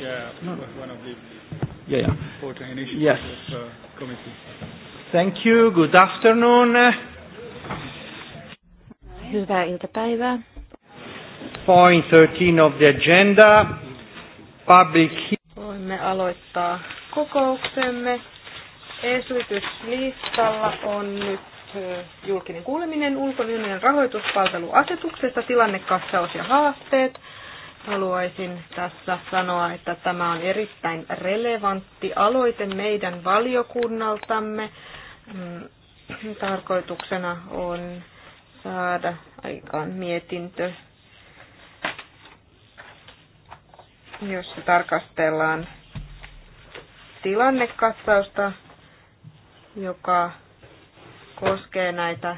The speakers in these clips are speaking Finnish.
yeah, no. yeah, yeah. important initiatives yes. of the uh, committee. Thank you. Good afternoon. Hyvää iltapäivää. Point 13 of the agenda. Public. Voimme aloittaa kokouksemme. Esityslistalla on nyt julkinen kuuleminen ulkoinen rahoituspalveluasetuksesta, tilannekatsaus ja haasteet. Haluaisin tässä sanoa, että tämä on erittäin relevantti aloite meidän valiokunnaltamme. Mm, Tarkoituksena on saada aikaan mietintö, jossa tarkastellaan tilannekatsausta, joka koskee näitä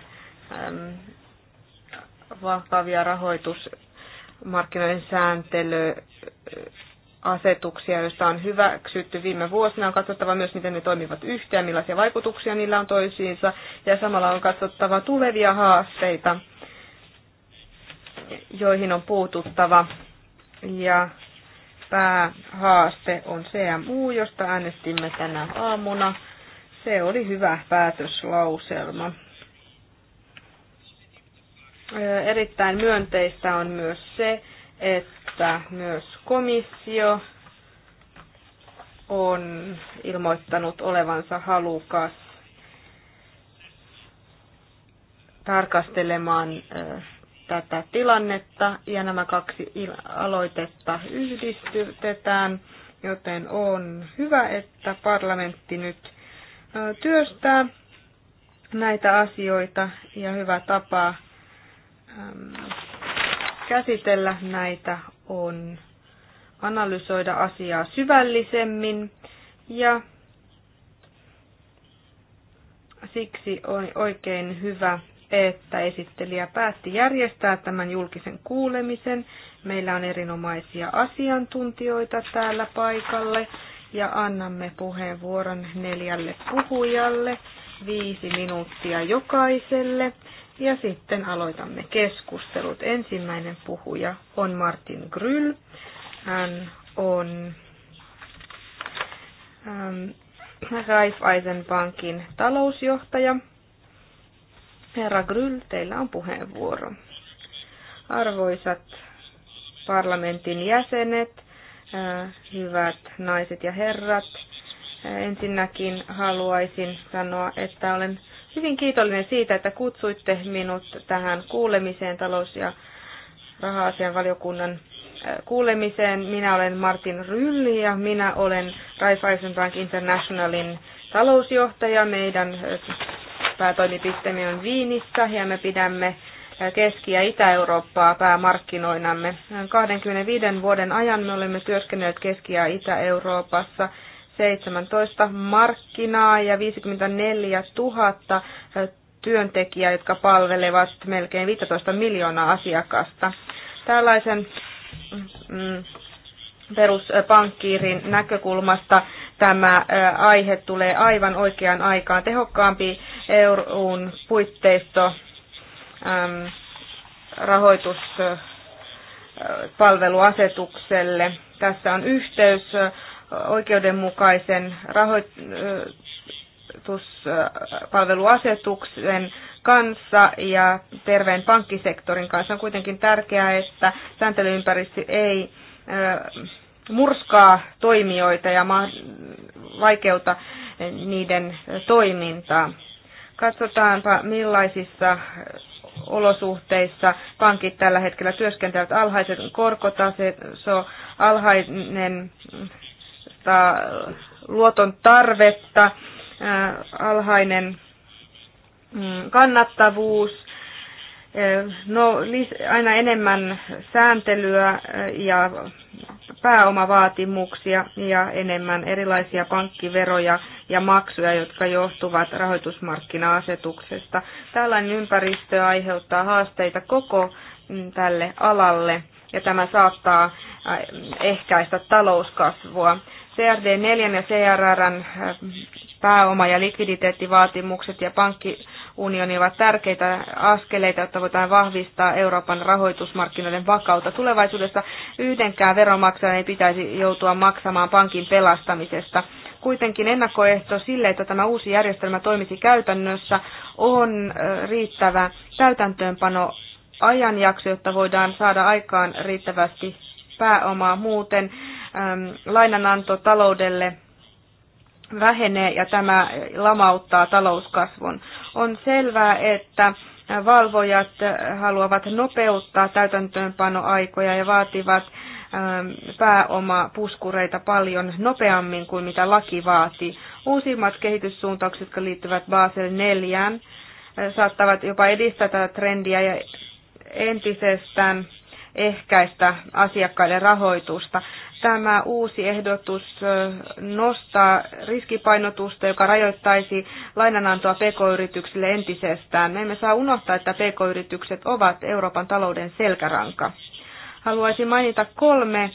vakavia rahoitusmarkkinoiden sääntelyasetuksia, joista on hyväksytty viime vuosina. On katsottava myös, miten ne toimivat yhteen, millaisia vaikutuksia niillä on toisiinsa, ja samalla on katsottava tulevia haasteita, joihin on puututtava. Ja päähaaste on CMU, josta äänestimme tänä aamuna. Se oli hyvä päätöslauselma. Erittäin myönteistä on myös se, että myös komissio on ilmoittanut olevansa halukas tarkastelemaan tätä tilannetta ja nämä kaksi aloitetta yhdistetään, joten on hyvä, että parlamentti nyt työstää näitä asioita ja hyvä tapa käsitellä näitä on analysoida asiaa syvällisemmin ja siksi on oikein hyvä, että esittelijä päätti järjestää tämän julkisen kuulemisen. Meillä on erinomaisia asiantuntijoita täällä paikalle ja annamme puheenvuoron neljälle puhujalle, viisi minuuttia jokaiselle. Ja sitten aloitamme keskustelut. Ensimmäinen puhuja on Martin Gryll. Hän on ähm, Raiffeisenbankin talousjohtaja. Herra Gryll, teillä on puheenvuoro. Arvoisat parlamentin jäsenet, hyvät naiset ja herrat. Ensinnäkin haluaisin sanoa, että olen hyvin kiitollinen siitä, että kutsuitte minut tähän kuulemiseen talous- ja raha-asian valiokunnan kuulemiseen. Minä olen Martin Rylli ja minä olen Raiffeisen Bank Internationalin talousjohtaja. Meidän päätoimipisteemme on Viinissä ja me pidämme Keski- ja Itä-Eurooppaa päämarkkinoinamme. 25 vuoden ajan me olemme työskennelleet Keski- ja Itä-Euroopassa 17 markkinaa ja 54 000 työntekijää, jotka palvelevat melkein 15 miljoonaa asiakasta. Tällaisen mm, peruspankkiirin näkökulmasta tämä aihe tulee aivan oikeaan aikaan. Tehokkaampi EUn puitteisto äm, rahoituspalveluasetukselle. Tässä on yhteys äh, oikeudenmukaisen rahoituspalveluasetuksen kanssa ja terveen pankkisektorin kanssa. On kuitenkin tärkeää, että sääntelyympäristö ei äh, murskaa toimijoita ja vaikeuta niiden toimintaa. Katsotaanpa millaisissa olosuhteissa pankit tällä hetkellä työskentelevät alhaiset korkotaso, alhainen luoton tarvetta, alhainen mm, kannattavuus no, aina enemmän sääntelyä ja pääomavaatimuksia ja enemmän erilaisia pankkiveroja ja maksuja, jotka johtuvat rahoitusmarkkina-asetuksesta. Tällainen ympäristö aiheuttaa haasteita koko mm, tälle alalle ja tämä saattaa ehkäistä talouskasvua. CRD4 ja CRRn pääoma- ja likviditeettivaatimukset ja pankki unioni ovat tärkeitä askeleita, jotta voidaan vahvistaa Euroopan rahoitusmarkkinoiden vakautta. Tulevaisuudessa yhdenkään veronmaksajan ei pitäisi joutua maksamaan pankin pelastamisesta. Kuitenkin ennakkoehto sille, että tämä uusi järjestelmä toimisi käytännössä, on riittävä täytäntöönpano ajanjakso, jotta voidaan saada aikaan riittävästi pääomaa. Muuten äm, lainananto taloudelle vähenee ja tämä lamauttaa talouskasvun. On selvää, että valvojat haluavat nopeuttaa täytäntöönpanoaikoja ja vaativat ähm, pääomapuskureita paljon nopeammin kuin mitä laki vaatii. Uusimmat kehityssuuntaukset, jotka liittyvät Basel 4, äh, saattavat jopa edistää tätä trendiä ja entisestään ehkäistä asiakkaiden rahoitusta tämä uusi ehdotus nostaa riskipainotusta, joka rajoittaisi lainanantoa pk-yrityksille entisestään. Me emme saa unohtaa, että pk-yritykset ovat Euroopan talouden selkäranka. Haluaisin mainita kolme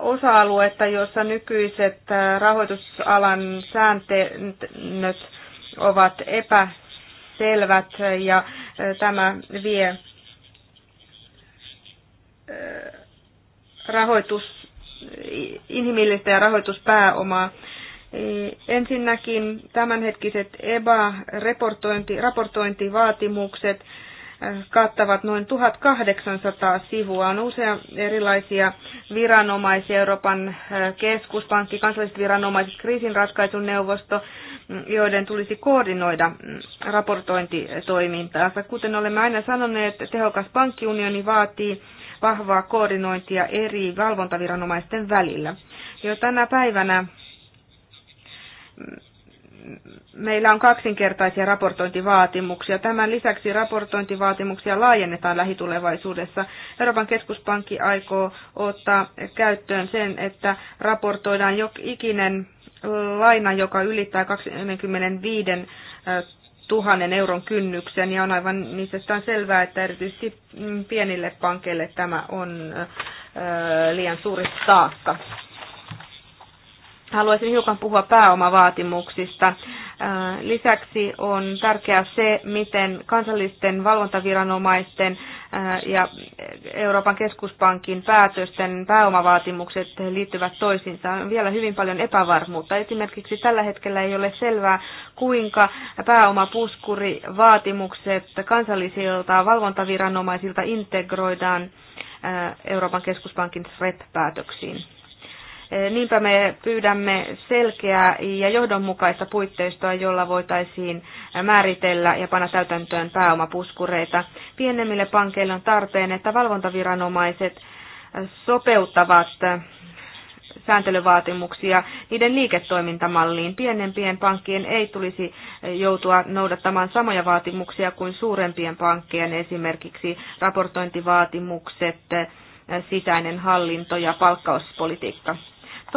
osa-aluetta, joissa nykyiset rahoitusalan säännöt ovat epäselvät ja tämä vie rahoitus, inhimillistä ja rahoituspääomaa. Ensinnäkin tämänhetkiset EBA-raportointivaatimukset äh, kattavat noin 1800 sivua. On usea erilaisia viranomaisia, Euroopan äh, keskuspankki, kansalliset viranomaiset, kriisinratkaisuneuvosto, mm, joiden tulisi koordinoida mm, raportointitoimintaansa. Kuten olemme aina sanoneet, tehokas pankkiunioni vaatii vahvaa koordinointia eri valvontaviranomaisten välillä. Jo tänä päivänä meillä on kaksinkertaisia raportointivaatimuksia. Tämän lisäksi raportointivaatimuksia laajennetaan lähitulevaisuudessa. Euroopan keskuspankki aikoo ottaa käyttöön sen, että raportoidaan jokikinen laina, joka ylittää 25 tuhannen euron kynnyksen ja on aivan niistä selvää, että erityisesti mm, pienille pankeille tämä on liian suuri taakka haluaisin hiukan puhua pääomavaatimuksista. Äh, lisäksi on tärkeää se, miten kansallisten valvontaviranomaisten äh, ja Euroopan keskuspankin päätösten pääomavaatimukset liittyvät toisiinsa. On vielä hyvin paljon epävarmuutta. Esimerkiksi tällä hetkellä ei ole selvää, kuinka pääomapuskurivaatimukset kansallisilta valvontaviranomaisilta integroidaan äh, Euroopan keskuspankin SREP-päätöksiin. Niinpä me pyydämme selkeää ja johdonmukaista puitteistoa, jolla voitaisiin määritellä ja panna täytäntöön pääomapuskureita. Pienemmille pankeille on tarpeen, että valvontaviranomaiset sopeuttavat sääntelyvaatimuksia niiden liiketoimintamalliin. Pienempien pankkien ei tulisi joutua noudattamaan samoja vaatimuksia kuin suurempien pankkien, esimerkiksi raportointivaatimukset, sisäinen hallinto ja palkkauspolitiikka.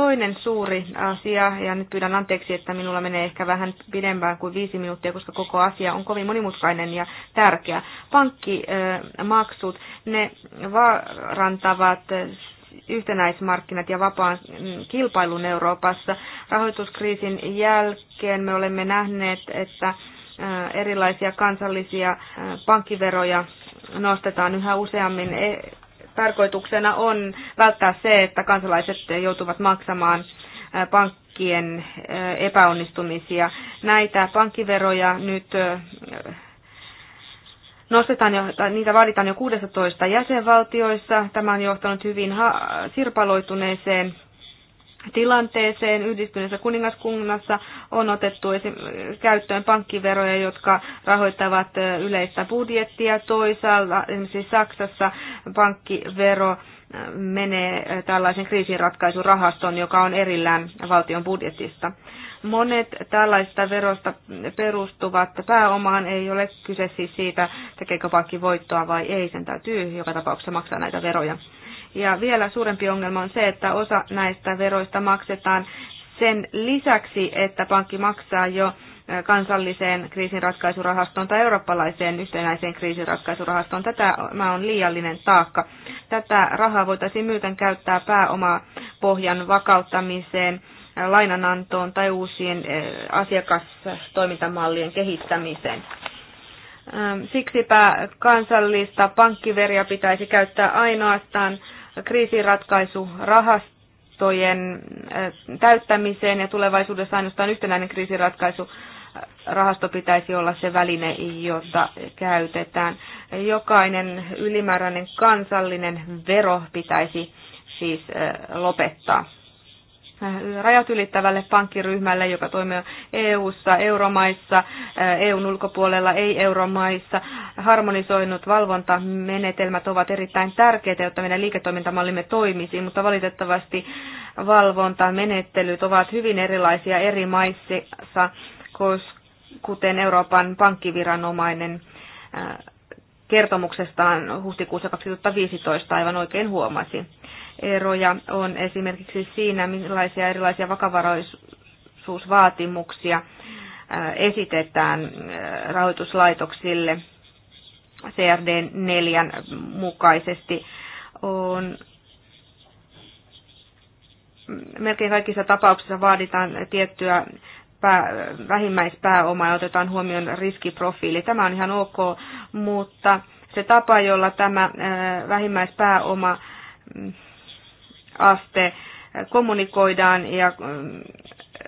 Toinen suuri asia, ja nyt pyydän anteeksi, että minulla menee ehkä vähän pidempään kuin viisi minuuttia, koska koko asia on kovin monimutkainen ja tärkeä. Pankkimaksut, ne vaarantavat yhtenäismarkkinat ja vapaan kilpailun Euroopassa. Rahoituskriisin jälkeen me olemme nähneet, että äh, erilaisia kansallisia äh, pankkiveroja nostetaan yhä useammin tarkoituksena on välttää se, että kansalaiset joutuvat maksamaan pankkien epäonnistumisia. Näitä pankkiveroja nyt nostetaan jo, niitä vaaditaan jo 16 jäsenvaltioissa. Tämä on johtanut hyvin sirpaloituneeseen tilanteeseen. Yhdistyneessä kuningaskunnassa on otettu käyttöön pankkiveroja, jotka rahoittavat yleistä budjettia. Toisaalta esimerkiksi Saksassa pankkivero menee tällaisen kriisinratkaisurahaston, joka on erillään valtion budjetista. Monet tällaista verosta perustuvat pääomaan, ei ole kyse siis siitä, tekeekö pankki voittoa vai ei, sen täytyy joka tapauksessa maksaa näitä veroja. Ja vielä suurempi ongelma on se, että osa näistä veroista maksetaan sen lisäksi, että pankki maksaa jo kansalliseen kriisinratkaisurahastoon tai eurooppalaiseen yhtenäiseen kriisinratkaisurahastoon. Tämä on liiallinen taakka. Tätä rahaa voitaisiin myöten käyttää pääomapohjan vakauttamiseen, lainanantoon tai uusien asiakastoimintamallien kehittämiseen. Siksipä kansallista pankkiveria pitäisi käyttää ainoastaan kriisiratkaisurahastojen äh, täyttämiseen ja tulevaisuudessa ainoastaan yhtenäinen kriisiratkaisu rahasto pitäisi olla se väline, jota käytetään. Jokainen ylimääräinen kansallinen vero pitäisi siis äh, lopettaa rajat ylittävälle pankkiryhmälle, joka toimii EU-ssa, euromaissa, EUn ulkopuolella, ei-euromaissa. Harmonisoinnut valvontamenetelmät ovat erittäin tärkeitä, jotta meidän liiketoimintamallimme toimisi, mutta valitettavasti valvontamenettelyt ovat hyvin erilaisia eri maissa, kuten Euroopan pankkiviranomainen kertomuksestaan huhtikuussa 2015 aivan oikein huomasi eroja on esimerkiksi siinä, millaisia erilaisia vakavaraisuusvaatimuksia äh, esitetään äh, rahoituslaitoksille CRD 4 mukaisesti. On melkein kaikissa tapauksissa vaaditaan tiettyä pää, vähimmäispääomaa ja otetaan huomioon riskiprofiili. Tämä on ihan ok, mutta se tapa, jolla tämä äh, vähimmäispääoma mm, aste kommunikoidaan ja mm,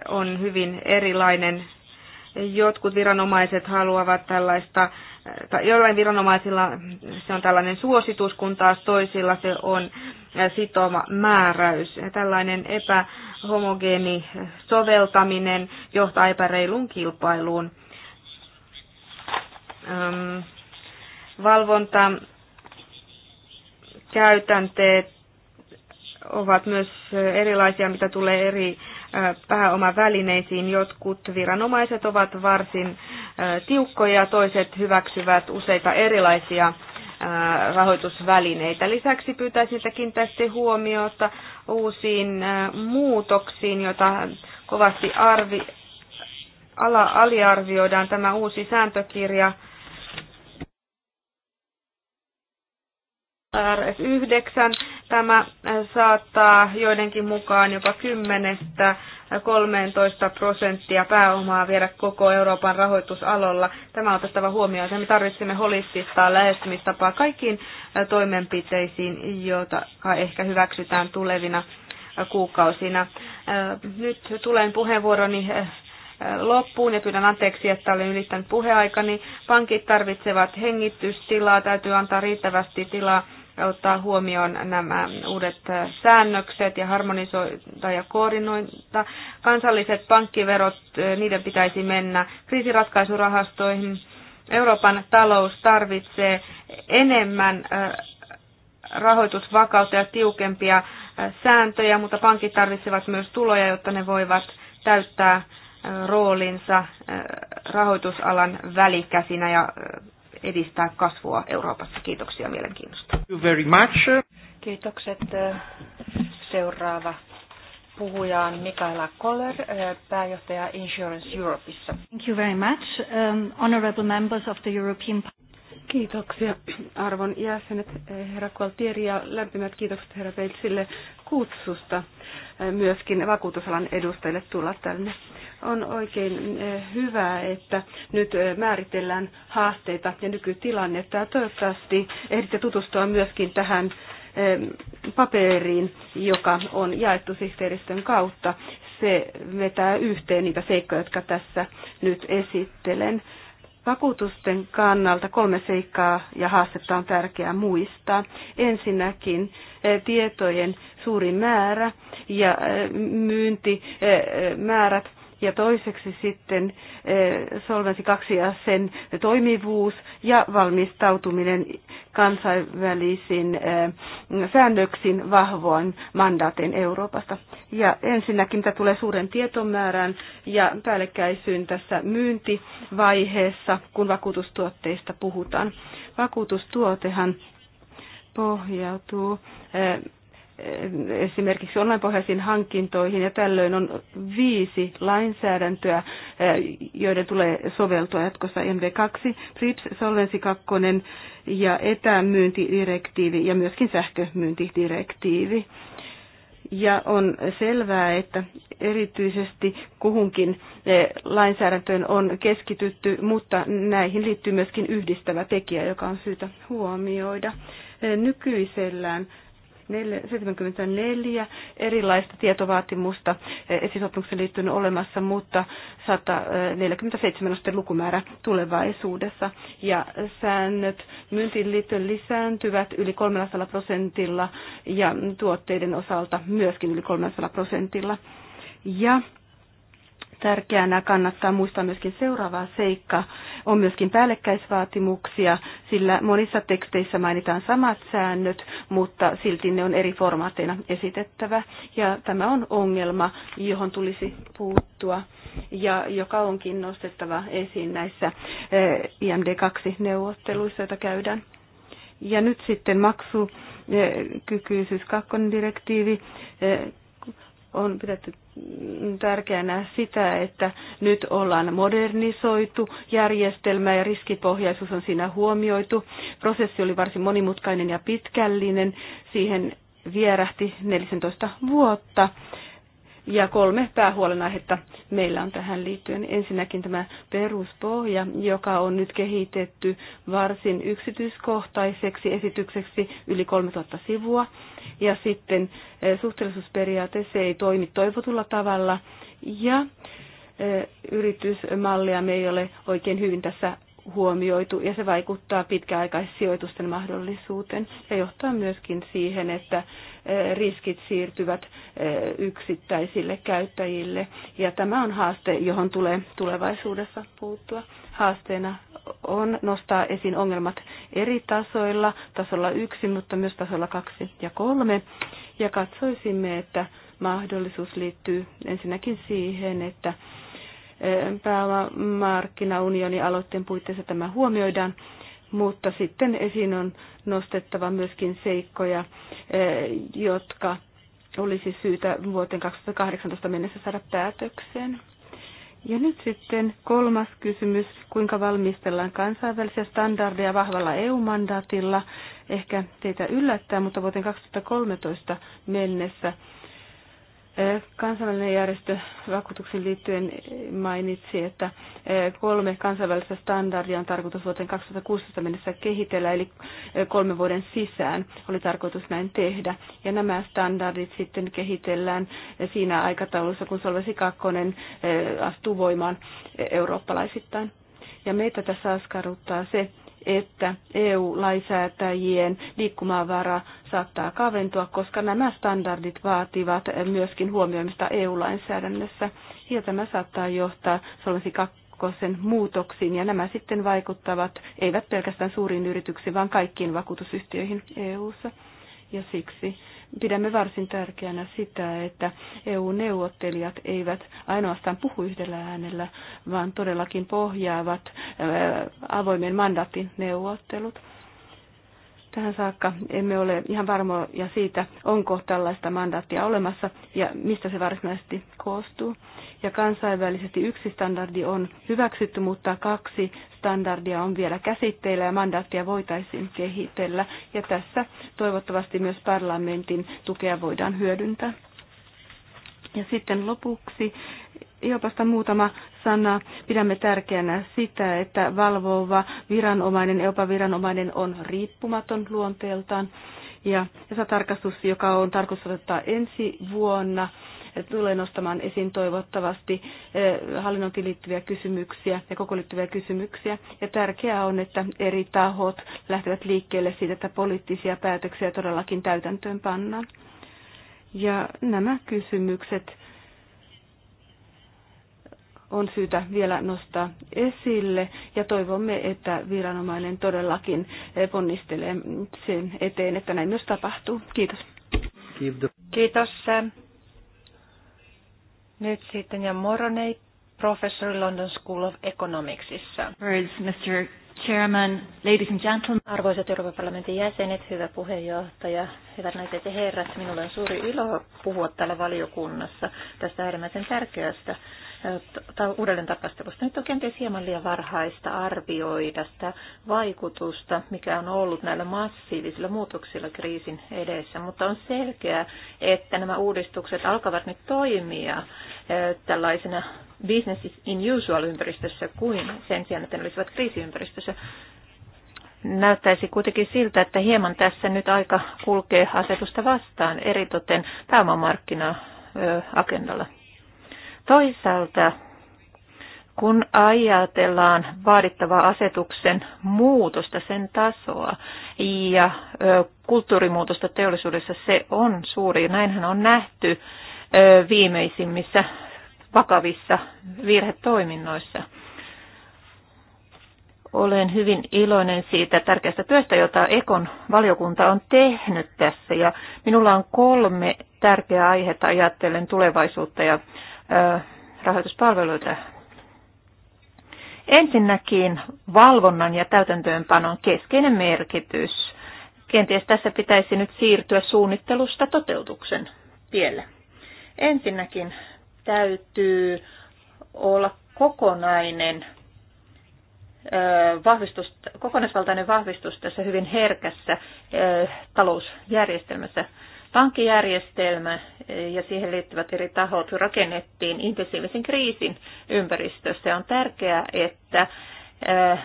on hyvin erilainen. Jotkut viranomaiset haluavat tällaista, tai jollain viranomaisilla se on tällainen suositus, kun taas toisilla se on sitoma määräys. tällainen epähomogeeni soveltaminen johtaa epäreiluun kilpailuun. Valvonta käytänteet ovat myös erilaisia, mitä tulee eri äh, pääomavälineisiin. Jotkut viranomaiset ovat varsin äh, tiukkoja, toiset hyväksyvät useita erilaisia äh, rahoitusvälineitä. Lisäksi pyytäisin, että tästä huomiota uusiin muutoksiin, joita kovasti arvi, ala, aliarvioidaan tämä uusi sääntökirja RS9. Tämä saattaa joidenkin mukaan jopa 10-13 prosenttia pääomaa viedä koko Euroopan rahoitusalolla. Tämä on otettava huomioon, me tarvitsemme holistista lähestymistapaa kaikkiin toimenpiteisiin, joita ehkä hyväksytään tulevina kuukausina. Nyt tulen puheenvuoroni loppuun ja pyydän anteeksi, että olen ylittänyt puheaikani. Pankit tarvitsevat hengitystilaa, täytyy antaa riittävästi tilaa ottaa huomioon nämä uudet säännökset ja harmonisointa ja koordinointa. Kansalliset pankkiverot, niiden pitäisi mennä kriisiratkaisurahastoihin. Euroopan talous tarvitsee enemmän rahoitusvakautta ja tiukempia sääntöjä, mutta pankit tarvitsevat myös tuloja, jotta ne voivat täyttää roolinsa rahoitusalan välikäsinä ja edistää kasvua Euroopassa. Kiitoksia mielenkiinnosta. Thank you very much. Kiitokset. Eh, seuraava puhuja on Mikaela Koller, eh, pääjohtaja Insurance Europeissa. Thank you very much, um, honorable members of the European Kiitoksia arvon jäsenet, eh, herra Koltieri ja lämpimät kiitokset herra Peltsille kutsusta myöskin vakuutusalan edustajille tulla tänne on oikein eh, hyvä, että nyt eh, määritellään haasteita ja nykytilannetta. Ja toivottavasti ehditte tutustua myöskin tähän eh, paperiin, joka on jaettu sihteeristön kautta. Se vetää yhteen niitä seikkoja, jotka tässä nyt esittelen. Vakuutusten kannalta kolme seikkaa ja haastetta on tärkeää muistaa. Ensinnäkin tietojen suuri määrä ja myyntimäärät ja toiseksi sitten eh, Solvensi 2 ja sen toimivuus ja valmistautuminen kansainvälisiin eh, säännöksiin vahvoin mandaatin Euroopasta. Ja ensinnäkin mitä tulee suuren tietomäärään ja päällekkäisyyn tässä myyntivaiheessa, kun vakuutustuotteista puhutaan. Vakuutustuotehan pohjautuu eh, esimerkiksi online-pohjaisiin hankintoihin, ja tällöin on viisi lainsäädäntöä, eh, joiden tulee soveltua jatkossa mv 2 TRIPS, Solvensi 2 ja etämyyntidirektiivi ja myöskin sähkömyyntidirektiivi. Ja on selvää, että erityisesti kuhunkin eh, lainsäädäntöön on keskitytty, mutta näihin liittyy myöskin yhdistävä tekijä, joka on syytä huomioida. Eh, nykyisellään 74 erilaista tietovaatimusta eh, esisopimuksen liittyen olemassa, mutta 147 on lukumäärä tulevaisuudessa. Ja säännöt myyntiin liittyen lisääntyvät yli 300 prosentilla ja tuotteiden osalta myöskin yli 300 prosentilla. Ja tärkeänä kannattaa muistaa myöskin seuraava seikka. On myöskin päällekkäisvaatimuksia, sillä monissa teksteissä mainitaan samat säännöt, mutta silti ne on eri formaatteina esitettävä. Ja tämä on ongelma, johon tulisi puuttua ja joka onkin nostettava esiin näissä eh, IMD2-neuvotteluissa, joita käydään. Ja nyt sitten maksukykyisyys kakkonen direktiivi eh, on pidetty tärkeänä sitä, että nyt ollaan modernisoitu järjestelmä ja riskipohjaisuus on siinä huomioitu. Prosessi oli varsin monimutkainen ja pitkällinen. Siihen vierähti 14 vuotta ja kolme päähuolenaihetta meillä on tähän liittyen. Ensinnäkin tämä peruspohja, joka on nyt kehitetty varsin yksityiskohtaiseksi esitykseksi yli 3000 sivua. Ja sitten eh, suhteellisuusperiaate, se ei toimi toivotulla tavalla. Ja eh, yritysmallia me ei ole oikein hyvin tässä huomioitu ja se vaikuttaa pitkäaikaissijoitusten mahdollisuuteen ja johtaa myöskin siihen, että eh, riskit siirtyvät eh, yksittäisille käyttäjille ja tämä on haaste, johon tulee tulevaisuudessa puuttua. Haasteena on nostaa esiin ongelmat eri tasoilla, tasolla yksi, mutta myös tasolla kaksi ja kolme ja katsoisimme, että mahdollisuus liittyy ensinnäkin siihen, että pääomamarkkinaunionin aloitteen puitteissa tämä huomioidaan, mutta sitten esiin on nostettava myöskin seikkoja, eh, jotka olisi syytä vuoteen 2018 mennessä saada päätökseen. Ja nyt sitten kolmas kysymys, kuinka valmistellaan kansainvälisiä standardeja vahvalla EU-mandaatilla. Ehkä teitä yllättää, mutta vuoteen 2013 mennessä Kansainvälinen järjestö vakuutuksen liittyen mainitsi, että e, kolme kansainvälistä standardia on tarkoitus vuoteen 2016 mennessä kehitellä, eli e, kolme vuoden sisään oli tarkoitus näin tehdä. Ja nämä standardit sitten kehitellään e, siinä aikataulussa, kun Solvesi 2 astuu voimaan eurooppalaisittain. Ja meitä tässä askarruttaa se, että EU-lainsäätäjien liikkumavara saattaa kaventua, koska nämä standardit vaativat myöskin huomioimista EU-lainsäädännössä. Ja tämä saattaa johtaa Solvensi kakkosen muutoksiin, ja nämä sitten vaikuttavat eivät pelkästään suuriin yrityksiin, vaan kaikkiin vakuutusyhtiöihin EU-ssa. Ja siksi pidämme varsin tärkeänä sitä, että EU-neuvottelijat eivät ainoastaan puhu yhdellä äänellä, vaan todellakin pohjaavat avoimen mandaatin neuvottelut. Tähän saakka emme ole ihan varmoja siitä, onko tällaista mandaattia olemassa ja mistä se varsinaisesti koostuu. Ja kansainvälisesti yksi standardi on hyväksytty, mutta kaksi standardia on vielä käsitteillä ja mandaattia voitaisiin kehitellä. Ja tässä toivottavasti myös parlamentin tukea voidaan hyödyntää. Ja sitten lopuksi Jopasta muutama sana. Pidämme tärkeänä sitä, että valvova viranomainen, jopa viranomainen on riippumaton luonteeltaan. Ja, ja tarkastus, joka on tarkoitus ottaa ensi vuonna, eh, tulee nostamaan esiin toivottavasti eh, hallinnonkin liittyviä kysymyksiä ja koko liittyviä kysymyksiä. Ja tärkeää on, että eri tahot lähtevät liikkeelle siitä, että poliittisia päätöksiä todellakin täytäntöön pannaan. Ja nämä kysymykset on syytä vielä nostaa esille ja toivomme, että viranomainen todellakin ponnistelee sen eteen, että näin myös tapahtuu. Kiitos. Kiitos. Nyt sitten ja Moroney, professori London School of Economicsissa. Mr. Chairman, ladies and gentlemen. Arvoisat Euroopan parlamentin jäsenet, hyvä puheenjohtaja, hyvät naiset ja herrat, minulla on suuri ilo puhua täällä valiokunnassa tästä äärimmäisen tärkeästä uudelleen tarkastelusta. Nyt on kenties hieman liian varhaista arvioida sitä vaikutusta, mikä on ollut näillä massiivisilla muutoksilla kriisin edessä, mutta on selkeää, että nämä uudistukset alkavat nyt toimia tällaisena business in usual ympäristössä kuin sen sijaan, että ne olisivat kriisiympäristössä näyttäisi kuitenkin siltä, että hieman tässä nyt aika kulkee asetusta vastaan, eritoten pääomamarkkina-agendalla. Toisaalta kun ajatellaan vaadittavaa asetuksen muutosta, sen tasoa ja kulttuurimuutosta teollisuudessa, se on suuri. Näinhän on nähty viimeisimmissä vakavissa virhetoiminnoissa. Olen hyvin iloinen siitä tärkeästä työstä, jota Ekon valiokunta on tehnyt tässä. Ja minulla on kolme tärkeää aihetta ajattelen tulevaisuutta ja rahoituspalveluita. Ensinnäkin valvonnan ja täytäntöönpanon keskeinen merkitys. Kenties tässä pitäisi nyt siirtyä suunnittelusta toteutuksen tielle. Ensinnäkin täytyy olla kokonainen vahvistus, kokonaisvaltainen vahvistus tässä hyvin herkässä talousjärjestelmässä pankkijärjestelmä eh, ja siihen liittyvät eri tahot rakennettiin intensiivisen kriisin ympäristössä. On tärkeää, että eh,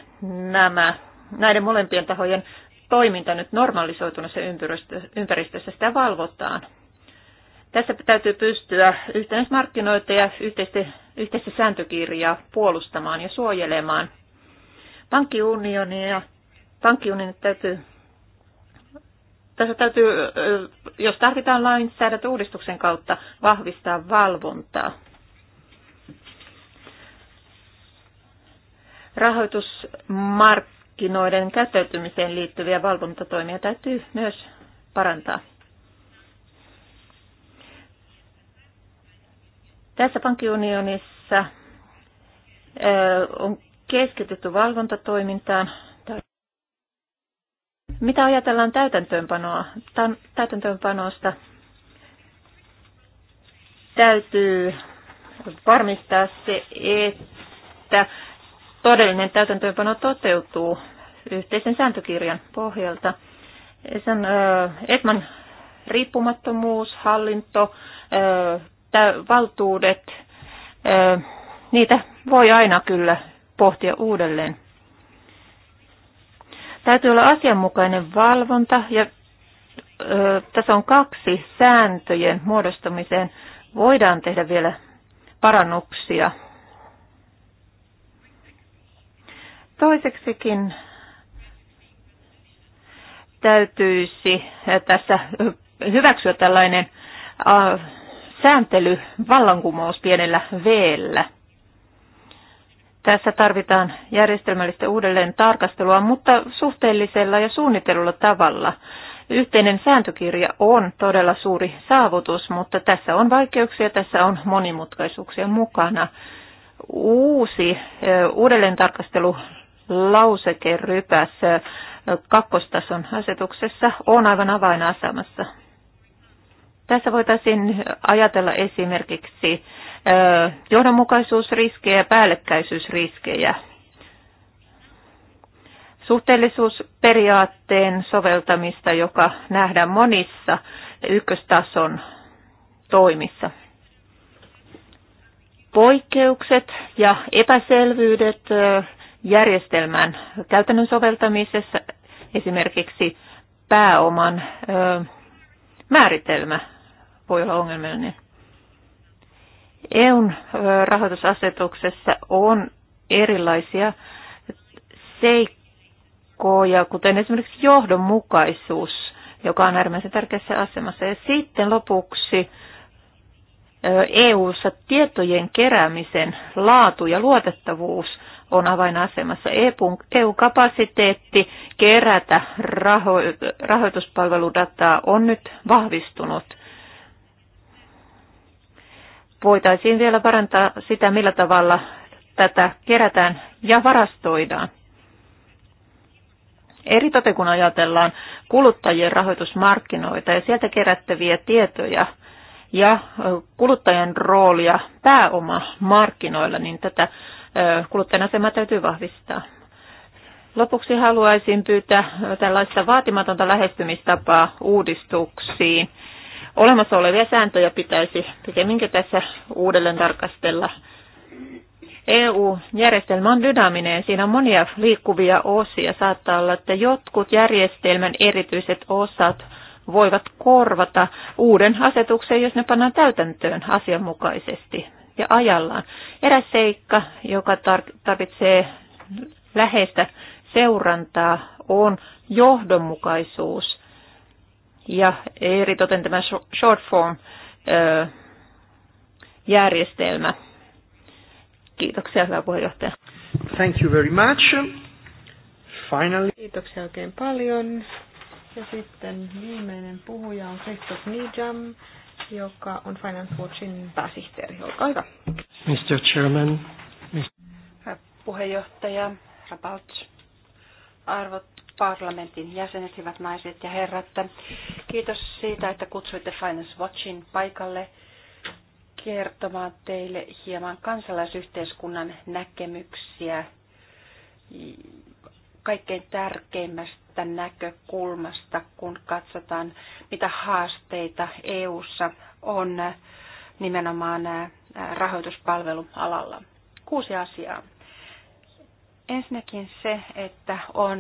nämä, näiden molempien tahojen toiminta nyt normalisoituneessa ympäristössä sitä valvotaan. Tässä täytyy pystyä yhtenäismarkkinoita ja yhteistä, yhteistä sääntökirjaa puolustamaan ja suojelemaan. Pankkiunionia, pankkiunionia täytyy tässä täytyy, jos tarvitaan uudistuksen kautta, vahvistaa valvontaa. Rahoitusmarkkinoiden käyttäytymiseen liittyviä valvontatoimia täytyy myös parantaa. Tässä pankkiunionissa on keskitytty valvontatoimintaan mitä ajatellaan täytäntöönpanoa, täytäntöönpanosta? Täytyy varmistaa se, että todellinen täytäntöönpano toteutuu yhteisen sääntökirjan pohjalta. Sen, Etman riippumattomuus, hallinto, valtuudet, niitä voi aina kyllä pohtia uudelleen. Täytyy olla asianmukainen valvonta ja ö, tässä on kaksi sääntöjen muodostamiseen Voidaan tehdä vielä parannuksia. Toiseksikin täytyisi tässä hyväksyä tällainen vallankumous pienellä veellä. Tässä tarvitaan järjestelmällistä uudelleen tarkastelua, mutta suhteellisella ja suunnitellulla tavalla. Yhteinen sääntökirja on todella suuri saavutus, mutta tässä on vaikeuksia, tässä on monimutkaisuuksia mukana. Uusi uudelleen tarkastelu lausekerypäs kakkostason asetuksessa on aivan avainasemassa. Tässä voitaisiin ajatella esimerkiksi johdonmukaisuusriskejä ja päällekkäisyysriskejä. Suhteellisuusperiaatteen soveltamista, joka nähdään monissa ykköstason toimissa. Poikkeukset ja epäselvyydet järjestelmän käytännön soveltamisessa, esimerkiksi pääoman määritelmä voi olla ongelmallinen. EUn rahoitusasetuksessa on erilaisia seikkoja, kuten esimerkiksi johdonmukaisuus, joka on äärimmäisen tärkeässä asemassa. Ja sitten lopuksi EU-ssa tietojen keräämisen laatu ja luotettavuus on avainasemassa. EU-kapasiteetti e kerätä rahoituspalveludataa on nyt vahvistunut voitaisiin vielä parantaa sitä, millä tavalla tätä kerätään ja varastoidaan. Eri tote, kun ajatellaan kuluttajien rahoitusmarkkinoita ja sieltä kerättäviä tietoja ja kuluttajan roolia pääoma-markkinoilla niin tätä kuluttajan asemaa täytyy vahvistaa. Lopuksi haluaisin pyytää tällaista vaatimatonta lähestymistapaa uudistuksiin – olemassa olevia sääntöjä pitäisi pikemminkin tässä uudelleen tarkastella. EU-järjestelmä on dynaaminen ja siinä on monia liikkuvia osia. Saattaa olla, että jotkut järjestelmän erityiset osat voivat korvata uuden asetuksen, jos ne pannaan täytäntöön asianmukaisesti ja ajallaan. Eräs seikka, joka tarvitsee läheistä seurantaa, on johdonmukaisuus ja eritoten tämä short form järjestelmä. Kiitoksia, hyvä puheenjohtaja. Thank you very much. Finally. Kiitoksia oikein paljon. Ja sitten viimeinen puhuja on Christoph Nijam, joka on Finance Watchin pääsihteeri. Olkaa hyvä. Mr. Chairman. Mr. Puheenjohtaja Rabalts, arvot parlamentin jäsenet, hyvät naiset ja herrat. Kiitos siitä, että kutsuitte Finance Watchin paikalle kertomaan teille hieman kansalaisyhteiskunnan näkemyksiä kaikkein tärkeimmästä näkökulmasta, kun katsotaan, mitä haasteita EU:ssa on nimenomaan rahoituspalvelualalla. Kuusi asiaa. Ensinnäkin se, että on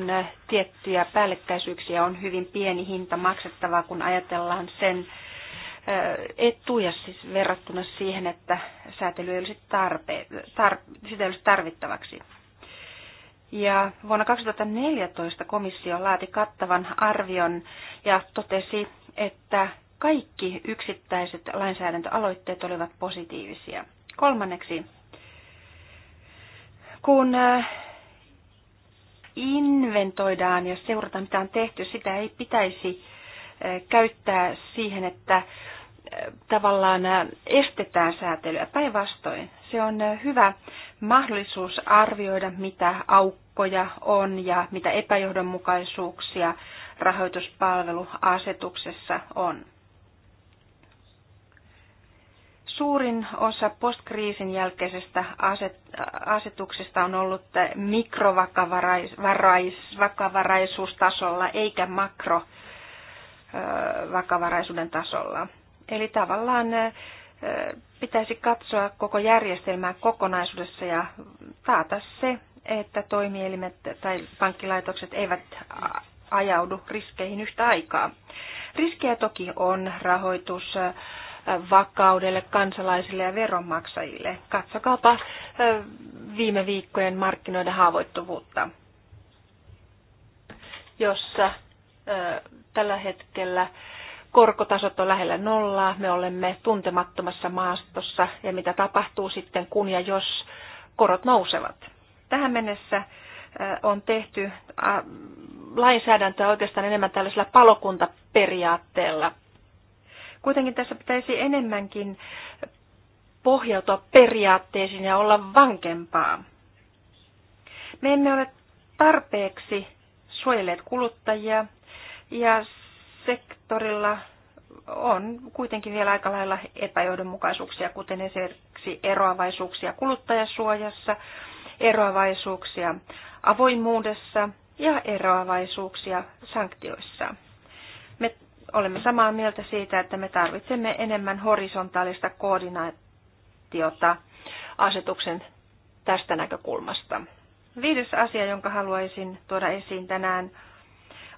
tiettyjä päällekkäisyyksiä, on hyvin pieni hinta maksettavaa, kun ajatellaan sen etuja siis verrattuna siihen, että säätely ei olisi, tarpe, tar, sitä ei olisi tarvittavaksi. Ja vuonna 2014 komissio laati kattavan arvion ja totesi, että kaikki yksittäiset lainsäädäntöaloitteet olivat positiivisia. Kolmanneksi, kun inventoidaan ja seurataan, mitä on tehty, sitä ei pitäisi eh, käyttää siihen, että eh, tavallaan eh, estetään säätelyä. Päinvastoin se on hyvä mahdollisuus arvioida, mitä aukkoja on ja mitä epäjohdonmukaisuuksia rahoituspalveluasetuksessa on. Suurin osa postkriisin jälkeisestä aset, asetuksesta on ollut mikrovakavaraisuustasolla eikä makrovakavaraisuuden tasolla. Eli tavallaan pitäisi katsoa koko järjestelmää kokonaisuudessa ja taata se, että toimielimet tai pankkilaitokset eivät ajaudu riskeihin yhtä aikaa. Riskejä toki on rahoitus, vakaudelle, kansalaisille ja veronmaksajille. Katsokaapa viime viikkojen markkinoiden haavoittuvuutta, jossa tällä hetkellä korkotasot on lähellä nollaa, me olemme tuntemattomassa maastossa ja mitä tapahtuu sitten kun ja jos korot nousevat. Tähän mennessä on tehty lainsäädäntöä oikeastaan enemmän tällaisella palokuntaperiaatteella – Kuitenkin tässä pitäisi enemmänkin pohjautua periaatteisiin ja olla vankempaa. Me emme ole tarpeeksi suojelleet kuluttajia ja sektorilla on kuitenkin vielä aika lailla epäjohdonmukaisuuksia, kuten esimerkiksi eroavaisuuksia kuluttajasuojassa, eroavaisuuksia avoimuudessa ja eroavaisuuksia sanktioissa olemme samaa mieltä siitä, että me tarvitsemme enemmän horisontaalista koordinaatiota asetuksen tästä näkökulmasta. Viides asia, jonka haluaisin tuoda esiin tänään,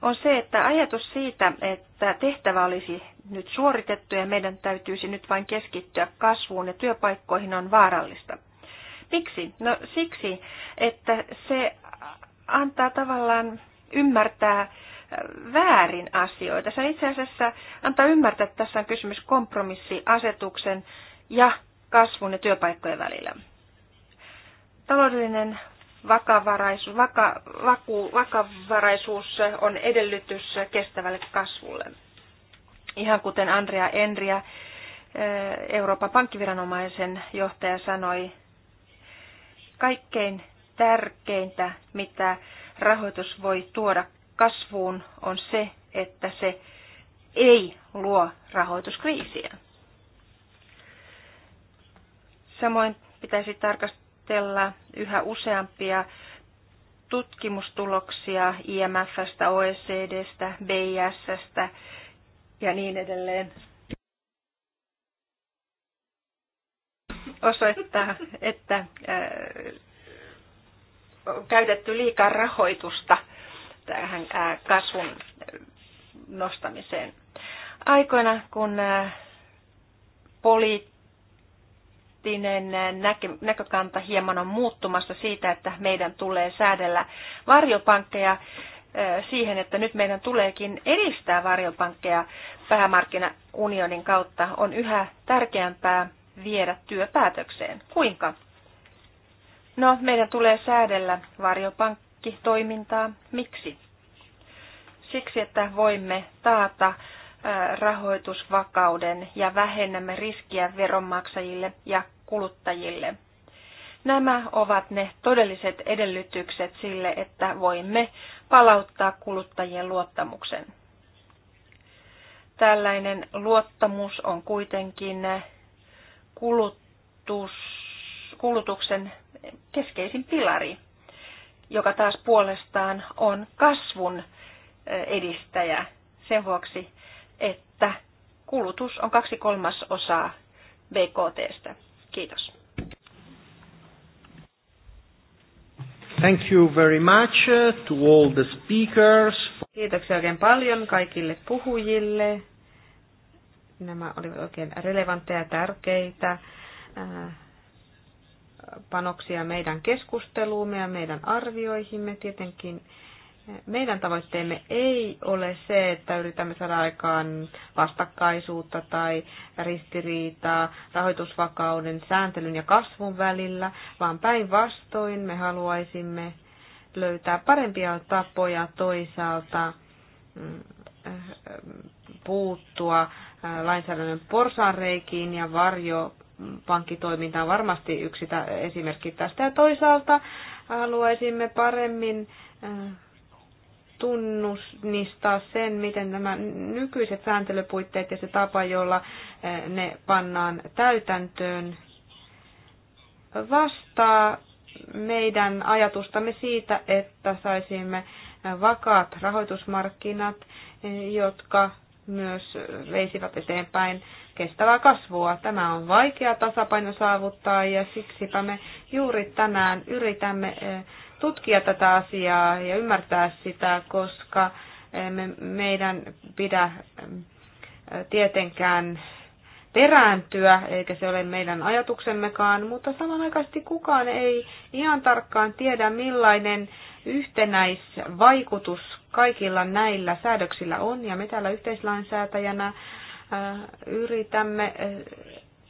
on se, että ajatus siitä, että tehtävä olisi nyt suoritettu ja meidän täytyisi nyt vain keskittyä kasvuun ja työpaikkoihin on vaarallista. Miksi? No siksi, että se antaa tavallaan ymmärtää väärin asioita. Se itse asiassa antaa ymmärtää, että tässä on kysymys kompromissiasetuksen ja kasvun ja työpaikkojen välillä. Taloudellinen vakavaraisuus, vaka, vaku, vakavaraisuus on edellytys kestävälle kasvulle. Ihan kuten Andrea Enria, eh, Euroopan pankkiviranomaisen johtaja sanoi, kaikkein tärkeintä, mitä rahoitus voi tuoda kasvuun on se, että se ei luo rahoituskriisiä. Samoin pitäisi tarkastella yhä useampia tutkimustuloksia IMFstä, OECDstä, BISstä ja niin edelleen. Osoittaa, että äh, on käytetty liikaa rahoitusta – tähän äh, kasvun nostamiseen. Aikoina, kun äh, poliittinen äh, näkökanta hieman on muuttumassa siitä, että meidän tulee säädellä varjopankkeja siihen, että nyt meidän tuleekin edistää varjopankkeja päämarkkinaunionin kautta, on yhä tärkeämpää viedä työpäätökseen. Kuinka? No, meidän tulee säädellä varjopankkeja toimintaa. Miksi? Siksi, että voimme taata rahoitusvakauden ja vähennämme riskiä veronmaksajille ja kuluttajille. Nämä ovat ne todelliset edellytykset sille, että voimme palauttaa kuluttajien luottamuksen. Tällainen luottamus on kuitenkin kulutus, kulutuksen keskeisin pilari joka taas puolestaan on kasvun eh, edistäjä sen vuoksi, että kulutus on kaksi kolmasosaa BKTstä. Kiitos. Thank you very much eh, to all the speakers. Kiitoksia oikein paljon kaikille puhujille. Nämä olivat oikein relevantteja ja tärkeitä äh, panoksia meidän keskusteluumme ja meidän arvioihimme. Tietenkin eh, meidän tavoitteemme ei ole se, että yritämme saada aikaan vastakkaisuutta tai ristiriitaa rahoitusvakauden, sääntelyn ja kasvun välillä, vaan päinvastoin me haluaisimme löytää parempia tapoja toisaalta mm, eh, puuttua eh, lainsäädännön porsaanreikiin ja varjo pankkitoiminta on varmasti yksi esimerkki tästä. Ja toisaalta haluaisimme paremmin äh, tunnustaa sen, miten nämä nykyiset sääntelypuitteet ja se tapa, jolla äh, ne pannaan täytäntöön, vastaa meidän ajatustamme siitä, että saisimme äh, vakaat rahoitusmarkkinat, jotka myös veisivät eteenpäin kestävää kasvua. Tämä on vaikea tasapaino saavuttaa ja siksipä me juuri tänään yritämme eh, tutkia tätä asiaa ja ymmärtää sitä, koska eh, me, meidän pidä eh, tietenkään perääntyä, eikä se ole meidän ajatuksemmekaan, mutta samanaikaisesti kukaan ei ihan tarkkaan tiedä, millainen yhtenäisvaikutus kaikilla näillä säädöksillä on, ja me täällä yhteislainsäätäjänä Yritämme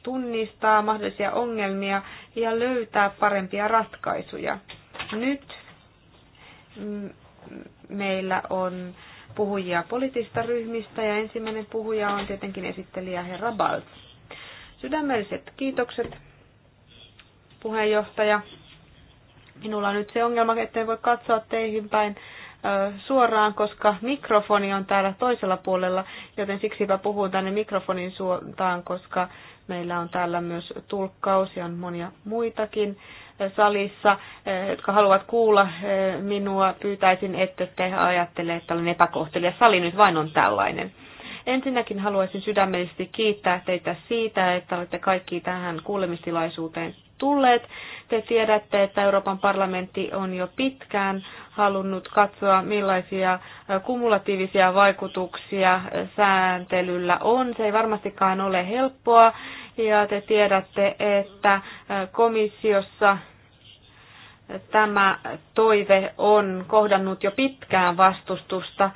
tunnistaa mahdollisia ongelmia ja löytää parempia ratkaisuja. Nyt meillä on puhujia poliittisista ryhmistä ja ensimmäinen puhuja on tietenkin esittelijä herra Balz. Sydämelliset kiitokset puheenjohtaja. Minulla on nyt se ongelma, että en voi katsoa teihin päin, suoraan, koska mikrofoni on täällä toisella puolella, joten siksipä puhun tänne mikrofonin suuntaan, koska meillä on täällä myös tulkkaus ja on monia muitakin salissa, jotka haluavat kuulla minua. Pyytäisin, että te ajattele, että olen epäkohtelija. Sali nyt vain on tällainen. Ensinnäkin haluaisin sydämellisesti kiittää teitä siitä, että olette kaikki tähän kuulemistilaisuuteen tulleet. Te tiedätte, että Euroopan parlamentti on jo pitkään halunnut katsoa, millaisia kumulatiivisia vaikutuksia sääntelyllä on. Se ei varmastikaan ole helppoa ja te tiedätte, että komissiossa tämä toive on kohdannut jo pitkään vastustusta.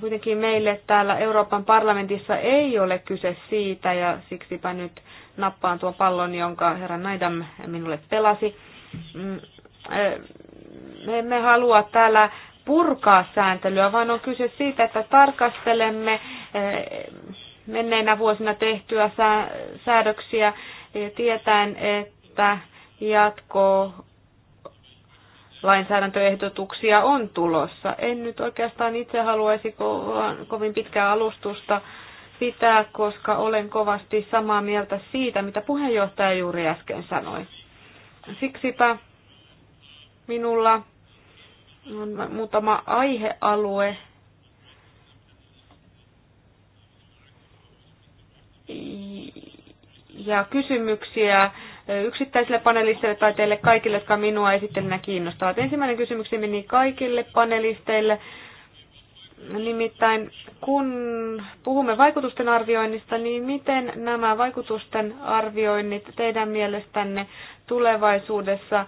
Kuitenkin meille täällä Euroopan parlamentissa ei ole kyse siitä ja siksipä nyt nappaan tuon pallon, jonka herra Naidam minulle pelasi. Mm, me emme halua täällä purkaa sääntelyä, vaan on kyse siitä, että tarkastelemme menneinä vuosina tehtyä säädöksiä tietäen, että jatko lainsäädäntöehdotuksia on tulossa. En nyt oikeastaan itse haluaisi ko- kovin pitkää alustusta sitä, koska olen kovasti samaa mieltä siitä, mitä puheenjohtaja juuri äsken sanoi. Siksipä minulla on muutama aihealue, ja kysymyksiä yksittäisille panelisteille tai teille kaikille, jotka minua esittelinä kiinnostavat. Ensimmäinen kysymys meni kaikille panelisteille. Nimittäin kun puhumme vaikutusten arvioinnista, niin miten nämä vaikutusten arvioinnit teidän mielestänne tulevaisuudessa, äh,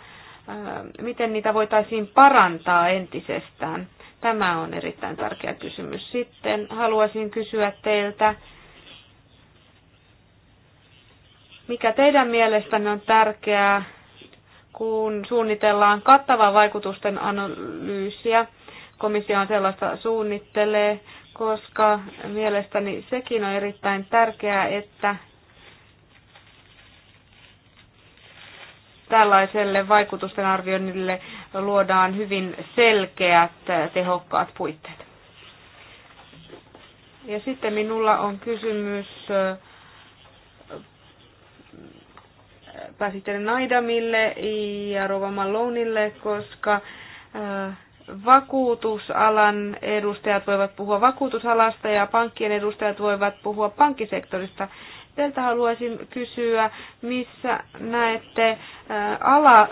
miten niitä voitaisiin parantaa entisestään? Tämä on erittäin tärkeä kysymys. Sitten haluaisin kysyä teiltä, mikä teidän mielestänne on tärkeää, kun suunnitellaan kattavaa vaikutusten analyysiä – Komissio on sellaista suunnittelee, koska mielestäni sekin on erittäin tärkeää, että tällaiselle vaikutusten arvioinnille luodaan hyvin selkeät, tehokkaat puitteet. Ja sitten minulla on kysymys äh, pääsihteeri Naidamille ja Rova Malonille, koska äh, vakuutusalan edustajat voivat puhua vakuutusalasta ja pankkien edustajat voivat puhua pankkisektorista. Teiltä haluaisin kysyä, missä näette äh, ala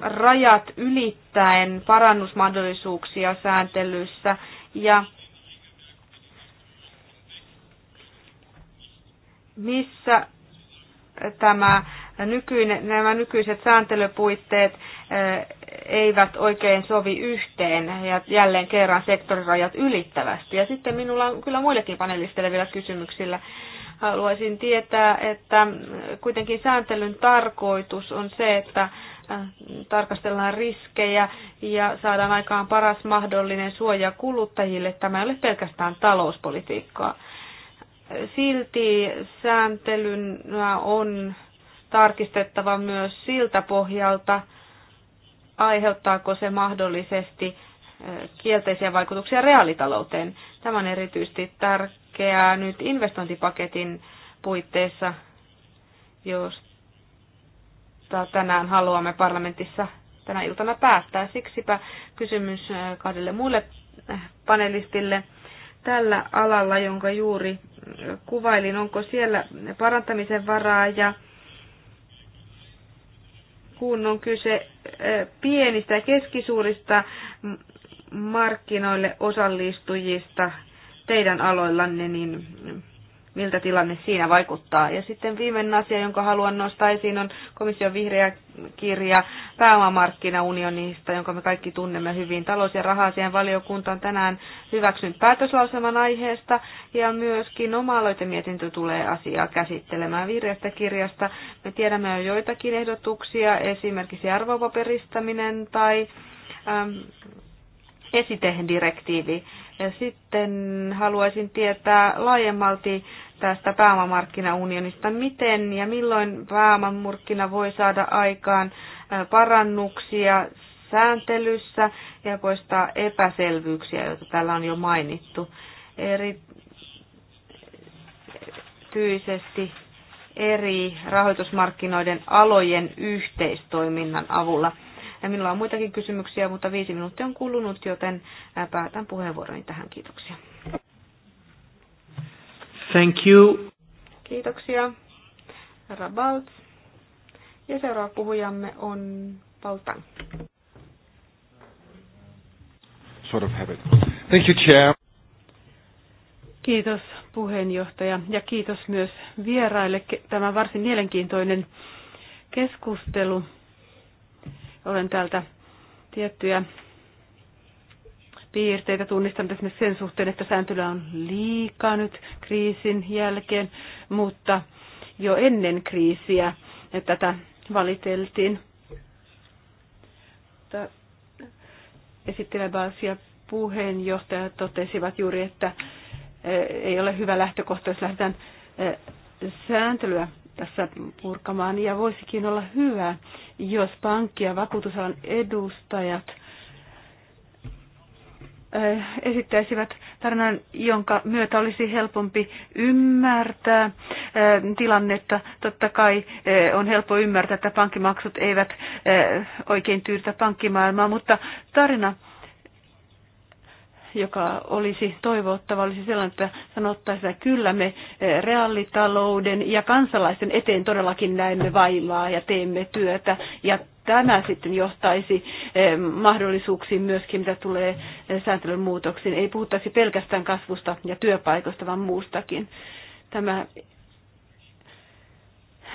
rajat ylittäen parannusmahdollisuuksia sääntelyssä ja missä tämä nykyinen, nämä nykyiset sääntelypuitteet eivät oikein sovi yhteen ja jälleen kerran sektorirajat ylittävästi. Ja sitten minulla on kyllä muillekin panelisteille vielä kysymyksillä. Haluaisin tietää, että kuitenkin sääntelyn tarkoitus on se, että tarkastellaan riskejä ja saadaan aikaan paras mahdollinen suoja kuluttajille. Tämä ei ole pelkästään talouspolitiikkaa. Silti sääntelyn on tarkistettava myös siltä pohjalta, aiheuttaako se mahdollisesti kielteisiä vaikutuksia reaalitalouteen. Tämä on erityisesti tärkeää nyt investointipaketin puitteissa, josta tänään haluamme parlamentissa tänä iltana päättää. Siksipä kysymys kahdelle muille äh, panelistille tällä alalla, jonka juuri kuvailin, onko siellä parantamisen varaa ja kun on kyse pienistä ja keskisuurista markkinoille osallistujista teidän aloillanne, niin miltä tilanne siinä vaikuttaa. Ja sitten viimeinen asia, jonka haluan nostaa esiin, on komission vihreä kirja pääomamarkkinaunionista, jonka me kaikki tunnemme hyvin. Talous- ja rahasien valiokunta on tänään hyväksynyt päätöslauselman aiheesta ja myöskin oma aloitemietintö tulee asiaa käsittelemään vihreästä kirjasta. Me tiedämme jo joitakin ehdotuksia, esimerkiksi arvopaperistaminen tai äm, esitehdirektiivi. Ja sitten haluaisin tietää laajemmalti tästä pääomamarkkinaunionista. Miten ja milloin pääomamarkkina voi saada aikaan parannuksia sääntelyssä ja poistaa epäselvyyksiä, joita täällä on jo mainittu. Erityisesti eri rahoitusmarkkinoiden alojen yhteistoiminnan avulla. Ja minulla on muitakin kysymyksiä, mutta viisi minuuttia on kulunut, joten päätän puheenvuoroni tähän. Kiitoksia. Thank you. Kiitoksia, herra Baltz. Ja seuraava puhujamme on Paul Tang. Sort of habit. Thank you, Chair. Kiitos puheenjohtaja ja kiitos myös vieraille. Tämä varsin mielenkiintoinen keskustelu. Olen täältä tiettyjä piirteitä. tunnistanut esimerkiksi sen suhteen, että sääntelyä on liikaa nyt kriisin jälkeen, mutta jo ennen kriisiä tätä valiteltiin. Esittelevä asia puheenjohtaja totesivat juuri, että eh, ei ole hyvä lähtökohta, jos lähdetään eh, sääntelyä tässä purkamaan. Ja voisikin olla hyvä, jos pankki- ja vakuutusalan edustajat – Eh, esittäisivät tarinan, jonka myötä olisi helpompi ymmärtää eh, tilannetta. Totta kai eh, on helppo ymmärtää, että pankkimaksut eivät oikein tyydytä pankkimaailmaa, mutta tarina joka olisi toivottava, olisi sellainen, että sanottaisiin, että kyllä me eh, reaalitalouden ja kansalaisten eteen todellakin näemme vaivaa ja teemme työtä. Ja tämä sitten johtaisi eh, mahdollisuuksiin myöskin, mitä tulee eh, sääntelyn muutoksiin. Ei puhuttaisi pelkästään kasvusta ja työpaikoista, vaan muustakin. Tämä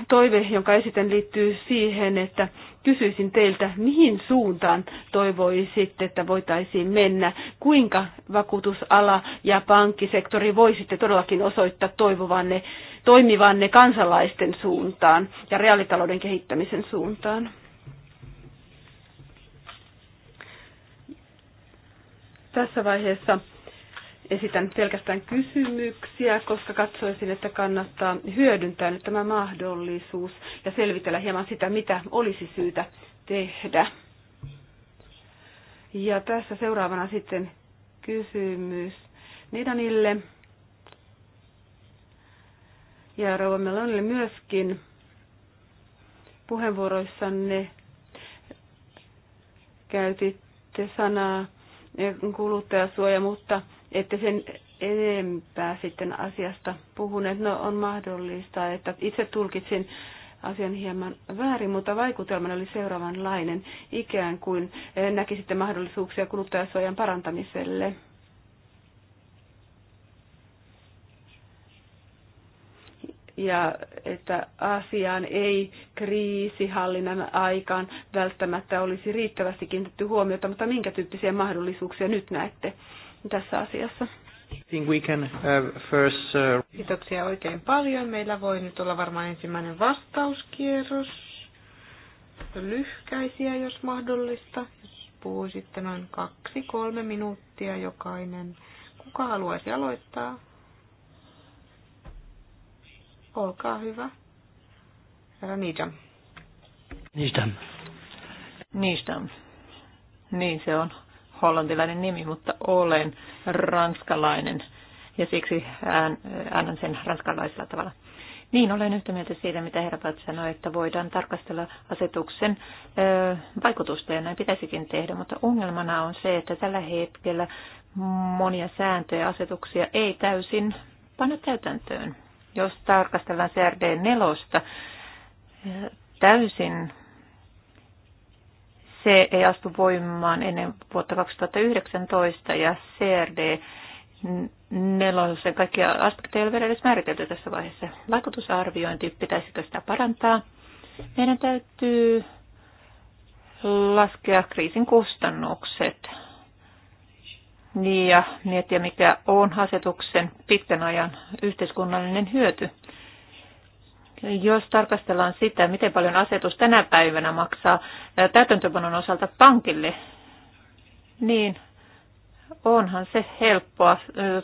toive, jonka esitän, liittyy siihen, että kysyisin teiltä, mihin suuntaan toivoisitte, että voitaisiin mennä, kuinka vakuutusala ja pankkisektori voisitte todellakin osoittaa toivovanne, toimivanne kansalaisten suuntaan ja reaalitalouden kehittämisen suuntaan. Tässä vaiheessa esitän pelkästään kysymyksiä, koska katsoisin, että kannattaa hyödyntää nyt tämä mahdollisuus ja selvitellä hieman sitä, mitä olisi syytä tehdä. Ja tässä seuraavana sitten kysymys Nidanille ja Rouva Melonille myöskin puheenvuoroissanne käytitte sanaa kuluttajasuoja, mutta että sen enempää sitten asiasta puhuneet. No on mahdollista, että itse tulkitsin asian hieman väärin, mutta vaikutelma oli seuraavanlainen, ikään kuin eh, näkisitte mahdollisuuksia kuluttajasuojan parantamiselle. ja että asiaan ei kriisihallinnan aikaan välttämättä olisi riittävästi kiinnitetty huomiota, mutta minkä tyyppisiä mahdollisuuksia nyt näette? tässä asiassa. Think we can have first, uh... Kiitoksia oikein paljon. Meillä voi nyt olla varmaan ensimmäinen vastauskierros. Lyhkäisiä, jos mahdollista. Jos puhuu sitten noin kaksi-kolme minuuttia jokainen. Kuka haluaisi aloittaa? Olkaa hyvä. Herra Nidam. Nidam. Nidam. Niin se on hollantilainen nimi, mutta olen ranskalainen ja siksi annan sen ranskalaisella tavalla. Niin, olen yhtä mieltä siitä, mitä herra Pat sanoi, että voidaan tarkastella asetuksen ö, vaikutusta ja näin pitäisikin tehdä, mutta ongelmana on se, että tällä hetkellä monia sääntöjä ja asetuksia ei täysin panna täytäntöön. Jos tarkastellaan CRD4, täysin se ei astu voimaan ennen vuotta 2019 ja CRD nelosen kaikkia aspekteja ei ole edes määritelty tässä vaiheessa. Vaikutusarviointi, pitäisikö sitä parantaa? Meidän täytyy laskea kriisin kustannukset ja miettiä, mikä on asetuksen pitkän ajan yhteiskunnallinen hyöty. Jos tarkastellaan sitä, miten paljon asetus tänä päivänä maksaa täytäntöpanon osalta pankille, niin onhan se helppoa.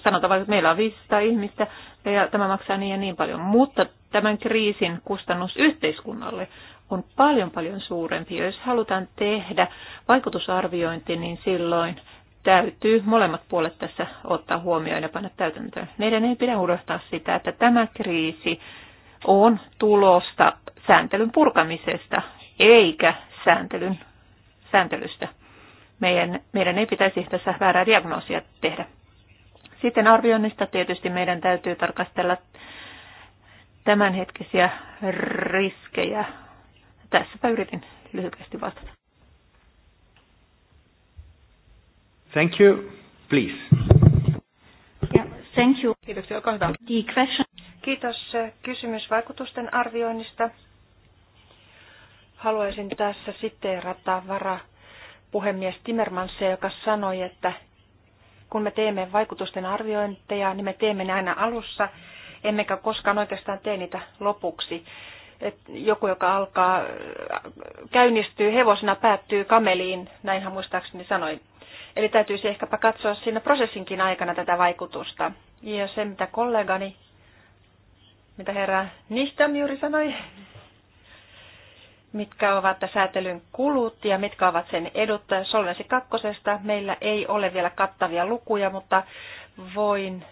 Sanotaan vaikka, että meillä on 500 ihmistä ja tämä maksaa niin ja niin paljon. Mutta tämän kriisin kustannus yhteiskunnalle on paljon paljon suurempi. Jos halutaan tehdä vaikutusarviointi, niin silloin täytyy molemmat puolet tässä ottaa huomioon ja panna täytäntöön. Meidän ei pidä unohtaa sitä, että tämä kriisi on tulosta sääntelyn purkamisesta eikä sääntelyn, sääntelystä. Meidän, meidän ei pitäisi tässä väärää diagnoosia tehdä. Sitten arvioinnista tietysti meidän täytyy tarkastella tämänhetkisiä riskejä. Tässäpä yritin lyhyesti vastata. Thank you. Please. Yeah, thank you. Kiitoksia, olkaa hyvä. The question Kiitos. kysymysvaikutusten arvioinnista. Haluaisin tässä siteerata vara puhemies Timmermans joka sanoi, että kun me teemme vaikutusten arviointeja, niin me teemme ne aina alussa, emmekä koskaan oikeastaan tee niitä lopuksi. Et joku, joka alkaa, käynnistyy hevosena, päättyy kameliin, näinhän muistaakseni sanoi. Eli täytyisi ehkäpä katsoa siinä prosessinkin aikana tätä vaikutusta. Ja se, mitä kollegani mitä herra Nistam juuri sanoi, mitkä ovat säätelyn kulut ja mitkä ovat sen edut. Solvensi kakkosesta meillä ei ole vielä kattavia lukuja, mutta voin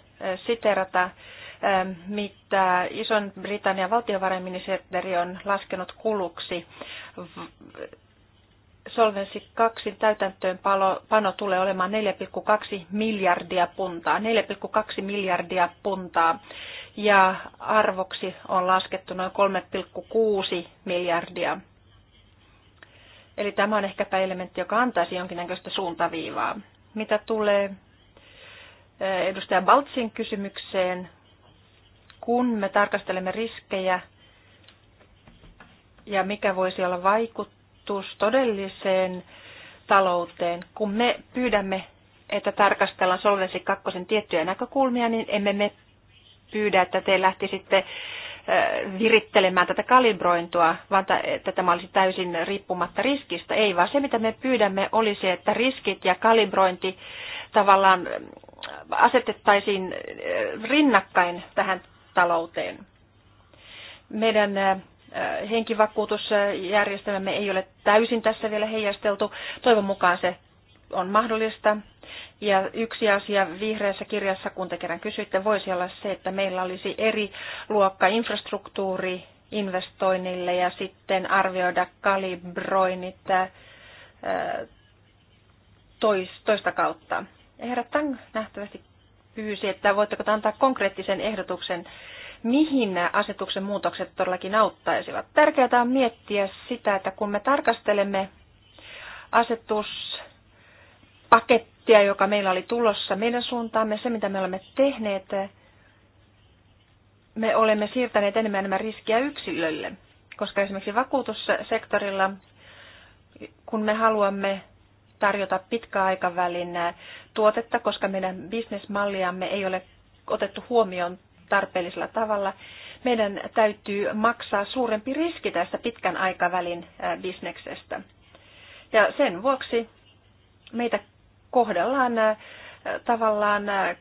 siterata, mitä ison Britannian valtiovarainministeri on laskenut kuluksi. Solvensi 2 pano tulee olemaan 4,2 miljardia puntaa. 4,2 miljardia puntaa ja arvoksi on laskettu noin 3,6 miljardia. Eli tämä on ehkäpä elementti, joka antaisi jonkinnäköistä suuntaviivaa. Mitä tulee eh, edustaja Baltsin kysymykseen, kun me tarkastelemme riskejä ja mikä voisi olla vaikutus todelliseen talouteen, kun me pyydämme, että tarkastellaan Solvensi 2 tiettyjä näkökulmia, niin emme me pyydä, että te lähtisitte virittelemään tätä kalibrointua, vaan että tämä olisi täysin riippumatta riskistä. Ei, vaan se mitä me pyydämme olisi, että riskit ja kalibrointi tavallaan asetettaisiin rinnakkain tähän talouteen. Meidän henkivakuutusjärjestelmämme ei ole täysin tässä vielä heijasteltu. Toivon mukaan se on mahdollista. Ja yksi asia vihreässä kirjassa, kun te kerran kysyitte, voisi olla se, että meillä olisi eri luokka infrastruktuuri investoinnille ja sitten arvioida kalibroinnit äh, toista kautta. Herra Tang nähtävästi pyysi, että voitteko antaa konkreettisen ehdotuksen, mihin nämä asetuksen muutokset todellakin auttaisivat. Tärkeää on miettiä sitä, että kun me tarkastelemme asetus pakettia, joka meillä oli tulossa meidän suuntaamme, se mitä me olemme tehneet, me olemme siirtäneet enemmän enemmän riskiä yksilölle, koska esimerkiksi vakuutussektorilla, kun me haluamme tarjota pitkäaikavälin tuotetta, koska meidän bisnesmalliamme ei ole otettu huomioon tarpeellisella tavalla, meidän täytyy maksaa suurempi riski tästä pitkän aikavälin eh, bisneksestä. Ja sen vuoksi meitä kohdellaan äh, tavallaan äh,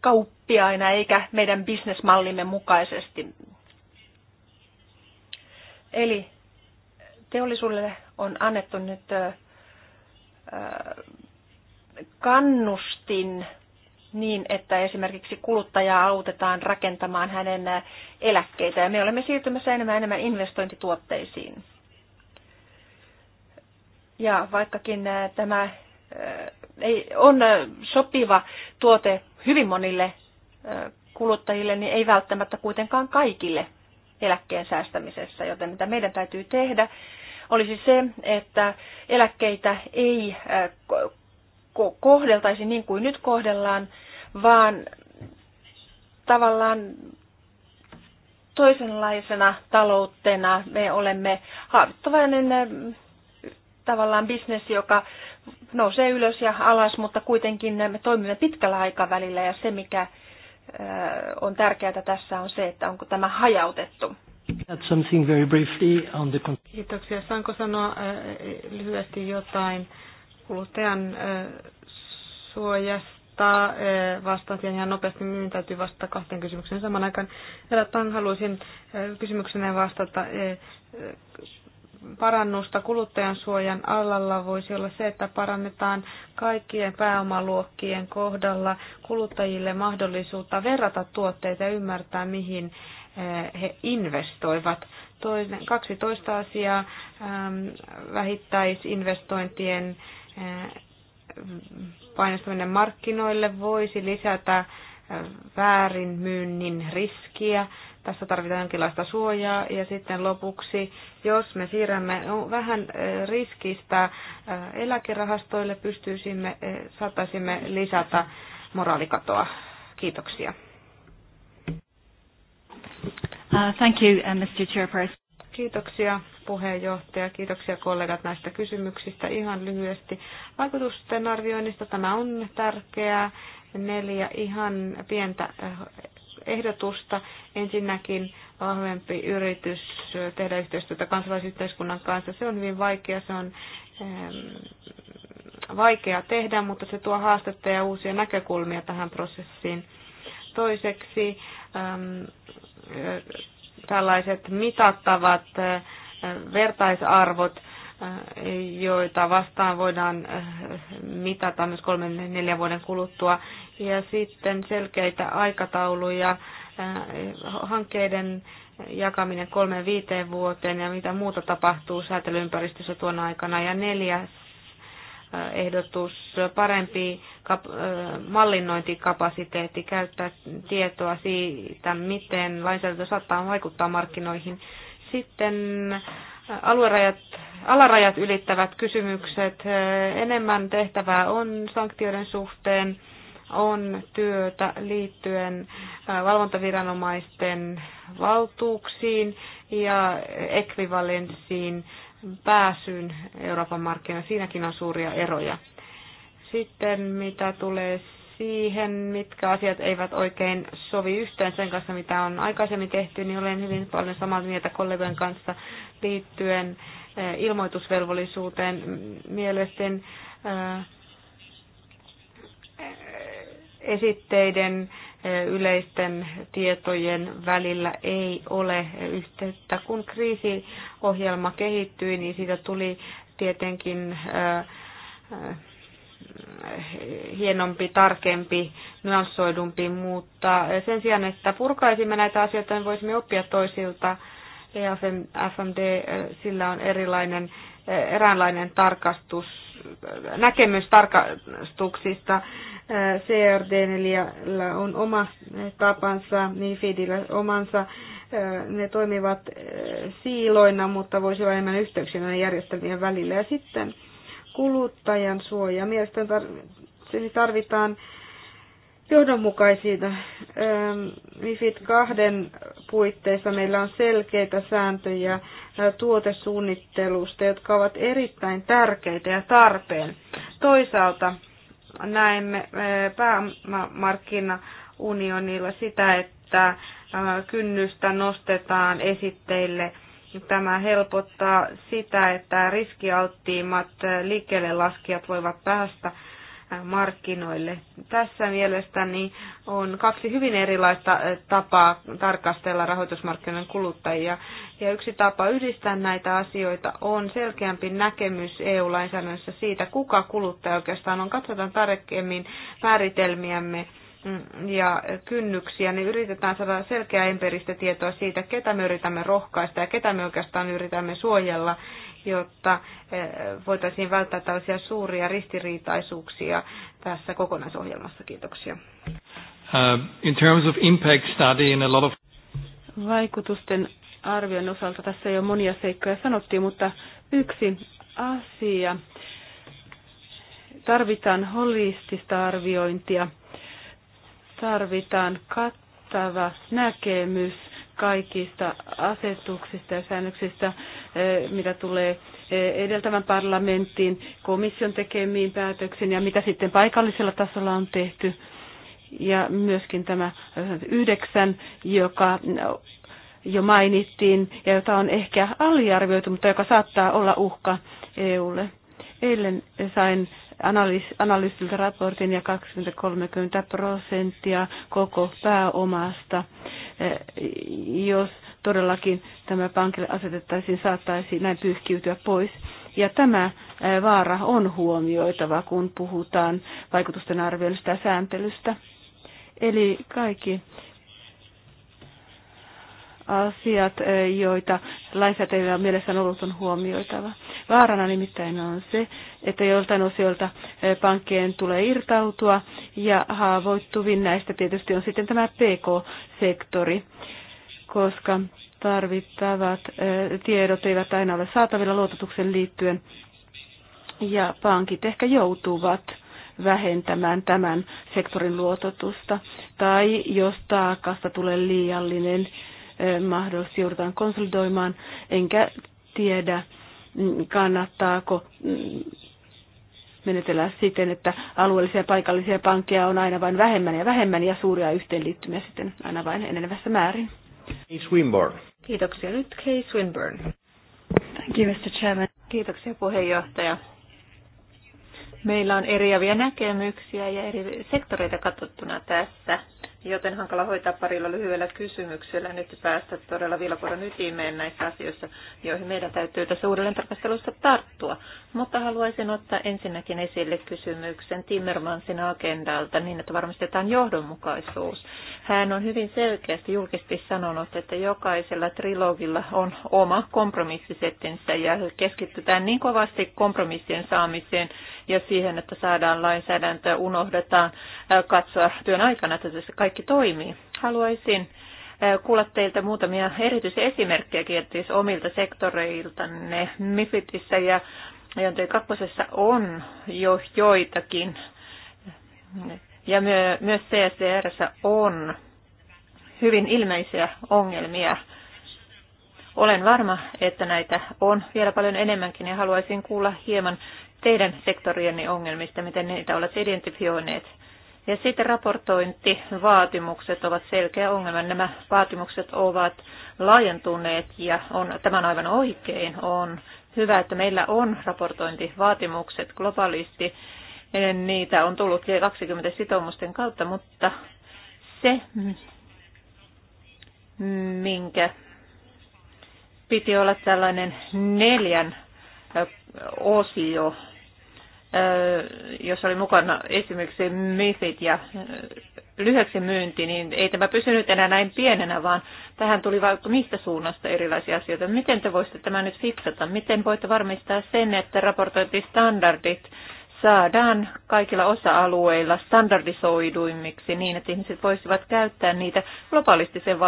kauppiaina eikä meidän bisnesmallimme mukaisesti. Eli teollisuudelle on annettu nyt äh, kannustin niin, että esimerkiksi kuluttajaa autetaan rakentamaan hänen eläkkeitä ja me olemme siirtymässä enemmän enemmän investointituotteisiin. Ja vaikkakin tämä ei, on sopiva tuote hyvin monille kuluttajille, niin ei välttämättä kuitenkaan kaikille eläkkeen säästämisessä. Joten mitä meidän täytyy tehdä, olisi se, että eläkkeitä ei kohdeltaisi niin kuin nyt kohdellaan, vaan tavallaan toisenlaisena taloutena me olemme haavoittuvainen tavallaan bisnes, joka nousee ylös ja alas, mutta kuitenkin me toimimme pitkällä aikavälillä ja se, mikä on tärkeää tässä on se, että onko tämä hajautettu. very on the... Kiitoksia. Saanko sanoa lyhyesti jotain kuluttajan suojasta? Vastaan siihen ihan nopeasti. Minun täytyy vastata kahteen kysymykseen saman aikaan. Herra Tang, haluaisin kysymyksenä vastata parannusta kuluttajan suojan alalla voisi olla se, että parannetaan kaikkien pääomaluokkien kohdalla kuluttajille mahdollisuutta verrata tuotteita ja ymmärtää, mihin eh, he investoivat. Toinen, 12 asiaa vähittäisinvestointien eh, painostaminen markkinoille voisi lisätä eh, väärinmyynnin riskiä. Tässä tarvitaan jonkinlaista suojaa. Ja sitten lopuksi, jos me siirrämme no, vähän eh, riskistä eh, eläkerahastoille, pystyisimme, eh, saattaisimme lisätä moraalikatoa. Kiitoksia. Uh, thank you, uh, Mr. Chairperson. Kiitoksia puheenjohtaja, kiitoksia kollegat näistä kysymyksistä. Ihan lyhyesti vaikutusten arvioinnista tämä on tärkeää. Neljä ihan pientä ehdotusta. Ensinnäkin vahvempi yritys tehdä yhteistyötä kansalaisyhteiskunnan kanssa. Se on hyvin vaikea, se on vaikea tehdä, mutta se tuo haastetta ja uusia näkökulmia tähän prosessiin. Toiseksi tällaiset mitattavat vertaisarvot, joita vastaan voidaan mitata myös kolmen neljän vuoden kuluttua, ja sitten selkeitä aikatauluja, äh, hankkeiden jakaminen kolmeen viiteen vuoteen ja mitä muuta tapahtuu säätelyympäristössä tuona aikana. Ja neljäs äh, ehdotus, parempi kap- äh, mallinnointikapasiteetti käyttää tietoa siitä, miten lainsäädäntö saattaa vaikuttaa markkinoihin. Sitten aluerajat, alarajat ylittävät kysymykset. Enemmän tehtävää on sanktioiden suhteen on työtä liittyen valvontaviranomaisten valtuuksiin ja ekvivalenssiin pääsyyn Euroopan markkinoille. Siinäkin on suuria eroja. Sitten mitä tulee siihen, mitkä asiat eivät oikein sovi yhteen sen kanssa, mitä on aikaisemmin tehty, niin olen hyvin paljon samaa mieltä kollegojen kanssa liittyen ilmoitusvelvollisuuteen. Mielestäni esitteiden yleisten tietojen välillä ei ole yhteyttä. Kun kriisiohjelma kehittyi, niin siitä tuli tietenkin hienompi, tarkempi, nyanssoidumpi, mutta sen sijaan, että purkaisimme näitä asioita, niin voisimme oppia toisilta. EFMD, sillä on erilainen, eräänlainen tarkastus, näkemys tarkastuksista CRD4 on oma tapansa, niin Fidillä omansa. Ne toimivat siiloina, mutta voisi olla enemmän yhteyksiä järjestelmien välillä. Ja sitten kuluttajan suoja. Mielestäni tarvitaan, siis tarvitaan johdonmukaisia. Mifid kahden puitteissa meillä on selkeitä sääntöjä tuotesuunnittelusta, jotka ovat erittäin tärkeitä ja tarpeen. Toisaalta näemme eh, päämarkkinaunionilla sitä, että eh, kynnystä nostetaan esitteille. Tämä helpottaa sitä, että riskialttiimmat eh, liikkeelle laskijat voivat päästä markkinoille. Tässä mielestäni on kaksi hyvin erilaista tapaa tarkastella rahoitusmarkkinoiden kuluttajia. Ja yksi tapa yhdistää näitä asioita on selkeämpi näkemys EU-lainsäädännössä siitä, kuka kuluttaja oikeastaan on. Katsotaan tarkemmin määritelmiämme mm, ja kynnyksiä, niin yritetään saada selkeää empiiristä tietoa siitä, ketä me yritämme rohkaista ja ketä me oikeastaan yritämme suojella, jotta eh, voitaisiin välttää tällaisia suuria ristiriitaisuuksia tässä kokonaisohjelmassa. Kiitoksia. Uh, in terms of impact study in a lot of... Vaikutusten arvion osalta tässä jo monia seikkoja sanottiin, mutta yksi asia. Tarvitaan holistista arviointia. Tarvitaan kattava näkemys kaikista asetuksista ja säännöksistä, eh, mitä tulee eh, edeltävän parlamenttiin, komission tekemiin päätöksiin ja mitä sitten paikallisella tasolla on tehty. Ja myöskin tämä eh, yhdeksän, joka jo mainittiin ja jota on ehkä aliarvioitu, mutta joka saattaa olla uhka EUlle. Eilen sain analyysiltä raportin ja 20-30 prosenttia koko pääomasta. Eh, jos todellakin tämä pankille asetettaisiin, saattaisi näin pyyhkiytyä pois. Ja tämä eh, vaara on huomioitava, kun puhutaan vaikutusten arvioinnista ja sääntelystä. Eli kaikki asiat, eh, joita lainsäätäjillä on ollut on huomioitava. Vaarana nimittäin on se, että joltain osioilta eh, pankkien tulee irtautua ja haavoittuvin näistä tietysti on sitten tämä PK-sektori, koska tarvittavat eh, tiedot eivät aina ole saatavilla luototuksen liittyen ja pankit ehkä joutuvat vähentämään tämän sektorin luototusta. Tai jos taakasta tulee liiallinen, mahdollisesti joudutaan konsolidoimaan, enkä tiedä, mm, kannattaako mm, menetellä siten, että alueellisia ja paikallisia pankkeja on aina vain vähemmän ja vähemmän ja suuria yhteenliittymiä sitten aina vain enenevässä määrin. Swinburne. Kiitoksia. Nyt Kay Swinburne. Thank you, Mr. Chairman. Kiitoksia puheenjohtaja. Meillä on eriäviä näkemyksiä ja eri sektoreita katsottuna tässä joten hankala hoitaa parilla lyhyellä kysymyksellä nyt päästä todella vilkoron ytimeen näissä asioissa, joihin meidän täytyy tässä uudelleen tarkastelussa tarttua. Mutta haluaisin ottaa ensinnäkin esille kysymyksen Timmermansin agendalta niin, että varmistetaan johdonmukaisuus. Hän on hyvin selkeästi julkisesti sanonut, että jokaisella trilogilla on oma kompromissisettinsä ja keskitytään niin kovasti kompromissien saamiseen ja siihen, että saadaan lainsäädäntöä, unohdetaan katsoa työn aikana, että kaikki kaikki toimii. Haluaisin kuulla teiltä muutamia erityisiä esimerkkejä siis omilta sektoreiltanne. Mifitissä ja Ajantojen kakkosessa on jo joitakin ja myö, myös CSDRssä on hyvin ilmeisiä ongelmia. Olen varma, että näitä on vielä paljon enemmänkin ja haluaisin kuulla hieman teidän sektorienne ongelmista, miten niitä olette identifioineet. Ja sitten raportointivaatimukset ovat selkeä ongelma. Nämä vaatimukset ovat laajentuneet ja on, tämän aivan oikein on hyvä, että meillä on raportointivaatimukset globaalisti. Niitä on tullut 20 sitoumusten kautta, mutta se, minkä piti olla tällainen neljän osio jos oli mukana esimerkiksi MIFID ja lyhyeksi myynti, niin ei tämä pysynyt enää näin pienenä, vaan tähän tuli vaikka mistä suunnasta erilaisia asioita. Miten te voisitte tämän nyt fiksata? Miten voitte varmistaa sen, että raportointistandardit saadaan kaikilla osa-alueilla standardisoiduimmiksi niin, että ihmiset voisivat käyttää niitä globaalisti sen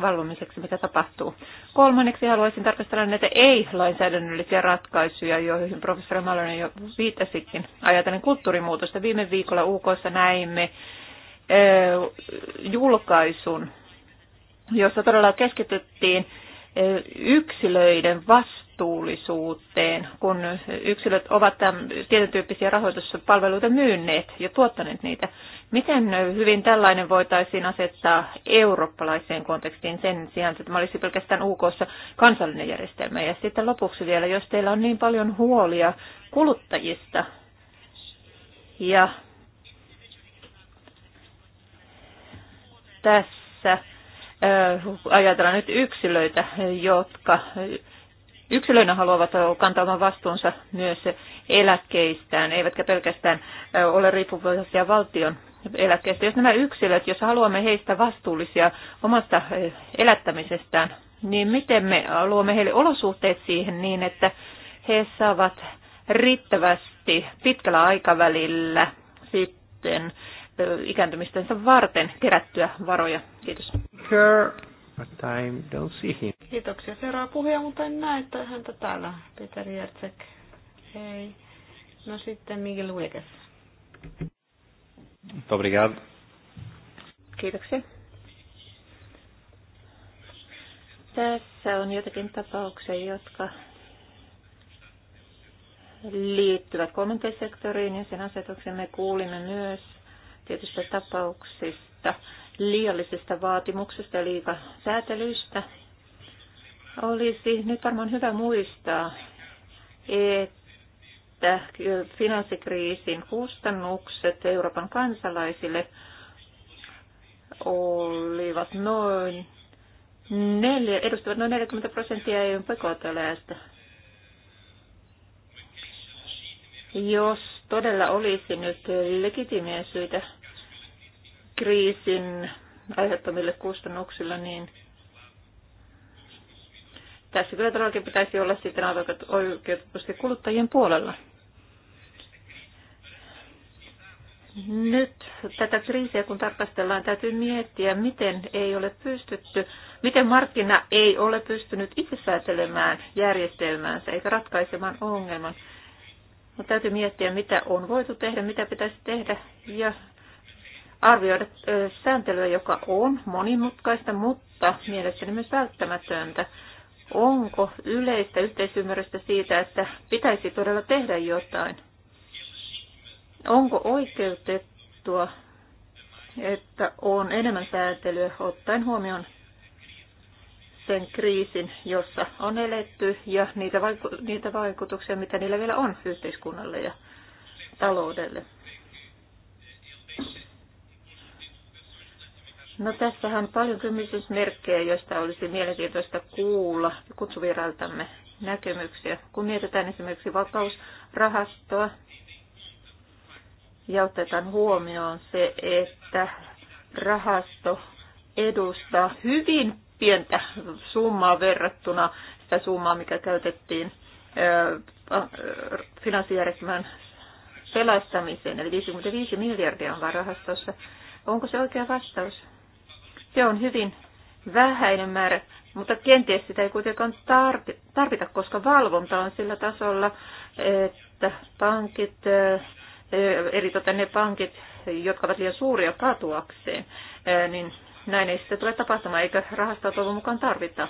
valvomiseksi, mitä tapahtuu. Kolmanneksi haluaisin tarkastella näitä ei-lainsäädännöllisiä ratkaisuja, joihin professori Malonen jo viittasikin. Ajatellen kulttuurimuutosta. Viime viikolla UK näimme julkaisun, jossa todella keskityttiin yksilöiden vastuun vastuullisuuteen, kun yksilöt ovat tämän, tietyn tyyppisiä rahoituspalveluita myynneet ja tuottaneet niitä. Miten hyvin tällainen voitaisiin asettaa eurooppalaiseen kontekstiin sen sijaan, että tämä olisi pelkästään uk kansallinen järjestelmä? Ja sitten lopuksi vielä, jos teillä on niin paljon huolia kuluttajista ja tässä ajatellaan nyt yksilöitä, jotka yksilöinä haluavat kantaa vastuunsa myös eläkkeistään, eivätkä pelkästään ole riippuvaisia valtion eläkkeistä. Jos nämä yksilöt, jos haluamme heistä vastuullisia omasta elättämisestään, niin miten me luomme heille olosuhteet siihen niin, että he saavat riittävästi pitkällä aikavälillä sitten ikääntymistensä varten kerättyä varoja. Kiitos. But I don't see him. Kiitoksia. Seuraava puhuja, mutta en näe että häntä täällä. Peter Jertsek. Hei. No sitten Miguel Huegas. Obrigado. Kiitoksia. Tässä on jotakin tapauksia, jotka liittyvät kolmanteen sektoriin ja sen asetuksen me kuulimme myös tietystä tapauksista, liiallisista vaatimuksista ja liikasäätelyistä, olisi nyt varmaan hyvä muistaa, että finanssikriisin kustannukset Euroopan kansalaisille olivat noin neljä, edustavat noin 40 prosenttia EUn pekotelästä. Jos todella olisi nyt legitimiä syitä kriisin aiheuttamille kustannuksille, niin tässä kyllä todellakin pitäisi olla sitten oikeutetusti kuluttajien puolella. Nyt tätä kriisiä kun tarkastellaan, täytyy miettiä, miten ei ole pystytty, miten markkina ei ole pystynyt itse säätelemään järjestelmäänsä eikä ratkaisemaan ongelman. Mutta täytyy miettiä, mitä on voitu tehdä, mitä pitäisi tehdä ja arvioida sääntelyä, joka on monimutkaista, mutta mielestäni myös välttämätöntä. Onko yleistä yhteisymmärrystä siitä, että pitäisi todella tehdä jotain? Onko oikeutettua, että on enemmän sääntelyä ottaen huomioon sen kriisin, jossa on eletty ja niitä, vaiku- niitä vaikutuksia, mitä niillä vielä on yhteiskunnalle ja taloudelle? No tässähän on paljon kymmenysmerkkejä, joista olisi mielenkiintoista kuulla kutsuviraltamme näkemyksiä. Kun mietitään esimerkiksi vakausrahastoa ja otetaan huomioon se, että rahasto edustaa hyvin pientä summaa verrattuna sitä summaa, mikä käytettiin finanssijärjestelmän pelastamiseen, eli 55 miljardia on rahastossa. Onko se oikea vastaus? Se on hyvin vähäinen määrä, mutta kenties sitä ei kuitenkaan tarvita, koska valvonta on sillä tasolla, että pankit, eh, eritoten ne pankit, jotka ovat liian suuria katuakseen, eh, niin näin ei sitten tule tapahtumaan, eikä rahasta toivon mukaan tarvita.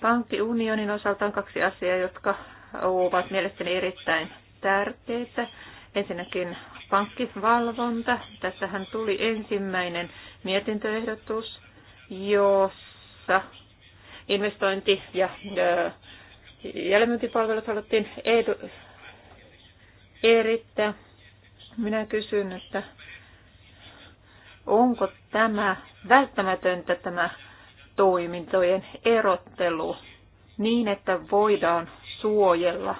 Pankkiunionin osalta on kaksi asiaa, jotka ovat mielestäni erittäin tärkeitä. Ensinnäkin pankkivalvonta. Tässähän tuli ensimmäinen mietintöehdotus, jossa investointi- ja jäljemyyntipalvelut haluttiin edu- erittää. Minä kysyn, että onko tämä välttämätöntä tämä toimintojen erottelu niin, että voidaan suojella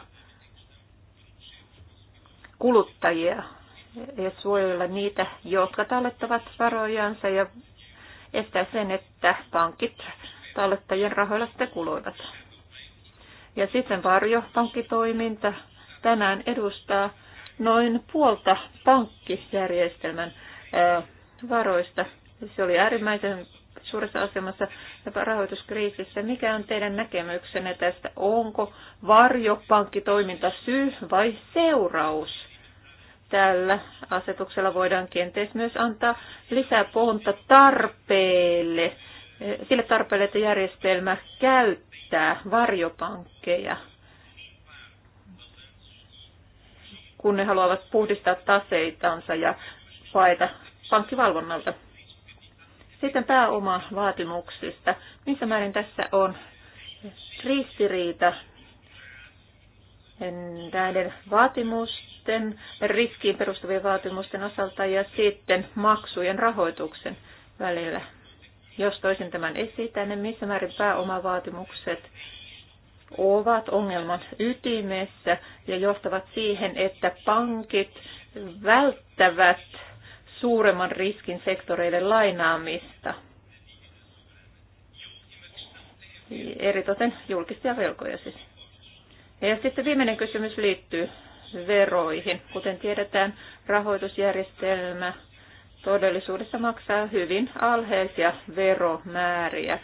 kuluttajia ja suojella niitä, jotka tallettavat varojansa ja estää sen, että pankit tallettajien rahoilla sitten Ja sitten varjopankkitoiminta tänään edustaa noin puolta pankkijärjestelmän varoista. Se oli äärimmäisen suuressa asemassa rahoituskriisissä. Mikä on teidän näkemyksenne tästä? Onko varjopankkitoiminta syy vai seuraus tällä asetuksella voidaan kenties myös antaa lisää pontta tarpeelle, sille tarpeelle, että järjestelmä käyttää varjopankkeja, kun ne haluavat puhdistaa taseitansa ja paeta pankkivalvonnalta. Sitten pääoma vaatimuksista. Missä määrin tässä on ristiriita näiden vaatimus sitten riskiin perustuvien vaatimusten osalta ja sitten maksujen rahoituksen välillä. Jos toisin tämän esitän, niin missä määrin pääomavaatimukset ovat ongelman ytimessä ja johtavat siihen, että pankit välttävät suuremman riskin sektoreiden lainaamista. Eritoten julkisia velkoja siis. Ja sitten viimeinen kysymys liittyy veroihin. Kuten tiedetään, rahoitusjärjestelmä todellisuudessa maksaa hyvin alheisia veromääriä.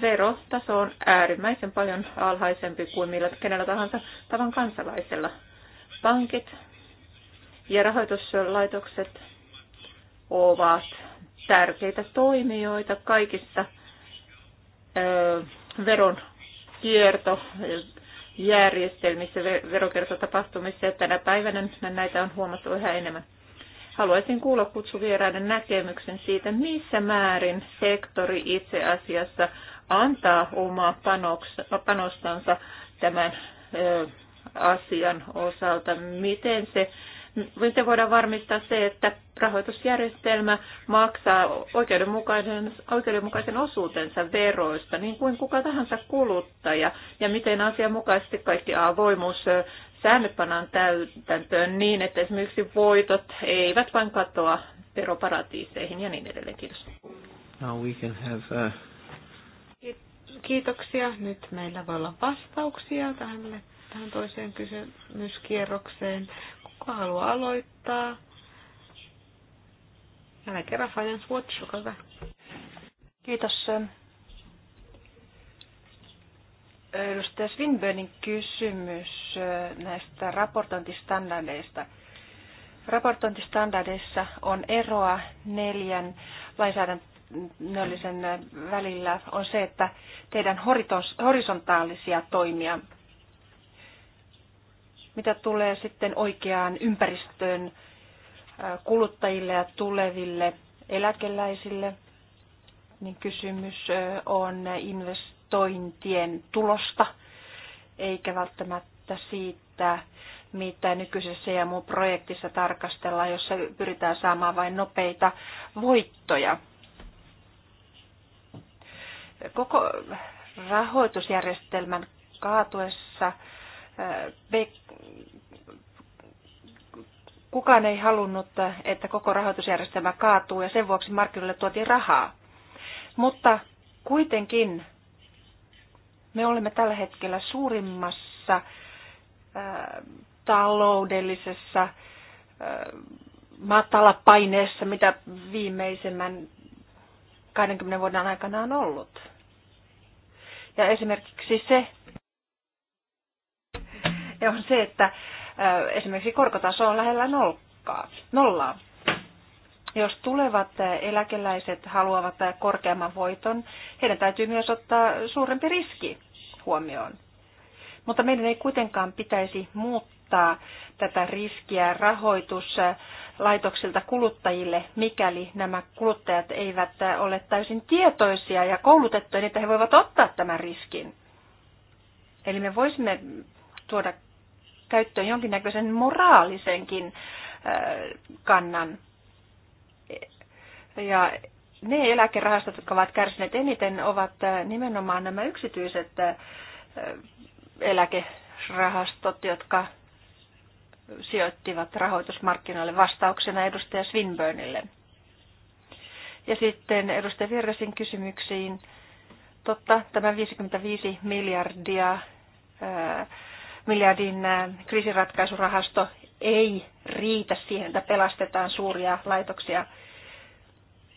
Verotaso on äärimmäisen paljon alhaisempi kuin millä kenellä tahansa tavan kansalaisella. Pankit ja rahoituslaitokset ovat tärkeitä toimijoita kaikissa ö, veron kierto- järjestelmissä, verokiertotapahtumissa ja tänä päivänä näitä on huomattu yhä enemmän. Haluaisin kuulla kutsuvieraiden näkemyksen siitä, missä määrin sektori itse asiassa antaa omaa panostansa tämän asian osalta, miten se miten niin voidaan varmistaa se, että rahoitusjärjestelmä maksaa oikeudenmukaisen, oikeudenmukaisen osuutensa veroista, niin kuin kuka tahansa kuluttaja, ja miten asianmukaisesti kaikki avoimuus säännöt pannaan täytäntöön niin, että esimerkiksi voitot eivät vain katoa veroparatiiseihin ja niin edelleen. Kiitos. Now we can have, uh... Kiitoksia. Nyt meillä voi olla vastauksia tähän, tähän toiseen kysymyskierrokseen. Kuka haluaa aloittaa? Jälleen kerran Finance Watch, olkaa hyvä. Kiitos. Edustaja Swinburnin kysymys näistä raportointistandardeista. Raportointistandardeissa on eroa neljän lainsäädännöllisen välillä on se, että tehdään horisontaalisia toimia mitä tulee sitten oikeaan ympäristöön kuluttajille ja tuleville eläkeläisille, niin kysymys on investointien tulosta, eikä välttämättä siitä, mitä nykyisessä ja muun projektissa tarkastellaan, jossa pyritään saamaan vain nopeita voittoja. Koko rahoitusjärjestelmän kaatuessa kukaan ei halunnut, että koko rahoitusjärjestelmä kaatuu ja sen vuoksi markkinoille tuotiin rahaa. Mutta kuitenkin me olemme tällä hetkellä suurimmassa taloudellisessa matalapaineessa, mitä viimeisemmän 20 vuoden aikana on ollut. Ja esimerkiksi se, ja on se, että esimerkiksi korkotaso on lähellä nolkaa, nollaa. Jos tulevat eläkeläiset haluavat korkeamman voiton, heidän täytyy myös ottaa suurempi riski huomioon. Mutta meidän ei kuitenkaan pitäisi muuttaa tätä riskiä rahoituslaitoksilta kuluttajille, mikäli nämä kuluttajat eivät ole täysin tietoisia ja koulutettuja, niin että he voivat ottaa tämän riskin. Eli me voisimme tuoda käyttöön jonkinnäköisen moraalisenkin kannan. Ja ne eläkerahastot, jotka ovat kärsineet eniten, ovat nimenomaan nämä yksityiset eläkerahastot, jotka sijoittivat rahoitusmarkkinoille vastauksena edustaja Swinburnille. Ja sitten edustaja Virrasin kysymyksiin. Totta, tämä 55 miljardia ää, miljardin kriisiratkaisurahasto ei riitä siihen, että pelastetaan suuria laitoksia.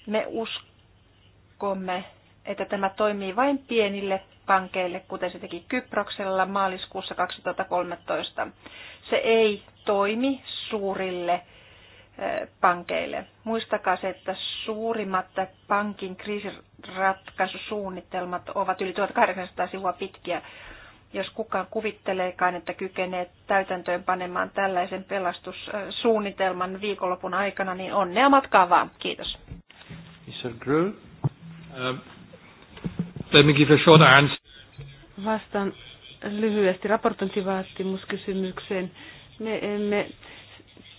Me uskomme, että tämä toimii vain pienille pankeille, kuten se teki Kyproksella maaliskuussa 2013. Se ei toimi suurille pankeille. Muistakaa se, että suurimmat pankin kriisiratkaisusuunnitelmat ovat yli 1800 sivua pitkiä jos kukaan kuvitteleekaan, että kykenee täytäntöön panemaan tällaisen pelastussuunnitelman viikonlopun aikana, niin onnea matkaa vaan. Kiitos. Mr. Grew, uh, let me give a short answer. Vastaan lyhyesti raportointivaatimuskysymykseen. Me emme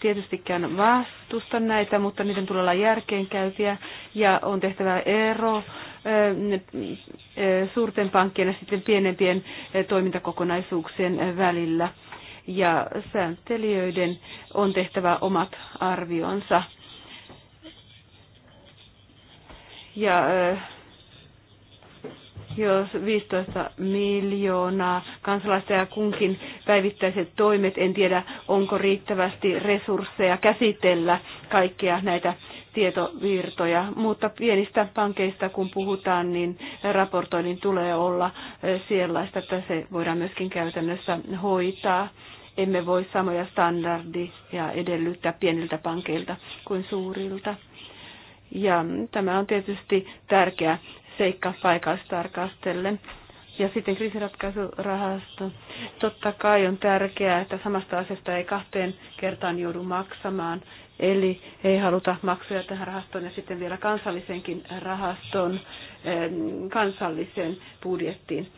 tietystikään vastusta näitä, mutta niiden tulee olla järkeenkäytiä ja on tehtävä ero suurten pankkien ja sitten pienempien toimintakokonaisuuksien välillä. Ja sääntelijöiden on tehtävä omat arvionsa. Ja jos 15 miljoonaa kansalaista ja kunkin päivittäiset toimet, en tiedä onko riittävästi resursseja käsitellä kaikkia näitä tietovirtoja, mutta pienistä pankeista kun puhutaan, niin raportoinnin tulee olla sellaista, että se voidaan myöskin käytännössä hoitaa. Emme voi samoja standardia edellyttää pieniltä pankeilta kuin suurilta. Ja tämä on tietysti tärkeä seikka paikallistarkastellen. Ja sitten kriisiratkaisurahasto. Totta kai on tärkeää, että samasta asiasta ei kahteen kertaan joudu maksamaan. Eli ei haluta maksuja tähän rahastoon ja sitten vielä kansallisenkin rahaston kansalliseen budjettiin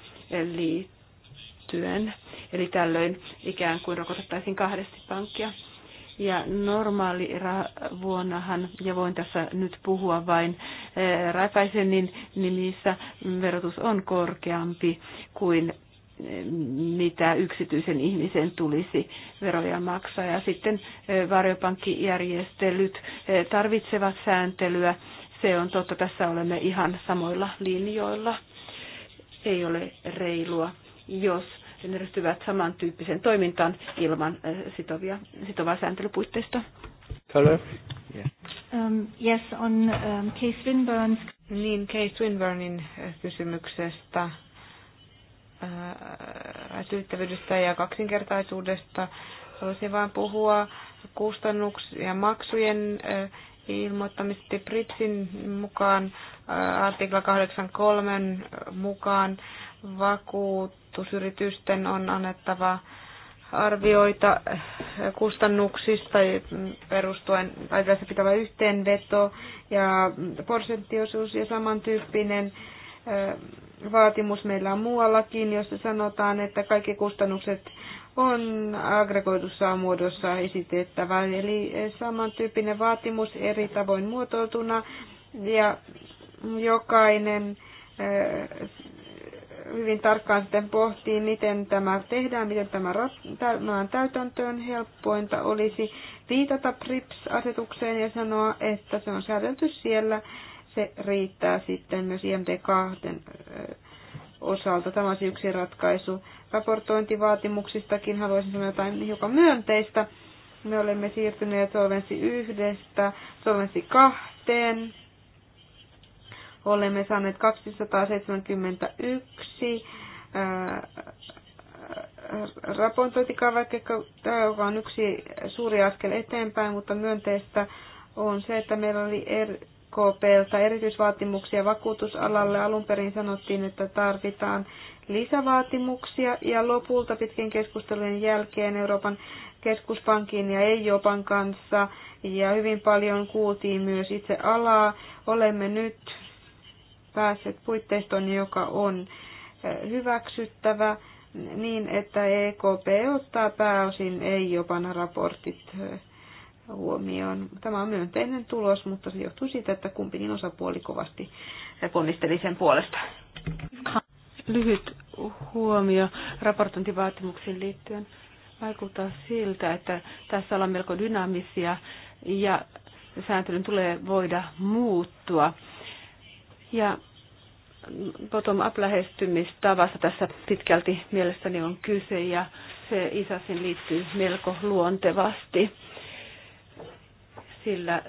liittyen. Eli tällöin ikään kuin rokotettaisiin kahdesti pankkia. Ja normaali vuonnahan, ja voin tässä nyt puhua vain eh, Raipaisenin nimissä, verotus on korkeampi kuin eh, mitä yksityisen ihmisen tulisi veroja maksaa. Ja sitten eh, varjopankkijärjestelyt tarvitsevat sääntelyä. Se on totta, tässä olemme ihan samoilla linjoilla. Ei ole reilua, jos ne ryhtyvät samantyyppiseen toimintaan ilman sitovia, sitovaa sääntelypuitteista. Hello. Yeah. Um, yes, on um, Case Swinburne's... Niin, Case Swinburnin kysymyksestä syyttävyydestä ja kaksinkertaisuudesta. Haluaisin vain puhua kustannuksia ja maksujen ilmoittamisesta Pritsin mukaan, artikla 83 mukaan vakuutusyritysten on annettava arvioita kustannuksista perustuen, tai tässä pitävä yhteenveto ja prosenttiosuus ja samantyyppinen vaatimus meillä on muuallakin, jossa sanotaan, että kaikki kustannukset on aggregoidussa muodossa esitettävä. Eli samantyyppinen vaatimus eri tavoin muotoiltuna ja jokainen hyvin tarkkaan sitten pohtii, miten tämä tehdään, miten tämä, rat- täytäntöön helppointa olisi viitata PRIPS-asetukseen ja sanoa, että se on säädelty siellä. Se riittää sitten myös IMD2 osalta. Tämä olisi yksi ratkaisu. Raportointivaatimuksistakin haluaisin sanoa jotain hiukan myönteistä. Me olemme siirtyneet Solvensi yhdestä Solvensi kahteen olemme saaneet 271 raportointikaa, joka on yksi suuri askel eteenpäin, mutta myönteistä on se, että meillä oli RKPltä erityisvaatimuksia vakuutusalalle. Alun perin sanottiin, että tarvitaan lisävaatimuksia ja lopulta pitkien keskustelujen jälkeen Euroopan keskuspankin ja EIOPan kanssa ja hyvin paljon kuultiin myös itse alaa. Olemme nyt pääset puitteistoon, joka on hyväksyttävä niin, että EKP ottaa pääosin ei jopa raportit huomioon. Tämä on myönteinen tulos, mutta se johtuu siitä, että kumpikin osapuoli kovasti ponnisteli sen puolesta. Lyhyt huomio raportointivaatimuksiin liittyen. Vaikuttaa siltä, että tässä ollaan melko dynaamisia ja sääntelyn tulee voida muuttua ja bottom-up lähestymistavasta tässä pitkälti mielestäni on kyse ja se isäsin liittyy melko luontevasti, sillä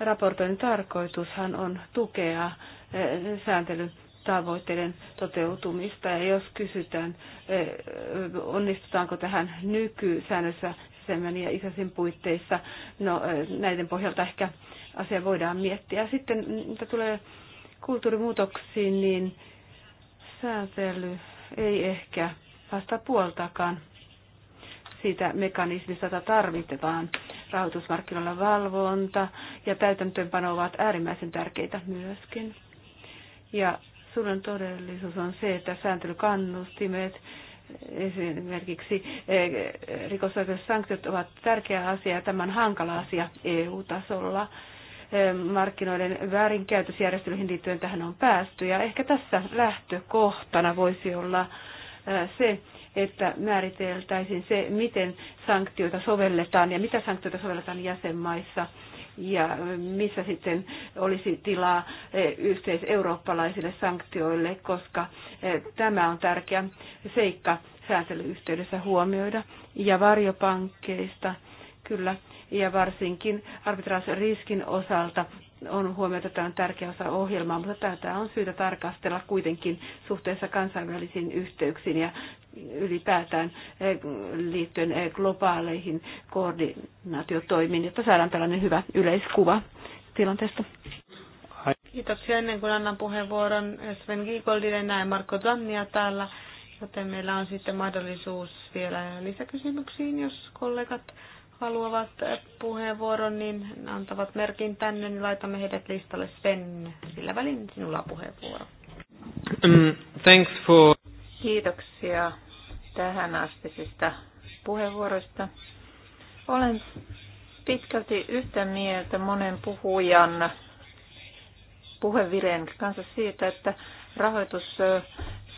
raportoinnin tarkoitushan on tukea eh, sääntelyn tavoitteiden toteutumista. Ja jos kysytään, eh, onnistutaanko tähän nykysäännössä sisämän ja isäsin puitteissa, no eh, näiden pohjalta ehkä asia voidaan miettiä. Sitten mm, mitä tulee kulttuurimuutoksiin, niin säätely ei ehkä vasta puoltakaan siitä mekanismista, jota tarvitetaan. Rahoitusmarkkinoilla valvonta ja täytäntöönpano ovat äärimmäisen tärkeitä myöskin. Ja suuren todellisuus on se, että sääntelykannustimet, esimerkiksi eh, rikosoikeussanktiot ovat tärkeä asia ja tämän hankala asia EU-tasolla markkinoiden väärinkäytösjärjestelyihin liittyen tähän on päästy. Ja ehkä tässä lähtökohtana voisi olla se, että määriteltäisiin se, miten sanktioita sovelletaan ja mitä sanktioita sovelletaan jäsenmaissa ja missä sitten olisi tilaa yhteiseurooppalaisille sanktioille, koska tämä on tärkeä seikka sääntelyyhteydessä huomioida. Ja varjopankkeista kyllä ja varsinkin arbitraasiriskin osalta on huomioitu, että tämä on tärkeä osa ohjelmaa, mutta tätä on syytä tarkastella kuitenkin suhteessa kansainvälisiin yhteyksiin ja ylipäätään eh, liittyen eh, globaaleihin koordinaatiotoimiin, jotta saadaan tällainen hyvä yleiskuva tilanteesta. Kiitoksia ennen kuin annan puheenvuoron Sven Giegoldille näin Marko Zannia täällä, joten meillä on sitten mahdollisuus vielä lisäkysymyksiin, jos kollegat haluavat puheenvuoron, niin antavat merkin tänne, niin laitamme heidät listalle Sven. Sillä välin sinulla on puheenvuoro. Mm, thanks for... Kiitoksia tähän astisista puheenvuoroista. Olen pitkälti yhtä mieltä monen puhujan puhevireen kanssa siitä, että rahoitus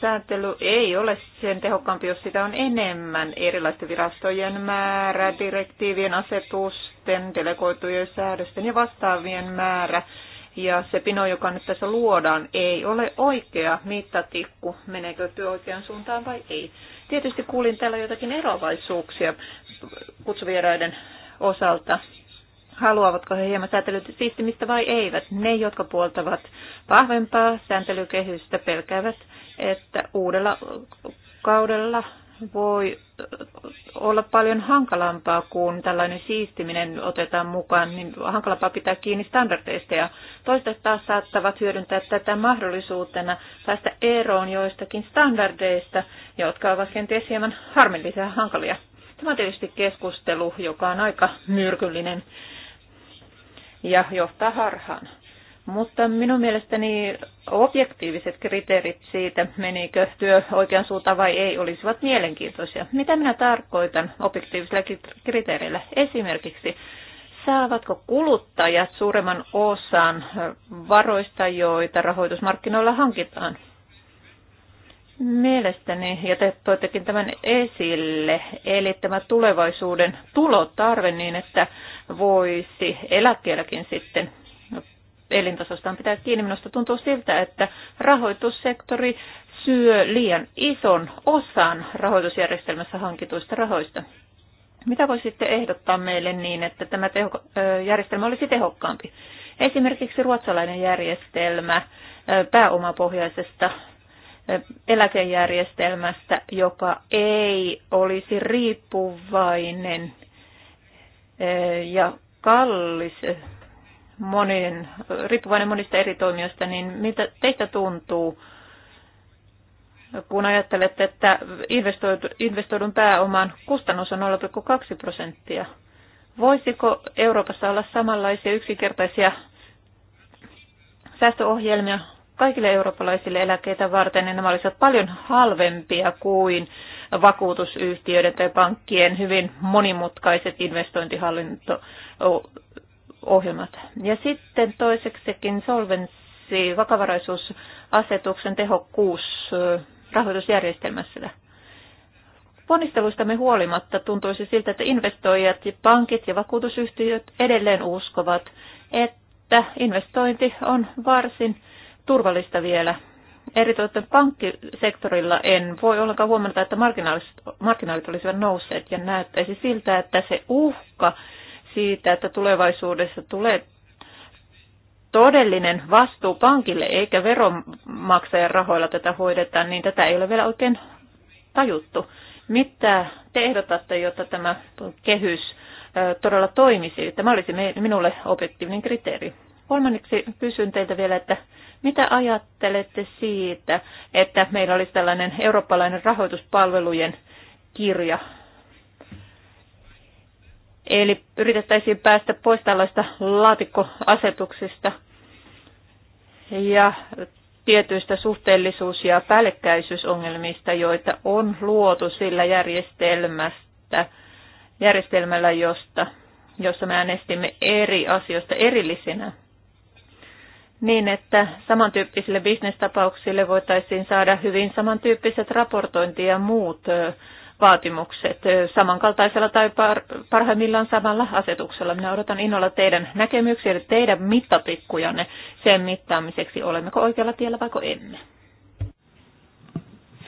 sääntely ei ole sen tehokkaampi, jos sitä on enemmän erilaisten virastojen määrä, direktiivien asetusten, delegoitujen säädösten ja vastaavien määrä. Ja se pino, joka nyt tässä luodaan, ei ole oikea mittatikku, meneekö työ oikeaan suuntaan vai ei. Tietysti kuulin täällä jotakin eroavaisuuksia kutsuvieraiden osalta. Haluavatko he hieman sääntelyt siistimistä vai eivät? Ne, jotka puoltavat vahvempaa sääntelykehystä, pelkäävät että uudella kaudella voi olla paljon hankalampaa, kun tällainen siistiminen otetaan mukaan, niin hankalampaa pitää kiinni standardeista ja toiset taas saattavat hyödyntää tätä mahdollisuutena päästä eroon joistakin standardeista, jotka ovat kenties hieman harmillisia ja hankalia. Tämä on tietysti keskustelu, joka on aika myrkyllinen ja johtaa harhaan. Mutta minun mielestäni objektiiviset kriteerit siitä, menikö työ oikean suuntaan vai ei, olisivat mielenkiintoisia. Mitä minä tarkoitan objektiivisilla kriteereillä? Esimerkiksi, saavatko kuluttajat suuremman osan varoista, joita rahoitusmarkkinoilla hankitaan? Mielestäni, ja te toittekin tämän esille, eli tämä tulevaisuuden tulotarve niin, että voisi eläkkeelläkin sitten elintasostaan pitää kiinni. Minusta tuntuu siltä, että rahoitussektori syö liian ison osan rahoitusjärjestelmässä hankituista rahoista. Mitä voisitte ehdottaa meille niin, että tämä teho, järjestelmä olisi tehokkaampi? Esimerkiksi ruotsalainen järjestelmä pääomapohjaisesta eläkejärjestelmästä, joka ei olisi riippuvainen ja kallis monin, riippuvainen monista eri toimijoista, niin mitä teistä tuntuu, kun ajattelette, että investoidun pääoman kustannus on 0,2 prosenttia? Voisiko Euroopassa olla samanlaisia yksinkertaisia säästöohjelmia kaikille eurooppalaisille eläkkeitä varten, niin nämä olisivat paljon halvempia kuin vakuutusyhtiöiden tai pankkien hyvin monimutkaiset investointihallinto ohjelmat. Ja sitten toiseksikin solvenssi, vakavaraisuusasetuksen tehokkuus rahoitusjärjestelmässä. Ponnisteluistamme huolimatta tuntuisi siltä, että investoijat, ja pankit ja vakuutusyhtiöt edelleen uskovat, että investointi on varsin turvallista vielä. Erityisesti pankkisektorilla en voi ollenkaan huomata, että marginaalit, marginaalit olisivat nousseet ja näyttäisi siltä, että se uhka, siitä, että tulevaisuudessa tulee todellinen vastuu pankille eikä veronmaksajan rahoilla tätä hoideta, niin tätä ei ole vielä oikein tajuttu. Mitä te ehdotatte, jotta tämä kehys todella toimisi? Tämä olisi minulle objektiivinen kriteeri. Kolmanneksi kysyn teiltä vielä, että mitä ajattelette siitä, että meillä olisi tällainen eurooppalainen rahoituspalvelujen kirja Eli yritettäisiin päästä pois tällaista laatikkoasetuksista ja tietyistä suhteellisuus- ja päällekkäisyysongelmista, joita on luotu sillä järjestelmästä, järjestelmällä, josta, jossa me äänestimme eri asioista erillisinä, niin että samantyyppisille bisnestapauksille voitaisiin saada hyvin samantyyppiset raportointi ja muut vaatimukset samankaltaisella tai par- parhaimmillaan samalla asetuksella. Minä odotan innolla teidän näkemyksiä, teidän mittatikkujanne sen mittaamiseksi, olemmeko oikealla tiellä vai emme.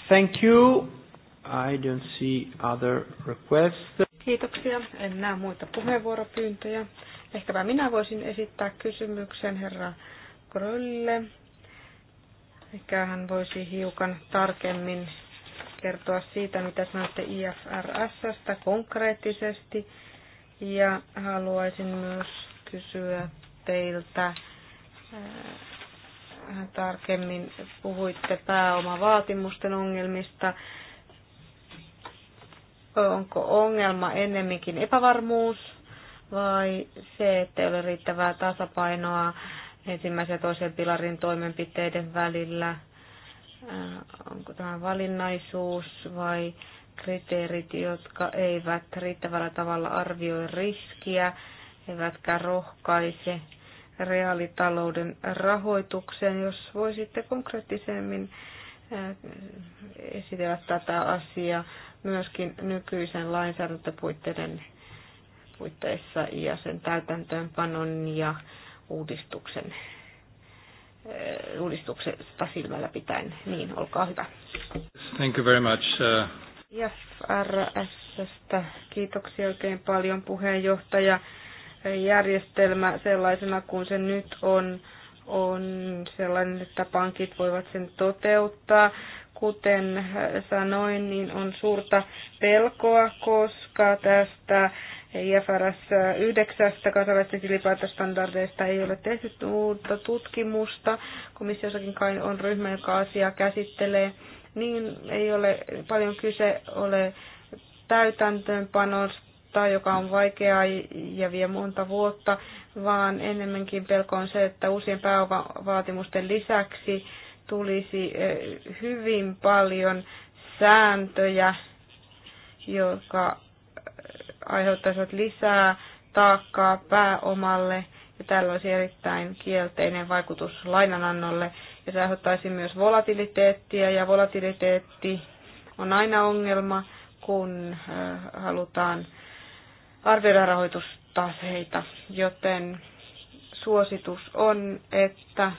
Thank you. I don't see other requests. Kiitoksia. En näe muita puheenvuoropyyntöjä. Ehkäpä minä voisin esittää kysymyksen herra Grölle. Ehkä hän voisi hiukan tarkemmin kertoa siitä, mitä sanotte IFRSstä konkreettisesti. Ja haluaisin myös kysyä teiltä äh, vähän tarkemmin. Puhuitte pääomavaatimusten ongelmista. Onko ongelma ennemminkin epävarmuus vai se, että ei ole riittävää tasapainoa ensimmäisen ja toisen pilarin toimenpiteiden välillä? Äh, onko tämä valinnaisuus vai kriteerit, jotka eivät riittävällä tavalla arvioi riskiä, eivätkä rohkaise reaalitalouden rahoitukseen. Jos voisitte konkreettisemmin äh, esitellä tätä asiaa myöskin nykyisen lainsäädäntöpuitteiden puitteissa ja sen täytäntöönpanon ja uudistuksen Eh, uudistuksesta silmällä pitäen. Niin, olkaa hyvä. Thank you very much. Uh... Kiitoksia oikein paljon puheenjohtaja. Järjestelmä sellaisena kuin se nyt on, on sellainen, että pankit voivat sen toteuttaa. Kuten sanoin, niin on suurta pelkoa, koska tästä IFRS e 9 kansainvälisten tilinpäätöstandardeista ei ole tehty uutta tutkimusta. Komissiossakin kai on ryhmä, joka asiaa käsittelee. Niin ei ole paljon kyse ole täytäntöönpanosta, joka on vaikeaa ja vie monta vuotta, vaan enemmänkin pelko on se, että uusien pääomavaatimusten lisäksi tulisi e, hyvin paljon sääntöjä, joka aiheuttaisivat lisää taakkaa pääomalle ja tällä olisi erittäin kielteinen vaikutus lainanannolle ja se aiheuttaisi myös volatiliteettia ja volatiliteetti on aina ongelma, kun halutaan arvioida rahoitustaseita, joten suositus on, että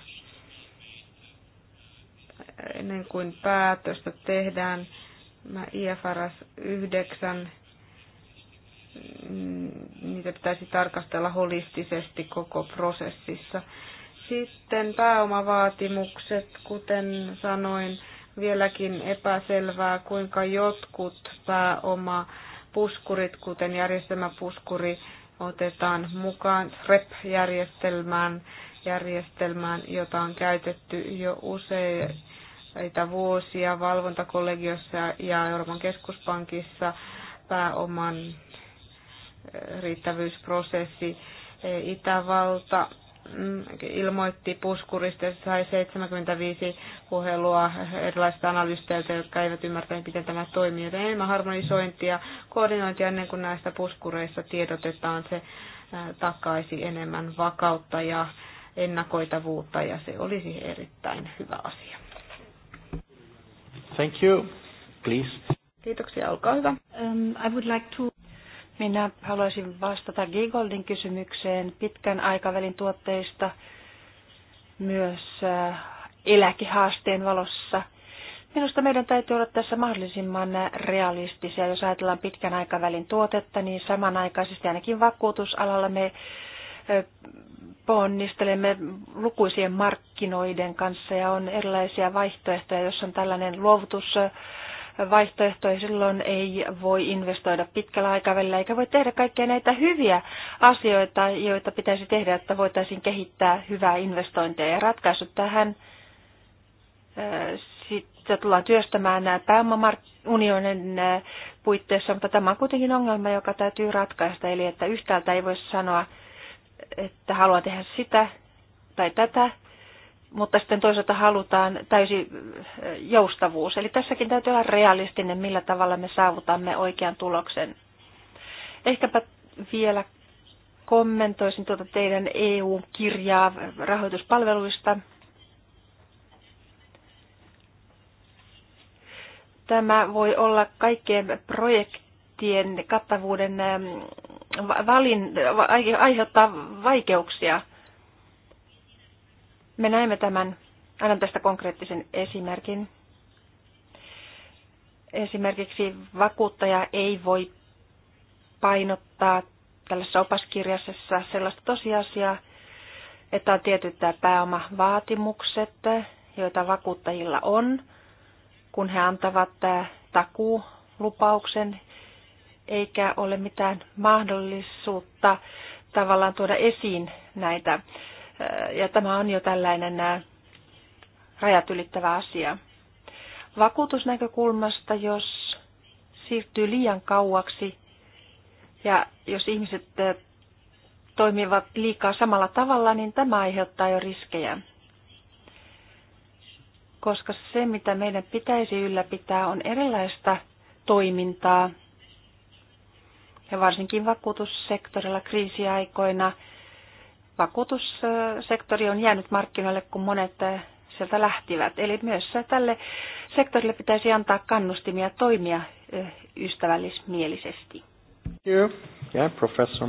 ennen kuin päätöstä tehdään, mä IFRS 9 Mm, niitä pitäisi tarkastella holistisesti koko prosessissa. Sitten pääomavaatimukset, kuten sanoin, vieläkin epäselvää, kuinka jotkut pääomapuskurit, kuten järjestelmäpuskuri, otetaan mukaan REP-järjestelmään, järjestelmään, jota on käytetty jo useita vuosia valvontakollegiossa ja Euroopan keskuspankissa pääoman riittävyysprosessi. Itävalta mm, ilmoitti puskurista, se sai 75 puhelua erilaisista analysteilta, jotka eivät ymmärtäneet, miten tämä toimii. Joten enemmän harmonisointia, koordinointia ennen kuin näistä puskureista tiedotetaan, se takaisi enemmän vakautta ja ennakoitavuutta, ja se olisi erittäin hyvä asia. Thank you. Please. Kiitoksia, olkaa hyvä. Um, I would like to... Minä haluaisin vastata Gigoldin kysymykseen pitkän aikavälin tuotteista myös äh, eläkehaasteen valossa. Minusta meidän täytyy olla tässä mahdollisimman realistisia. Jos ajatellaan pitkän aikavälin tuotetta, niin samanaikaisesti ainakin vakuutusalalla me äh, ponnistelemme lukuisien markkinoiden kanssa ja on erilaisia vaihtoehtoja, jos on tällainen luovutus vaihtoehtoja. Silloin ei voi investoida pitkällä aikavälillä eikä voi tehdä kaikkia näitä hyviä asioita, joita pitäisi tehdä, että voitaisiin kehittää hyvää investointia. Ja ratkaisut tähän äh, Sitten tullaan työstämään pääomaunionin äh, puitteissa, mutta tämä on kuitenkin ongelma, joka täytyy ratkaista. Eli että yhtäältä ei voi sanoa, että haluaa tehdä sitä tai tätä, mutta sitten toisaalta halutaan täysi joustavuus. Eli tässäkin täytyy olla realistinen, millä tavalla me saavutamme oikean tuloksen. Ehkäpä vielä kommentoisin tuota teidän EU-kirjaa rahoituspalveluista. Tämä voi olla kaikkien projektien kattavuuden valin, aiheuttaa vaikeuksia – me näemme tämän, annan tästä konkreettisen esimerkin. Esimerkiksi vakuuttaja ei voi painottaa tällaisessa opaskirjassa sellaista tosiasiaa, että on tietyt pääomavaatimukset, joita vakuuttajilla on, kun he antavat takuulupauksen, eikä ole mitään mahdollisuutta tavallaan tuoda esiin näitä ja tämä on jo tällainen rajat ylittävä asia. Vakuutusnäkökulmasta, jos siirtyy liian kauaksi ja jos ihmiset toimivat liikaa samalla tavalla, niin tämä aiheuttaa jo riskejä. Koska se, mitä meidän pitäisi ylläpitää, on erilaista toimintaa. Ja varsinkin vakuutussektorilla kriisiaikoina – vakuutussektori on jäänyt markkinoille, kun monet sieltä lähtivät. Eli myös tälle sektorille pitäisi antaa kannustimia toimia ystävällismielisesti. Yeah, professor.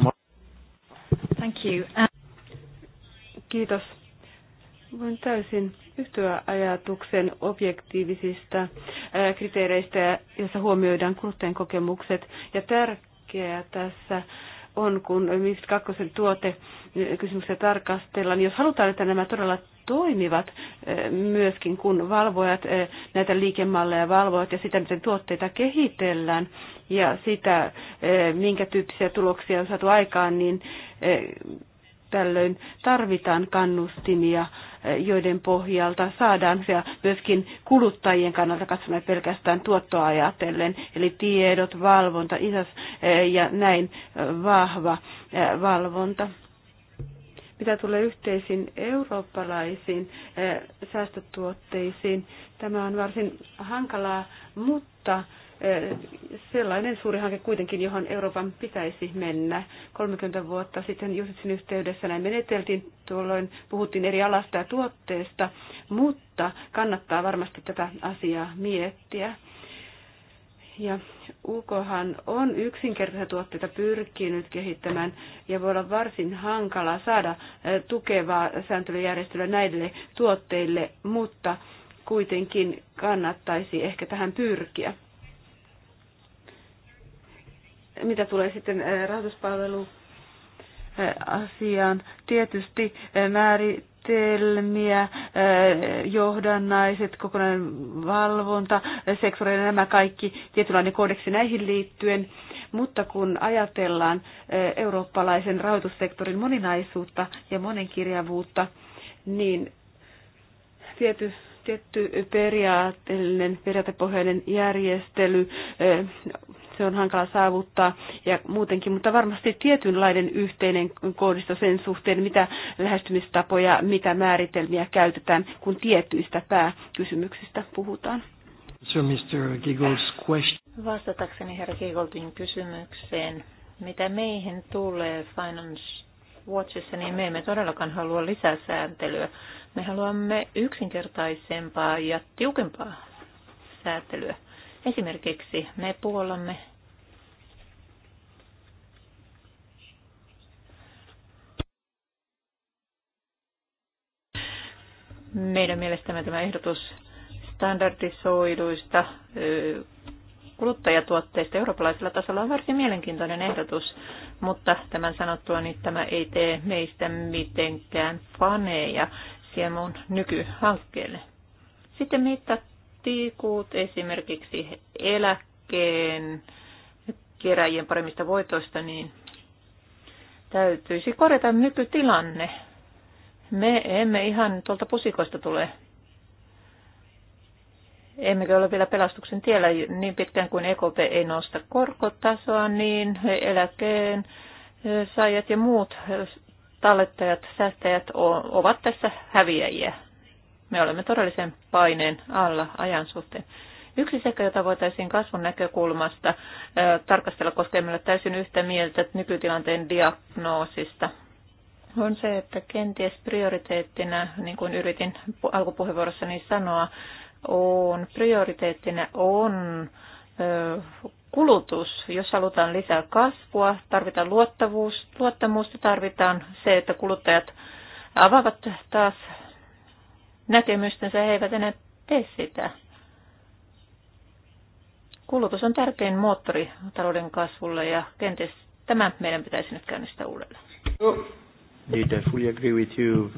Thank you. Kiitos. Voin täysin yhtyä ajatuksen objektiivisista kriteereistä, joissa huomioidaan kuluttajan kokemukset. Ja tärkeää tässä on, kun MIFT 2 tuote niin kysymyksiä tarkastellaan. Jos halutaan, että nämä todella toimivat eh, myöskin, kun valvojat eh, näitä liikemalleja valvovat ja sitä, miten tuotteita kehitellään ja sitä, eh, minkä tyyppisiä tuloksia on saatu aikaan, niin Tällöin tarvitaan kannustimia, eh, joiden pohjalta saadaan se myöskin kuluttajien kannalta katsomaan pelkästään tuottoa ajatellen, eli tiedot, valvonta, isäs eh, ja näin eh, vahva valvonta mitä tulee yhteisiin eurooppalaisiin säästötuotteisiin. Tämä on varsin hankalaa, mutta sellainen suuri hanke kuitenkin, johon Euroopan pitäisi mennä. 30 vuotta sitten Jusitsin yhteydessä näin meneteltiin, tuolloin puhuttiin eri alasta ja tuotteesta, mutta kannattaa varmasti tätä asiaa miettiä. Ja UKhan on yksinkertaisia tuotteita pyrkinyt kehittämään ja voi olla varsin hankalaa saada tukevaa sääntelyjärjestelyä näille tuotteille, mutta kuitenkin kannattaisi ehkä tähän pyrkiä mitä tulee sitten eh, rahoituspalvelu eh, asiaan. Tietysti eh, määritelmiä, johdannaiset, kokonainen valvonta, sektoreiden nämä kaikki, tietynlainen kodeksi näihin liittyen. Mutta kun ajatellaan eurooppalaisen rahoitussektorin moninaisuutta ja monenkirjavuutta, niin tietty, tietty periaatteellinen, periaatepohjainen järjestely se on hankala saavuttaa ja muutenkin, mutta varmasti tietynlainen yhteinen koodisto sen suhteen, mitä lähestymistapoja, mitä määritelmiä käytetään, kun tietyistä pääkysymyksistä puhutaan. So Mr. Giggles question. Vastatakseni herra Giggoldin kysymykseen, mitä meihin tulee Finance Watchissa, niin me emme todellakaan halua lisää sääntelyä. Me haluamme yksinkertaisempaa ja tiukempaa säätelyä. Esimerkiksi me puolamme meidän mielestämme tämä ehdotus standardisoiduista kuluttajatuotteista eurooppalaisella tasolla on varsin mielenkiintoinen ehdotus, mutta tämän sanottua niin tämä ei tee meistä mitenkään faneja siemon nykyhankkeelle. Sitten mitä tiikuut esimerkiksi eläkkeen keräjien paremmista voitoista, niin täytyisi korjata nykytilanne. Me emme ihan tuolta pusikoista tule. Emmekö ole vielä pelastuksen tiellä niin pitkään kuin EKP ei nosta korkotasoa, niin eläkeen saajat ja muut tallettajat, säästäjät ovat tässä häviäjiä. Me olemme todellisen paineen alla ajan suhteen. Yksi seikka, jota voitaisiin kasvun näkökulmasta tarkastella, koskee meillä täysin yhtä mieltä nykytilanteen diagnoosista, on se, että kenties prioriteettina, niin kuin yritin alkupuheenvuorossani sanoa, on prioriteettina on kulutus, jos halutaan lisää kasvua, tarvitaan luottavuus, luottamusta, tarvitaan se, että kuluttajat avaavat taas näkemystensä, he eivät enää tee sitä. Kulutus on tärkein moottori talouden kasvulle ja kenties tämä meidän pitäisi nyt käynnistää uudelleen. Did I fully agree with you?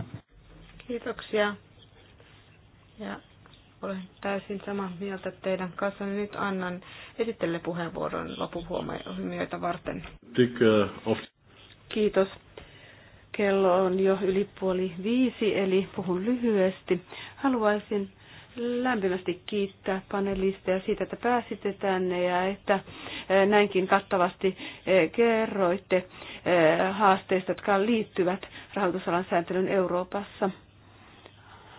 Kiitoksia. Ja olen täysin samaa mieltä teidän kanssa. Nyt annan esittelypuheenvuoron puheenvuoron lopuhuomioita varten. Uh, Kiitos Kello on jo yli puoli viisi, eli puhun lyhyesti. Haluaisin lämpimästi kiittää panelisteja siitä, että pääsitte tänne ja että e, näinkin kattavasti e, kerroitte e, haasteista, jotka liittyvät rahoitusalan sääntelyn Euroopassa.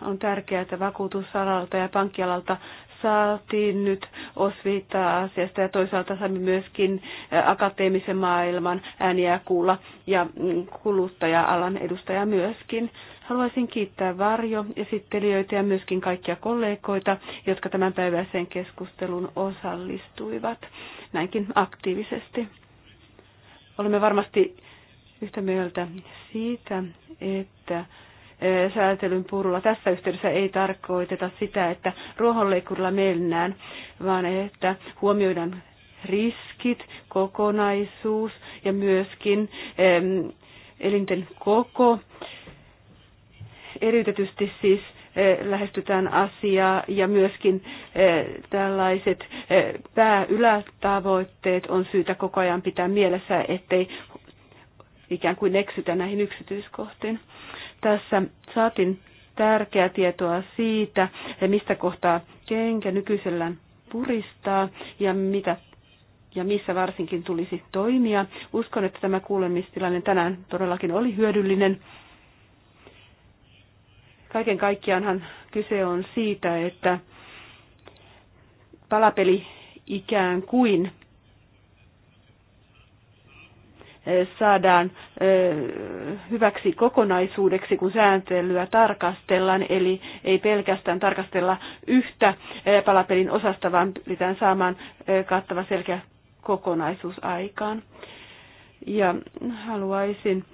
On tärkeää, että vakuutusalalta ja pankkialalta saatiin nyt osviittaa asiasta ja toisaalta saimme myöskin akateemisen maailman ääniä kuulla ja mm, kuluttaja-alan edustaja myöskin. Haluaisin kiittää varjoesittelijöitä ja myöskin kaikkia kollegoita, jotka tämän päiväiseen keskusteluun osallistuivat näinkin aktiivisesti. Olemme varmasti yhtä mieltä siitä, että Eh, sääntelyn purulla. Tässä yhteydessä ei tarkoiteta sitä, että ruohonleikkurilla mennään, vaan että huomioidaan riskit, kokonaisuus ja myöskin elinten koko. Eriytetysti siis eh, lähestytään asiaa ja myöskin eh, tällaiset pääylätavoitteet on syytä koko ajan pitää mielessä, ettei ikään kuin eksytä näihin yksityiskohtiin. Tässä saatiin tärkeää tietoa siitä, mistä kohtaa kenkä nykyisellään puristaa ja mitä ja missä varsinkin tulisi toimia. Uskon, että tämä kuulemistilanne tänään todellakin oli hyödyllinen. Kaiken kaikkiaanhan kyse on siitä, että palapeli ikään kuin saadaan hyväksi kokonaisuudeksi, kun sääntelyä tarkastellaan. Eli ei pelkästään tarkastella yhtä palapelin osasta, vaan pyritään saamaan kattava selkeä kokonaisuus aikaan. Ja haluaisin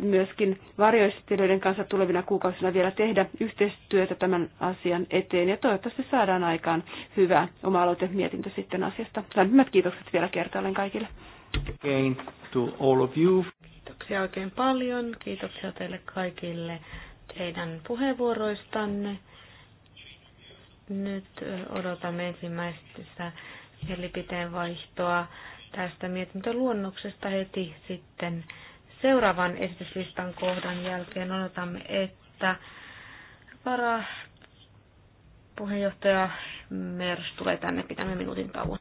myöskin varjoistelijoiden kanssa tulevina kuukausina vielä tehdä yhteistyötä tämän asian eteen ja toivottavasti saadaan aikaan hyvä oma mietintö sitten asiasta. Lämpimät kiitokset vielä kertaalleen kaikille. Again to all of you. Kiitoksia oikein paljon. Kiitoksia teille kaikille teidän puheenvuoroistanne. Nyt odotamme ensimmäistä mielipiteen vaihtoa tästä mietintöluonnoksesta heti sitten seuraavan esityslistan kohdan jälkeen. Odotamme, että varapuheenjohtaja Mers tulee tänne pitämään minuutin tauon.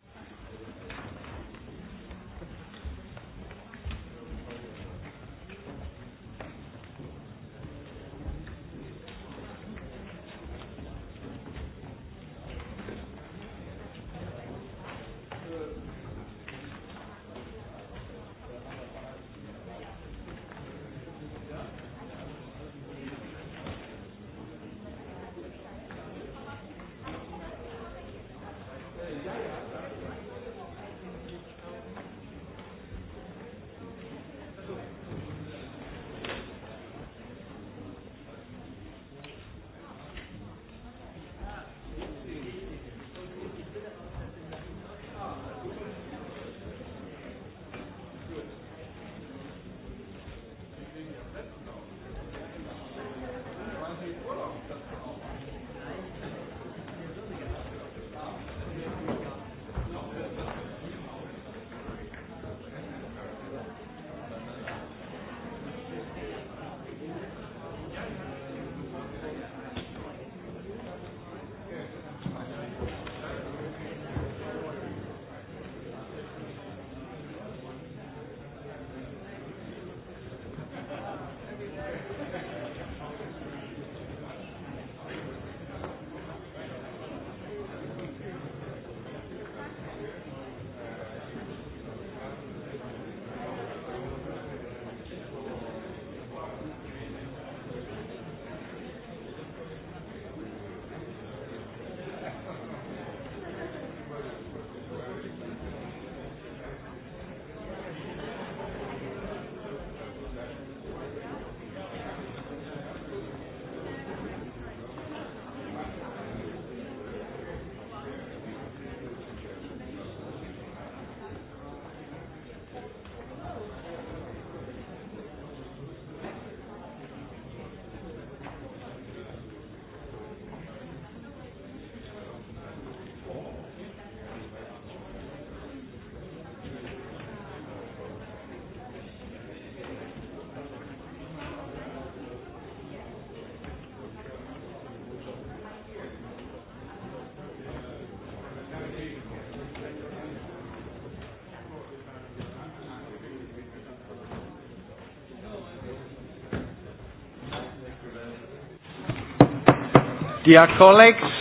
Dear colleagues,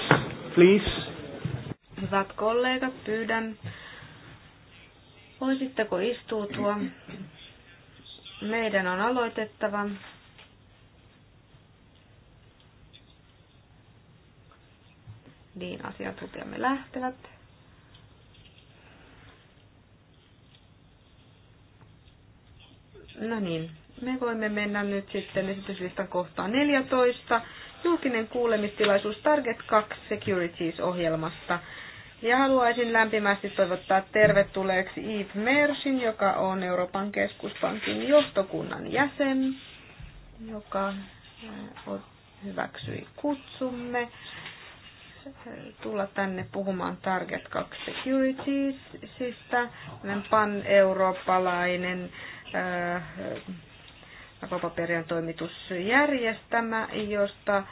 please. Hyvät kollegat, pyydän, voisitteko istuutua? Meidän on aloitettava. Niin, asiantuntijamme lähtevät. No niin, me voimme mennä nyt sitten esityslistan kohtaan 14 julkinen kuulemistilaisuus Target 2 Securities-ohjelmasta. Ja haluaisin lämpimästi toivottaa tervetulleeksi Yves Mersin, joka on Euroopan keskuspankin johtokunnan jäsen, joka äh, hyväksyi kutsumme äh, tulla tänne puhumaan Target 2 Securitiesista, pan-eurooppalainen äh, kaupaperjan toimitusjärjestelmä, josta äh,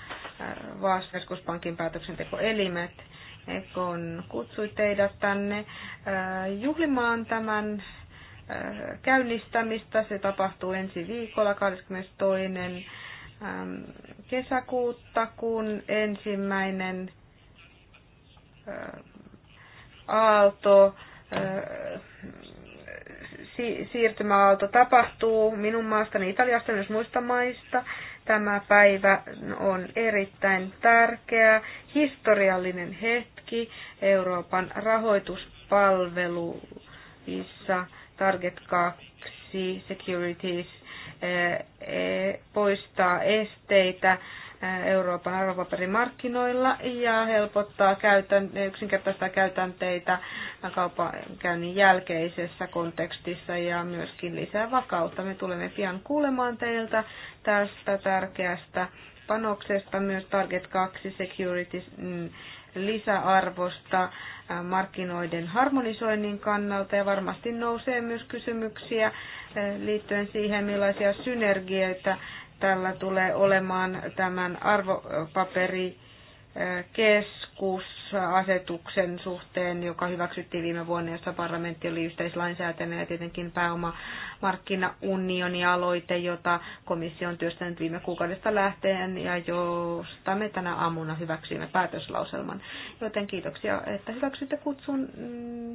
Vaasakeskuspankin päätöksentekoelimet Ekon kutsui teidät tänne äh, juhlimaan tämän äh, käynnistämistä. Se tapahtuu ensi viikolla 22. Ähm, kesäkuutta, kun ensimmäinen aalto si- siirtymäaalto tapahtuu minun maastani Italiasta myös muista maista. Tämä päivä on erittäin tärkeä historiallinen hetki Euroopan rahoituspalveluissa Target 2 Securities eh, eh, poistaa esteitä Euroopan arvopaperimarkkinoilla ja helpottaa käytän, yksinkertaista käytänteitä kaupankäynnin jälkeisessä kontekstissa ja myöskin lisää vakautta. Me tulemme pian kuulemaan teiltä tästä tärkeästä panoksesta myös Target 2 Securities mm, lisäarvosta äh, markkinoiden harmonisoinnin kannalta ja varmasti nousee myös kysymyksiä äh, liittyen siihen, millaisia synergioita tällä tulee olemaan tämän arvopaperi keskusasetuksen suhteen, joka hyväksyttiin viime vuonna, jossa parlamentti oli yhteislainsäätäjänä ja tietenkin pääomamarkkinaunioni-aloite, jota komissio on työstänyt viime kuukaudesta lähteen ja josta me tänä aamuna hyväksyimme päätöslauselman. Joten kiitoksia, että hyväksytte kutsun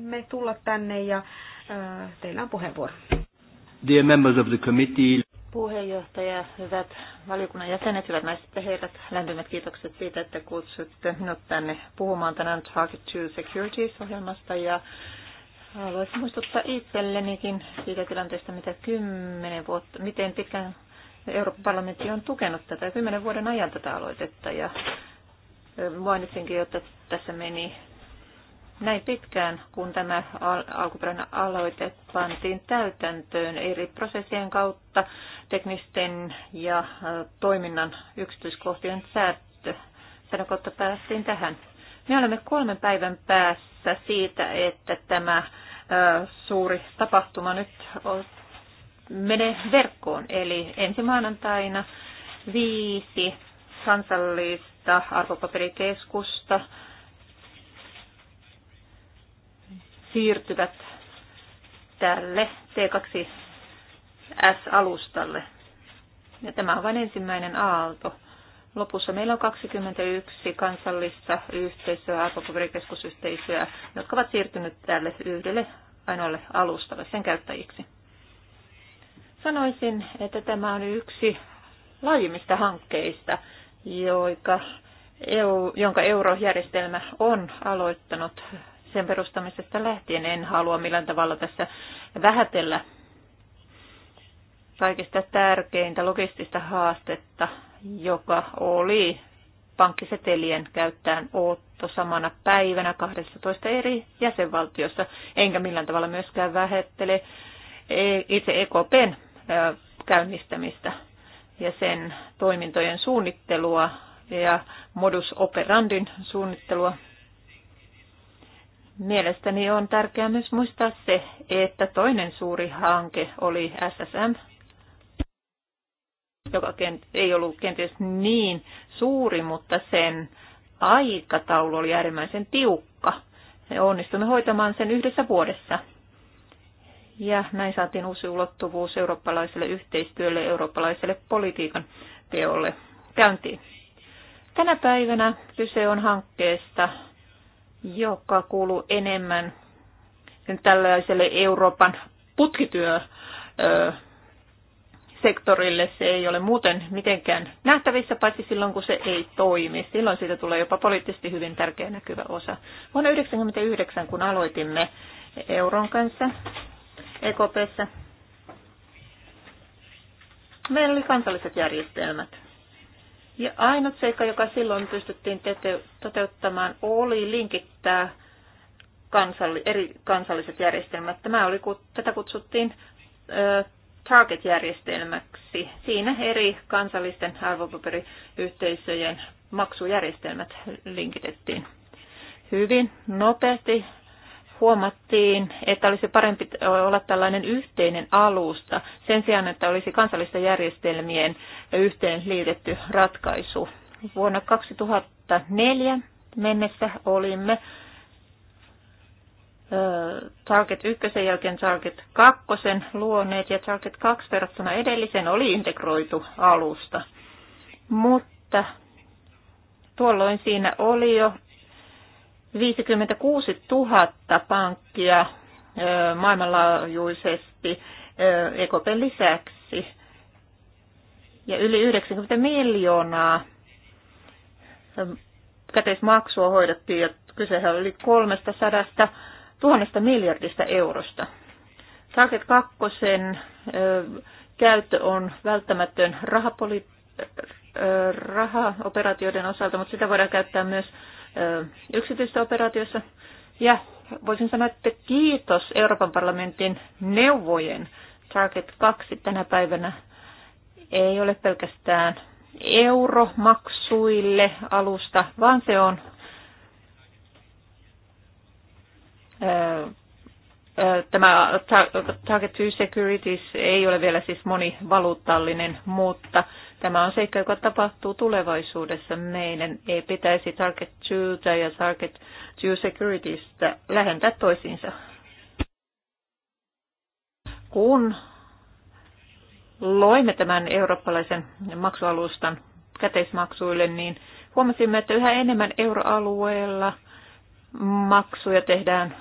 me tulla tänne ja teillä on puheenvuoro. Dear members of the committee puheenjohtaja, hyvät valiokunnan jäsenet, hyvät naiset ja herrat, lämpimät kiitokset siitä, että kutsutte minut tänne puhumaan tänään Target to Securities-ohjelmasta ja haluaisin muistuttaa itsellenikin siitä tilanteesta, mitä kymmenen vuotta, miten pitkään Euroopan parlamentti on tukenut tätä kymmenen vuoden ajan tätä aloitetta ja mainitsinkin, että tässä meni näin pitkään, kun tämä alkuperäinen aloite pantiin täytäntöön eri prosessien kautta teknisten ja toiminnan yksityiskohtien säätö. Säädön kautta päästiin tähän. Me olemme kolmen päivän päässä siitä, että tämä suuri tapahtuma nyt menee verkkoon. Eli ensi maanantaina viisi kansallista arvopaperikeskusta siirtyvät tälle T2S-alustalle. Ja tämä on vain ensimmäinen aalto. Lopussa meillä on 21 kansallista yhteisöä, arvopaperikeskusyhteisöä, jotka ovat siirtyneet tälle yhdelle ainoalle alustalle sen käyttäjiksi. Sanoisin, että tämä on yksi laajimmista hankkeista, joika EU, jonka eurojärjestelmä on aloittanut sen perustamisesta lähtien. En halua millään tavalla tässä vähätellä kaikista tärkeintä logistista haastetta, joka oli pankkisetelien käyttäen otto samana päivänä 12 eri jäsenvaltiossa, enkä millään tavalla myöskään vähättele e, itse EKPn käynnistämistä ja sen toimintojen suunnittelua ja modus operandin suunnittelua. Mielestäni on tärkeää myös muistaa se, että toinen suuri hanke oli SSM, joka ei ollut kenties niin suuri, mutta sen aikataulu oli äärimmäisen tiukka. Me onnistumme hoitamaan sen yhdessä vuodessa. Ja näin saatiin uusi ulottuvuus eurooppalaiselle yhteistyölle, eurooppalaiselle politiikan teolle käyntiin. Tänä päivänä kyse on hankkeesta, joka kuuluu enemmän tällaiselle Euroopan putkityö sektorille se ei ole muuten mitenkään nähtävissä, paitsi silloin kun se ei toimi. Silloin siitä tulee jopa poliittisesti hyvin tärkeä näkyvä osa. Vuonna 1999, kun aloitimme euron kanssa EKPssä, meillä oli kansalliset järjestelmät. Ja ainut seikka, joka silloin pystyttiin toteuttamaan, oli linkittää kansalli- eri kansalliset järjestelmät. Tämä oli, tätä kutsuttiin target-järjestelmäksi. Siinä eri kansallisten arvopaperiyhteisöjen maksujärjestelmät linkitettiin. Hyvin nopeasti huomattiin, että olisi parempi olla tällainen yhteinen alusta sen sijaan, että olisi kansallisten järjestelmien yhteen liitetty ratkaisu. Vuonna 2004 mennessä olimme Target 1 jälkeen Target 2 luoneet ja Target 2 verrattuna edelliseen oli integroitu alusta. Mutta tuolloin siinä oli jo 56 000 pankkia maailmanlaajuisesti EKPn lisäksi ja yli 90 miljoonaa käteismaksua hoidettiin ja kysehän oli 300 000 miljardista eurosta. Target 2 käyttö on välttämätön rahapoli, rahaoperaatioiden osalta, mutta sitä voidaan käyttää myös yksityistä operaatiossa. Ja voisin sanoa, että kiitos Euroopan parlamentin neuvojen Target 2 tänä päivänä ei ole pelkästään euromaksuille alusta, vaan se on tämä Target 2 Securities ei ole vielä siis monivaluuttallinen, mutta Tämä on seikka, joka tapahtuu tulevaisuudessa. Meidän ei pitäisi Target 2 ja Target 2 Securitystä lähentää toisiinsa. Kun loimme tämän eurooppalaisen maksualustan käteismaksuille, niin huomasimme, että yhä enemmän euroalueella maksuja tehdään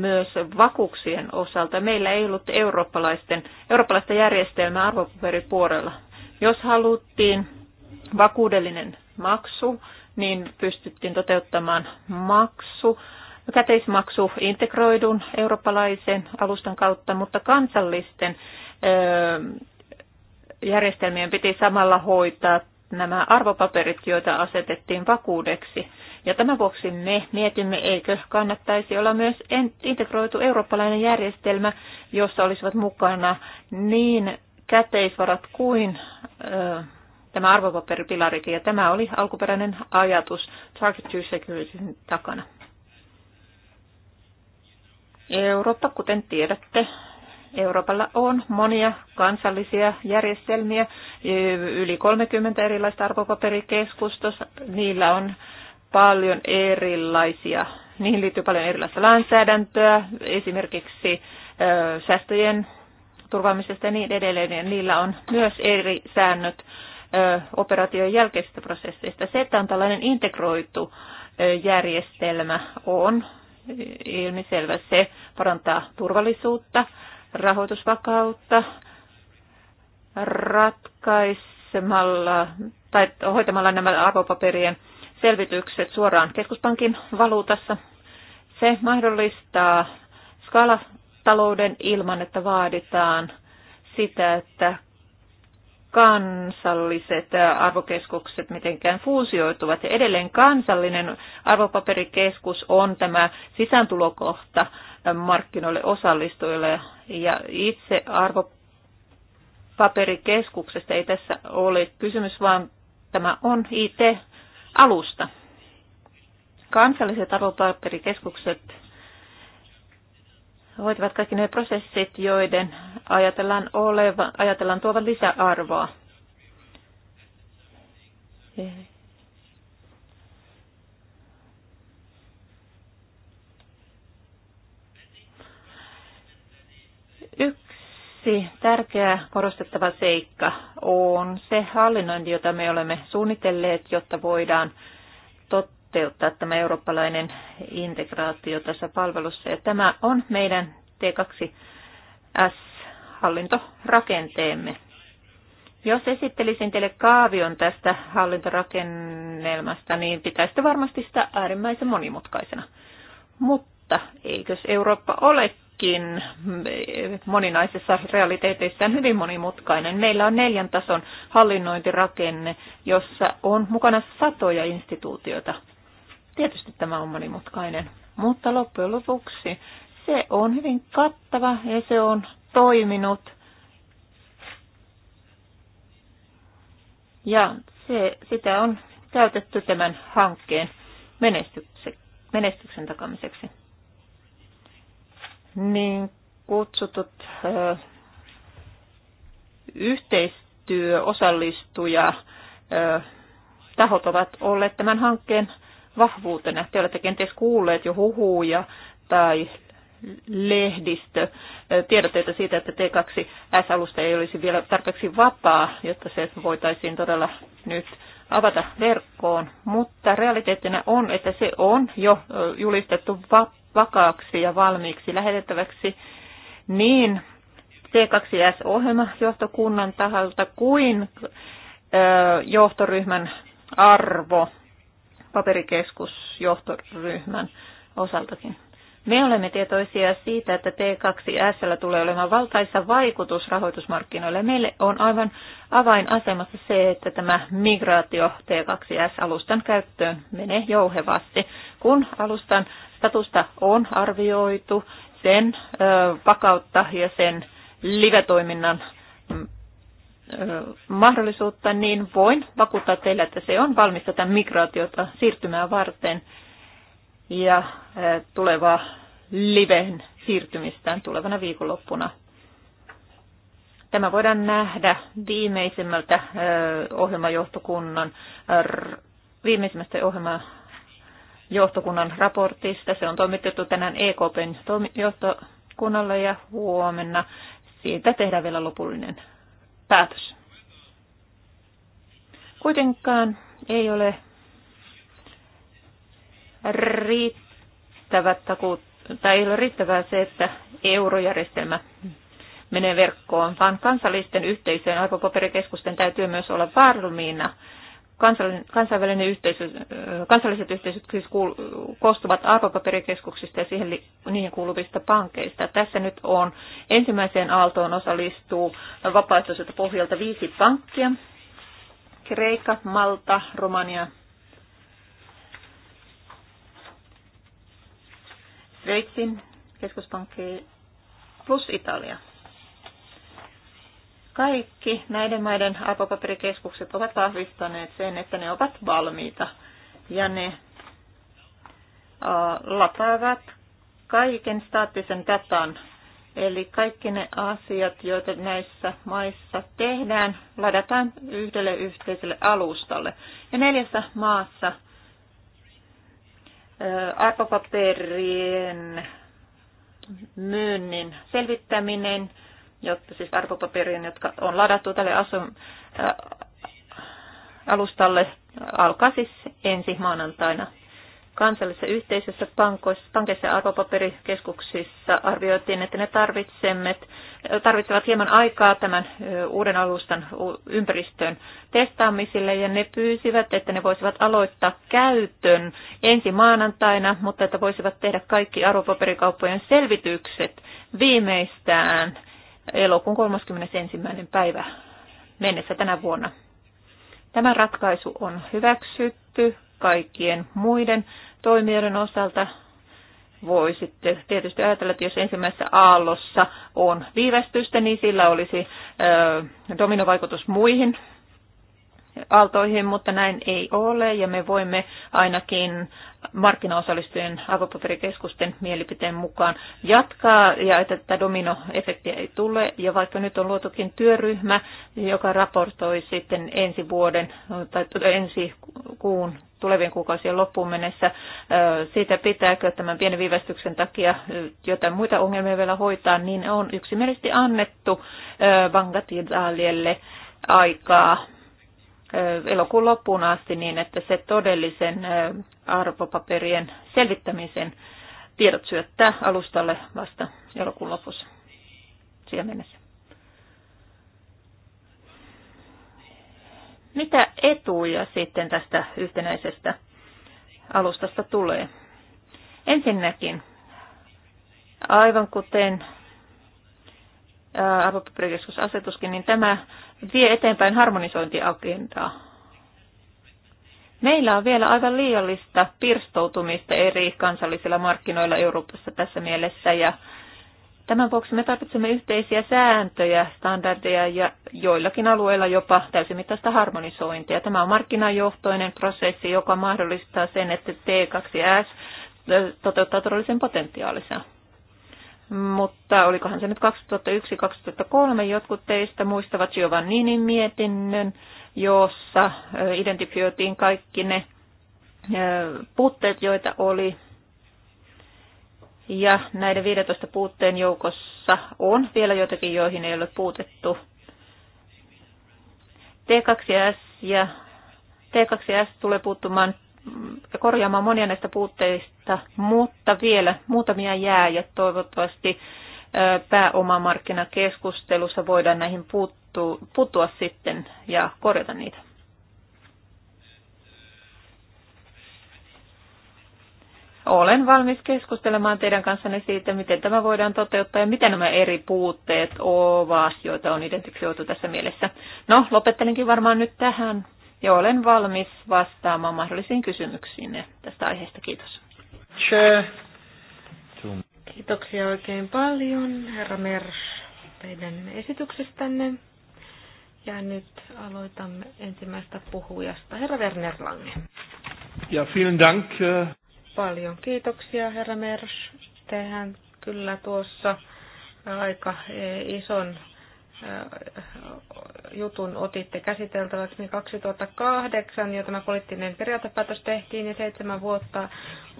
myös vakuuksien osalta. Meillä ei ollut eurooppalaisten, eurooppalaista järjestelmää arvopaperipuolella. Jos haluttiin vakuudellinen maksu, niin pystyttiin toteuttamaan maksu, käteismaksu integroidun eurooppalaisen alustan kautta, mutta kansallisten järjestelmien piti samalla hoitaa nämä arvopaperit, joita asetettiin vakuudeksi. Ja tämän vuoksi me mietimme, eikö kannattaisi olla myös integroitu eurooppalainen järjestelmä, jossa olisivat mukana niin käteisvarat kuin ö, tämä arvopaperipilarikin. Ja tämä oli alkuperäinen ajatus Target to Security takana. Eurooppa, kuten tiedätte, Euroopalla on monia kansallisia järjestelmiä, yli 30 erilaista arvopaperikeskustossa. Niillä on paljon erilaisia, niihin liittyy paljon erilaista lainsäädäntöä, esimerkiksi säästöjen turvaamisesta ja niin edelleen, ja niillä on myös eri säännöt operaation jälkeisistä prosesseista. Se, että on tällainen integroitu järjestelmä, on ilmiselvä. Se parantaa turvallisuutta, rahoitusvakautta, ratkaisemalla tai hoitamalla nämä arvopaperien selvitykset suoraan keskuspankin valuutassa. Se mahdollistaa skaalatalouden ilman, että vaaditaan sitä, että kansalliset arvokeskukset mitenkään fuusioituvat. Ja edelleen kansallinen arvopaperikeskus on tämä sisääntulokohta markkinoille osallistujille ja itse arvopaperikeskuksesta ei tässä ole kysymys, vaan tämä on IT alusta. Kansalliset arvopaperikeskukset hoitavat kaikki ne prosessit, joiden ajatellaan, oleva, ajatellaan tuovan lisäarvoa. Yksi tärkeä korostettava seikka on se hallinnointi, jota me olemme suunnitelleet, jotta voidaan toteuttaa tämä eurooppalainen integraatio tässä palvelussa. Ja tämä on meidän T2S-hallintorakenteemme. Jos esittelisin teille kaavion tästä hallintorakennelmasta, niin pitäisitte varmasti sitä äärimmäisen monimutkaisena. Mutta eikös Eurooppa ole hyvinkin moninaisissa realiteeteissa hyvin monimutkainen. Meillä on neljän tason hallinnointirakenne, jossa on mukana satoja instituutioita. Tietysti tämä on monimutkainen, mutta loppujen lopuksi se on hyvin kattava ja se on toiminut. Ja se, sitä on käytetty tämän hankkeen menestyksen takamiseksi niin kutsutut ö, yhteistyöosallistuja ö, tahot ovat olleet tämän hankkeen vahvuutena. Te olette kenties kuulleet jo huhuja tai lehdistö tiedotteita siitä, että T2S-alusta ei olisi vielä tarpeeksi vapaa, jotta se voitaisiin todella nyt avata verkkoon, mutta realiteettina on, että se on jo julistettu vapaa vakaaksi ja valmiiksi lähetettäväksi niin C2S-ohjelma johtokunnan taholta kuin johtoryhmän arvo paperikeskusjohtoryhmän osaltakin. Me olemme tietoisia siitä, että T2S tulee olemaan valtaisa vaikutus rahoitusmarkkinoille. Meille on aivan avainasemassa se, että tämä migraatio T2S-alustan käyttöön menee jouhevasti. Kun alustan statusta on arvioitu, sen ö, vakautta ja sen livetoiminnan mahdollisuutta, niin voin vakuuttaa teille, että se on valmista tämän migraatiota siirtymään varten – ja eh, tulevaa liveen siirtymistään tulevana viikonloppuna. Tämä voidaan nähdä viimeisimmältä eh, ohjelmajohtokunnan, eh, viimeisimmästä ohjelman johtokunnan raportista. Se on toimitettu tänään EKPn johtokunnalle ja huomenna siitä tehdään vielä lopullinen päätös. Kuitenkaan ei ole riittävät takuut, tai ei ole riittävää se, että eurojärjestelmä menee verkkoon, vaan kansallisten yhteisöjen arvopaperikeskusten täytyy myös olla varmiina. Kansainvälinen yhteisö, kansalliset yhteisöt siis koostuvat arvopaperikeskuksista ja siihen, niihin kuuluvista pankeista. Tässä nyt on ensimmäiseen aaltoon osallistuu vapaaehtoiselta pohjalta viisi pankkia. Kreikka, Malta, Romania, Sveitsin keskuspankki plus Italia. Kaikki näiden maiden arvopaperikeskukset ovat vahvistaneet sen, että ne ovat valmiita ja ne lataavat kaiken staattisen datan, eli kaikki ne asiat, joita näissä maissa tehdään, ladataan yhdelle yhteiselle alustalle. Ja neljässä maassa – arvopaperien myynnin selvittäminen, jotta siis arvopaperien, jotka on ladattu tälle asun, alustalle, alkaa siis ensi maanantaina kansallisessa yhteisössä pankeissa ja arvopaperikeskuksissa arvioitiin, että ne tarvitsevat hieman aikaa tämän uuden alustan ympäristön testaamisille ja ne pyysivät, että ne voisivat aloittaa käytön ensi maanantaina, mutta että voisivat tehdä kaikki arvopaperikauppojen selvitykset viimeistään elokuun 31. päivä mennessä tänä vuonna. Tämä ratkaisu on hyväksytty kaikkien muiden toimijoiden osalta voi sitten tietysti ajatella, että jos ensimmäisessä aallossa on viivästystä, niin sillä olisi dominovaikutus muihin aaltoihin, mutta näin ei ole ja me voimme ainakin markkinaosallistujien arvopaperikeskusten mielipiteen mukaan jatkaa ja että tätä dominoefektiä ei tule. Ja vaikka nyt on luotukin työryhmä, joka raportoi sitten ensi vuoden tai ensi kuun tulevien kuukausien loppuun mennessä siitä, pitääkö tämän pienen viivästyksen takia jotain muita ongelmia vielä hoitaa, niin on yksimielisesti annettu Bangatidaalielle aikaa elokuun loppuun asti niin, että se todellisen arvopaperien selvittämisen tiedot syöttää alustalle vasta elokuun lopussa. Siihen mennessä. Mitä etuja sitten tästä yhtenäisestä alustasta tulee? Ensinnäkin, aivan kuten arvopaperikeskusasetuskin, niin tämä vie eteenpäin harmonisointiagendaa. Meillä on vielä aivan liiallista pirstoutumista eri kansallisilla markkinoilla Euroopassa tässä mielessä ja tämän vuoksi me tarvitsemme yhteisiä sääntöjä, standardeja ja joillakin alueilla jopa täysimittaista harmonisointia. Tämä on markkinajohtoinen prosessi, joka mahdollistaa sen, että T2S toteuttaa todellisen potentiaalisen mutta olikohan se nyt 2001-2003, jotkut teistä muistavat Giovanninin mietinnön, jossa identifioitiin kaikki ne puutteet, joita oli. Ja näiden 15 puutteen joukossa on vielä joitakin, joihin ei ole puutettu. T2S ja T2S tulee puuttumaan korjaamaan monia näistä puutteista, mutta vielä muutamia jää ja toivottavasti pääomamarkkinakeskustelussa voidaan näihin puuttua, puuttua sitten ja korjata niitä. Olen valmis keskustelemaan teidän kanssanne siitä, miten tämä voidaan toteuttaa ja mitä nämä eri puutteet ovat, joita on identifioitu tässä mielessä. No, lopettelenkin varmaan nyt tähän ja olen valmis vastaamaan mahdollisiin kysymyksiin tästä aiheesta. Kiitos. Kiitoksia oikein paljon, herra Mers, teidän esityksestänne. Ja nyt aloitamme ensimmäistä puhujasta, herra Werner Lange. Ja vielen dank. Paljon kiitoksia, herra Mers. Tehän kyllä tuossa aika eh, ison eh, jutun otitte käsiteltäväksi 2008, niin jo tämä poliittinen periaatepäätös tehtiin ja seitsemän vuotta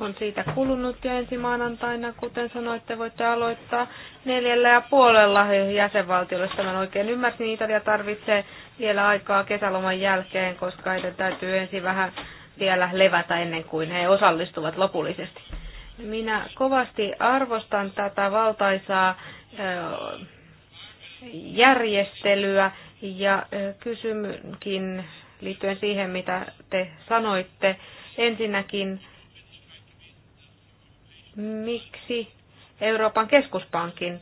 on siitä kulunut ja ensi maanantaina, kuten sanoitte, voitte aloittaa neljällä ja puolella jäsenvaltiolla, jos tämän oikein ymmärsin. Italia tarvitsee vielä aikaa kesäloman jälkeen, koska heidän täytyy ensin vähän vielä levätä ennen kuin he osallistuvat lopullisesti. Minä kovasti arvostan tätä valtaisaa järjestelyä ja kysymykin liittyen siihen, mitä te sanoitte. Ensinnäkin, miksi Euroopan keskuspankin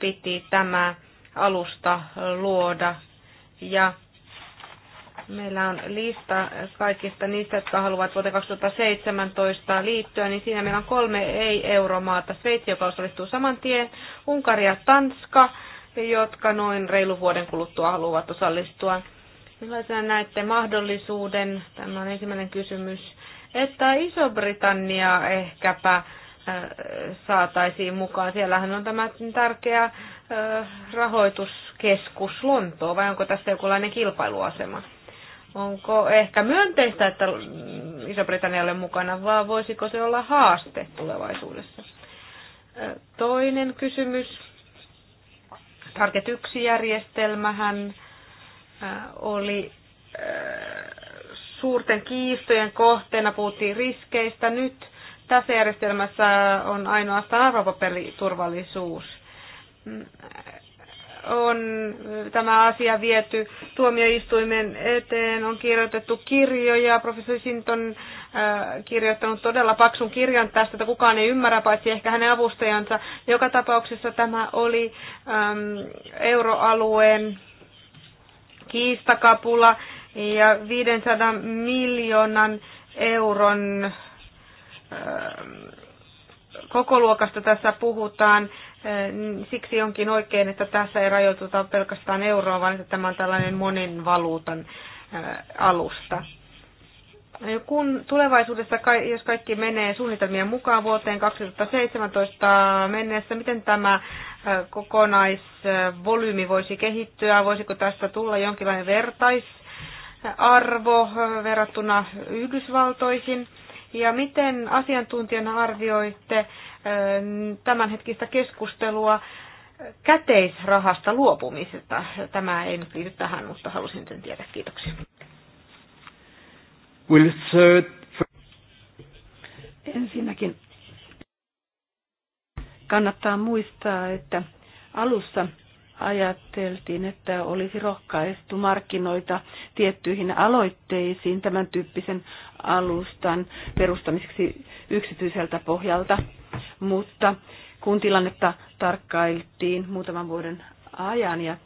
piti tämä alusta luoda? Ja meillä on lista kaikista niistä, jotka haluavat vuoteen 2017 liittyä, niin siinä meillä on kolme ei-euromaata. Sveitsi, joka osallistuu saman tien, Unkari ja Tanska, jotka noin reilu vuoden kuluttua haluavat osallistua. Millaisena näette mahdollisuuden, tämä on ensimmäinen kysymys, että Iso-Britannia ehkäpä äh, saataisiin mukaan. Siellähän on tämä tärkeä äh, rahoituskeskus Lontoa, vai onko tässä jokinlainen kilpailuasema? Onko ehkä myönteistä, että Iso-Britannia ole mukana, vai voisiko se olla haaste tulevaisuudessa? Äh, toinen kysymys Target 1-järjestelmähän oli suurten kiistojen kohteena, puhuttiin riskeistä. Nyt tässä järjestelmässä on ainoastaan arvopaperiturvallisuus. Mm, on tämä asia viety tuomioistuimen eteen, on kirjoitettu kirjoja, professori Sinton äh, kirjoittanut todella paksun kirjan tästä, että kukaan ei ymmärrä, paitsi ehkä hänen avustajansa. Joka tapauksessa tämä oli äm, euroalueen kiistakapula ja 500 miljoonan euron äm, kokoluokasta tässä puhutaan. Siksi onkin oikein, että tässä ei rajoituta pelkästään euroa, vaan että tämä on tällainen monen valuutan alusta. Kun tulevaisuudessa, jos kaikki menee suunnitelmien mukaan vuoteen 2017 mennessä, miten tämä kokonaisvolyymi voisi kehittyä? Voisiko tässä tulla jonkinlainen vertaisarvo verrattuna Yhdysvaltoihin? Ja miten asiantuntijana arvioitte tämänhetkistä keskustelua käteisrahasta luopumisesta. Tämä ei nyt liity tähän, mutta halusin sen tiedä. Kiitoksia. Will third... Ensinnäkin kannattaa muistaa, että alussa ajateltiin, että olisi rohkaistu markkinoita tiettyihin aloitteisiin tämän tyyppisen alustan perustamiseksi yksityiseltä pohjalta mutta kun tilannetta tarkkailtiin muutaman vuoden ajan ja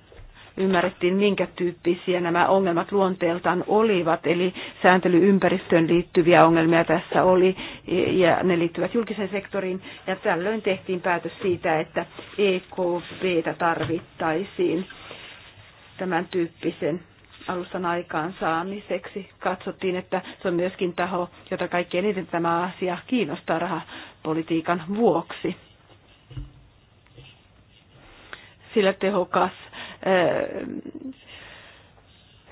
ymmärrettiin, minkä tyyppisiä nämä ongelmat luonteeltaan olivat, eli sääntelyympäristöön liittyviä ongelmia tässä oli, ja ne liittyvät julkiseen sektoriin, ja tällöin tehtiin päätös siitä, että EKVtä tarvittaisiin tämän tyyppisen alustan saamiseksi. Katsottiin, että se on myöskin taho, jota kaikki eniten tämä asia kiinnostaa rahapolitiikan vuoksi. Sillä tehokas eh,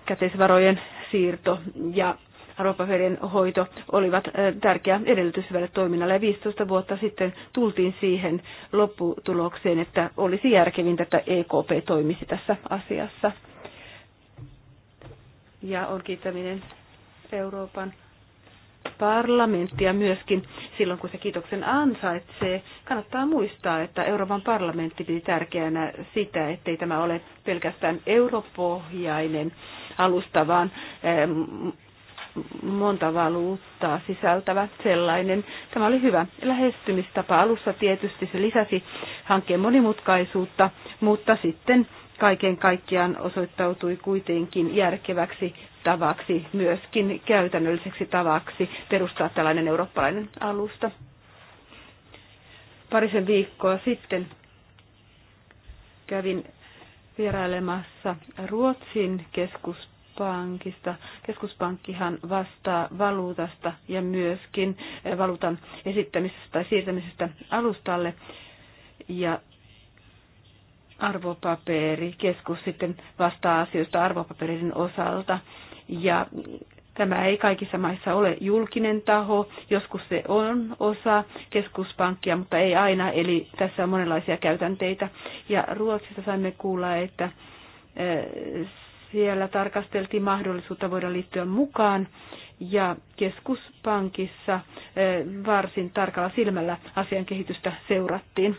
käteisvarojen siirto ja arvopaperien hoito olivat eh, tärkeä edellytys hyvälle toiminnalle. Ja 15 vuotta sitten tultiin siihen lopputulokseen, että olisi järkevintä, että EKP toimisi tässä asiassa ja on kiittäminen Euroopan parlamenttia myöskin silloin, kun se kiitoksen ansaitsee. Kannattaa muistaa, että Euroopan parlamentti piti tärkeänä sitä, ettei tämä ole pelkästään europohjainen alusta, vaan eh, monta valuuttaa sisältävä sellainen. Tämä oli hyvä lähestymistapa. Alussa tietysti se lisäsi hankkeen monimutkaisuutta, mutta sitten kaiken kaikkiaan osoittautui kuitenkin järkeväksi tavaksi, myöskin käytännölliseksi tavaksi perustaa tällainen eurooppalainen alusta. Parisen viikkoa sitten kävin vierailemassa Ruotsin keskuspankista. Keskuspankkihan vastaa valuutasta ja myöskin valuutan esittämisestä tai siirtämisestä alustalle. Ja arvopaperikeskus sitten vastaa asioista arvopaperin osalta. Ja tämä ei kaikissa maissa ole julkinen taho, joskus se on osa keskuspankkia, mutta ei aina, eli tässä on monenlaisia käytänteitä. Ja Ruotsista saimme kuulla, että eh, siellä tarkasteltiin mahdollisuutta voida liittyä mukaan ja keskuspankissa eh, varsin tarkalla silmällä asian kehitystä seurattiin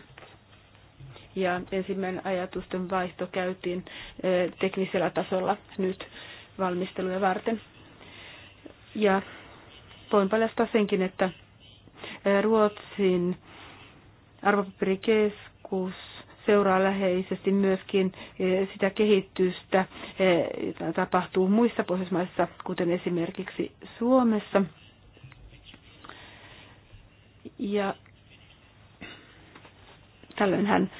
ja ensimmäinen ajatusten vaihto käytiin e, teknisellä tasolla nyt valmisteluja varten. Ja voin paljastaa senkin, että e, Ruotsin arvopaperikeskus seuraa läheisesti myöskin e, sitä kehitystä, jota tapahtuu muissa Pohjoismaissa, kuten esimerkiksi Suomessa. Ja tällöin hän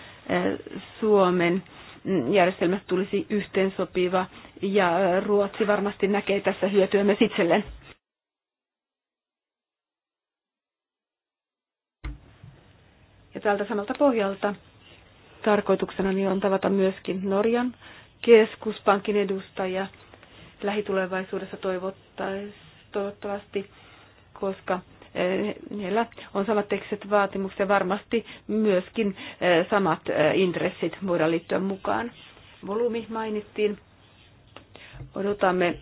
Suomen järjestelmät tulisi yhteensopiva ja Ruotsi varmasti näkee tässä hyötyä myös itselleen. Ja tältä samalta pohjalta tarkoituksena on tavata myöskin Norjan keskuspankin edustaja lähitulevaisuudessa toivottavasti, koska heillä on samat tekstit vaatimukset ja varmasti myöskin eh, samat eh, intressit voidaan liittyä mukaan. Volyymi mainittiin. Odotamme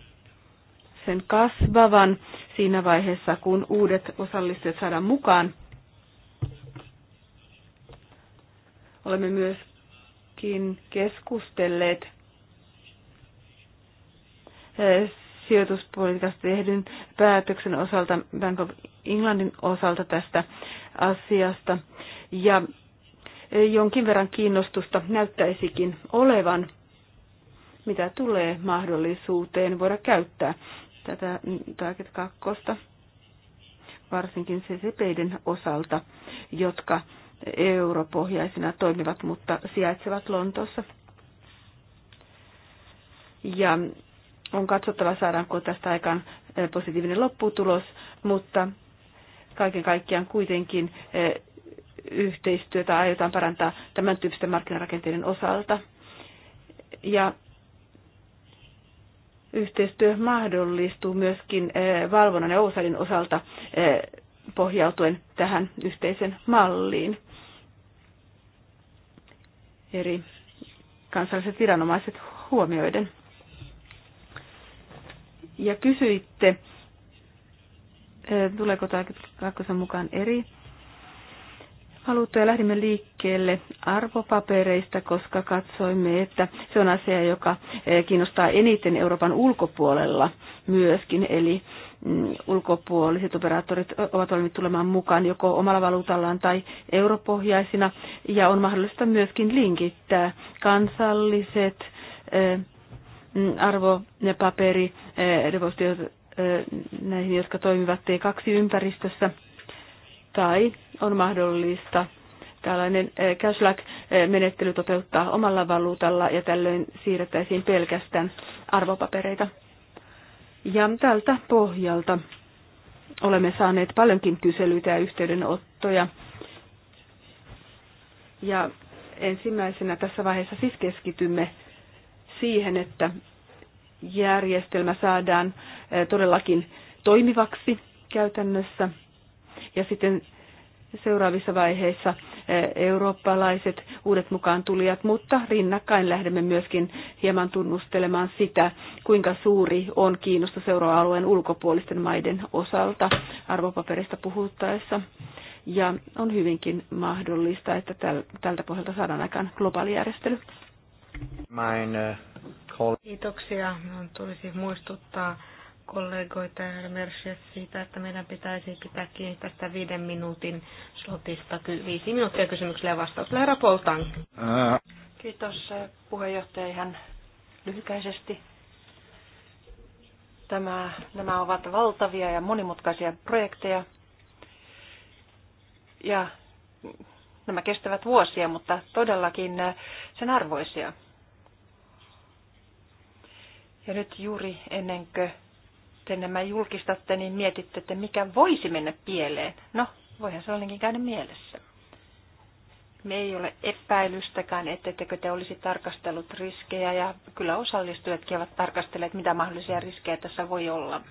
sen kasvavan siinä vaiheessa, kun uudet osallistujat saadaan mukaan. Olemme myöskin keskustelleet eh, sijoituspolitiikasta tehdyn päätöksen osalta, Bank of Englandin osalta tästä asiasta. Ja e, jonkin verran kiinnostusta näyttäisikin olevan, mitä tulee mahdollisuuteen voida käyttää tätä Target 2, varsinkin CCPiden osalta, jotka europohjaisina toimivat, mutta sijaitsevat Lontoossa. Ja on katsottava, saadaanko tästä aikaan eh, positiivinen lopputulos, mutta kaiken kaikkiaan kuitenkin eh, yhteistyötä aiotaan parantaa tämän tyyppisten markkinarakenteiden osalta. Ja yhteistyö mahdollistuu myöskin eh, valvonnan ja osalin osalta pohjautuen tähän yhteisen malliin. Eri kansalliset viranomaiset huomioiden. Ja kysyitte, tuleeko kakkosen mukaan eri valuuttoja. lähdimme liikkeelle arvopapereista, koska katsoimme, että se on asia, joka kiinnostaa eniten Euroopan ulkopuolella myöskin, eli mm, ulkopuoliset operaattorit ovat valmiit tulemaan mukaan joko omalla valuutallaan tai europohjaisina, ja on mahdollista myöskin linkittää kansalliset Mm, arvo ja paperi eh, eh, näihin, jotka toimivat T2-ympäristössä, tai on mahdollista tällainen eh, cashlack-menettely toteuttaa omalla valuutalla ja tällöin siirrettäisiin pelkästään arvopapereita. Ja tältä pohjalta olemme saaneet paljonkin kyselyitä ja yhteydenottoja. Ja ensimmäisenä tässä vaiheessa siis keskitymme siihen, että järjestelmä saadaan eh, todellakin toimivaksi käytännössä. Ja sitten seuraavissa vaiheissa eh, eurooppalaiset uudet mukaan tulijat, mutta rinnakkain lähdemme myöskin hieman tunnustelemaan sitä, kuinka suuri on kiinnostus euroalueen ulkopuolisten maiden osalta arvopaperista puhuttaessa. Ja on hyvinkin mahdollista, että tältä pohjalta saadaan aikaan globaali järjestely. Mine, uh, äh, Kiitoksia. Minun tulisi muistuttaa kollegoita ja Mersiä siitä, että meidän pitäisi pitää kiinni tästä viiden minuutin slotista. Viisi minuuttia kysymyksille ja vastauksille. Poltan. Äh. Kiitos äh, puheenjohtaja ihan lyhykäisesti. Tämä, nämä ovat valtavia ja monimutkaisia projekteja. Ja nämä kestävät vuosia, mutta todellakin sen arvoisia. Ja nyt juuri ennen kuin te nämä julkistatte, niin mietitte, että mikä voisi mennä pieleen. No, voihan se ollenkin käydä mielessä. Me ei ole epäilystäkään, ettekö te olisi tarkastellut riskejä ja kyllä osallistujatkin ovat tarkastelleet, mitä mahdollisia riskejä tässä voi olla.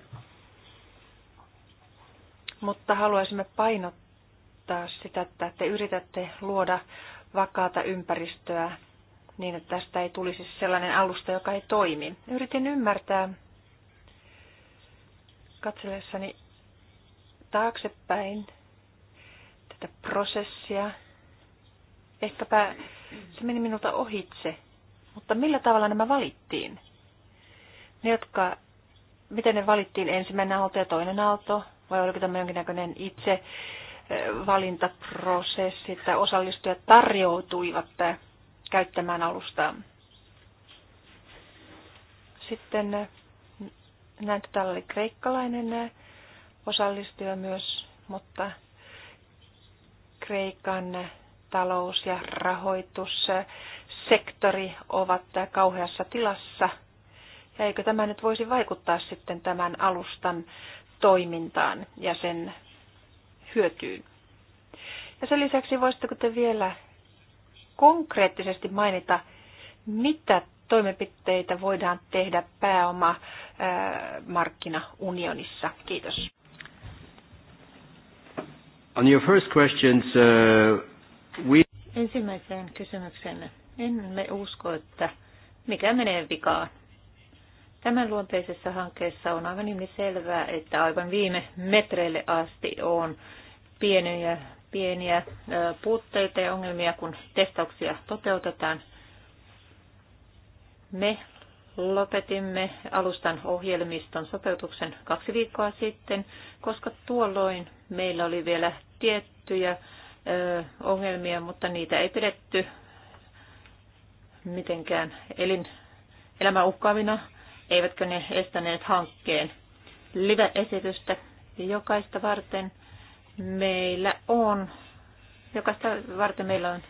Mutta haluaisimme painottaa sitä, että te yritätte luoda vakaata ympäristöä niin että tästä ei tulisi sellainen alusta, joka ei toimi. Yritin ymmärtää katsellessani taaksepäin tätä prosessia. Ehkäpä se meni minulta ohitse, mutta millä tavalla nämä valittiin? Ne, jotka, miten ne valittiin ensimmäinen aalto ja toinen aalto, vai oliko tämä jonkinnäköinen itse valintaprosessi, että osallistujat tarjoutuivat käyttämään alustaa. Sitten näin, että täällä oli kreikkalainen osallistuja myös, mutta Kreikan talous ja rahoitussektori ovat kauheassa tilassa. Ja eikö tämä nyt voisi vaikuttaa sitten tämän alustan toimintaan ja sen hyötyyn? Ja sen lisäksi voisitteko te vielä konkreettisesti mainita, mitä toimenpiteitä voidaan tehdä pääoma markkinaunionissa? Kiitos. On your first questions, uh, we... Ensimmäiseen kysymykseen. Emme usko, että mikä menee vikaan. Tämän luonteisessa hankkeessa on aivan niin selvää, että aivan viime metreille asti on pieniä pieniä puutteita ja ongelmia, kun testauksia toteutetaan. Me lopetimme alustan ohjelmiston sopeutuksen kaksi viikkoa sitten, koska tuolloin meillä oli vielä tiettyjä ongelmia, mutta niitä ei pidetty mitenkään elin, elämä uhkaavina, eivätkö ne estäneet hankkeen live-esitystä jokaista varten – meillä on, jokaista varten meillä on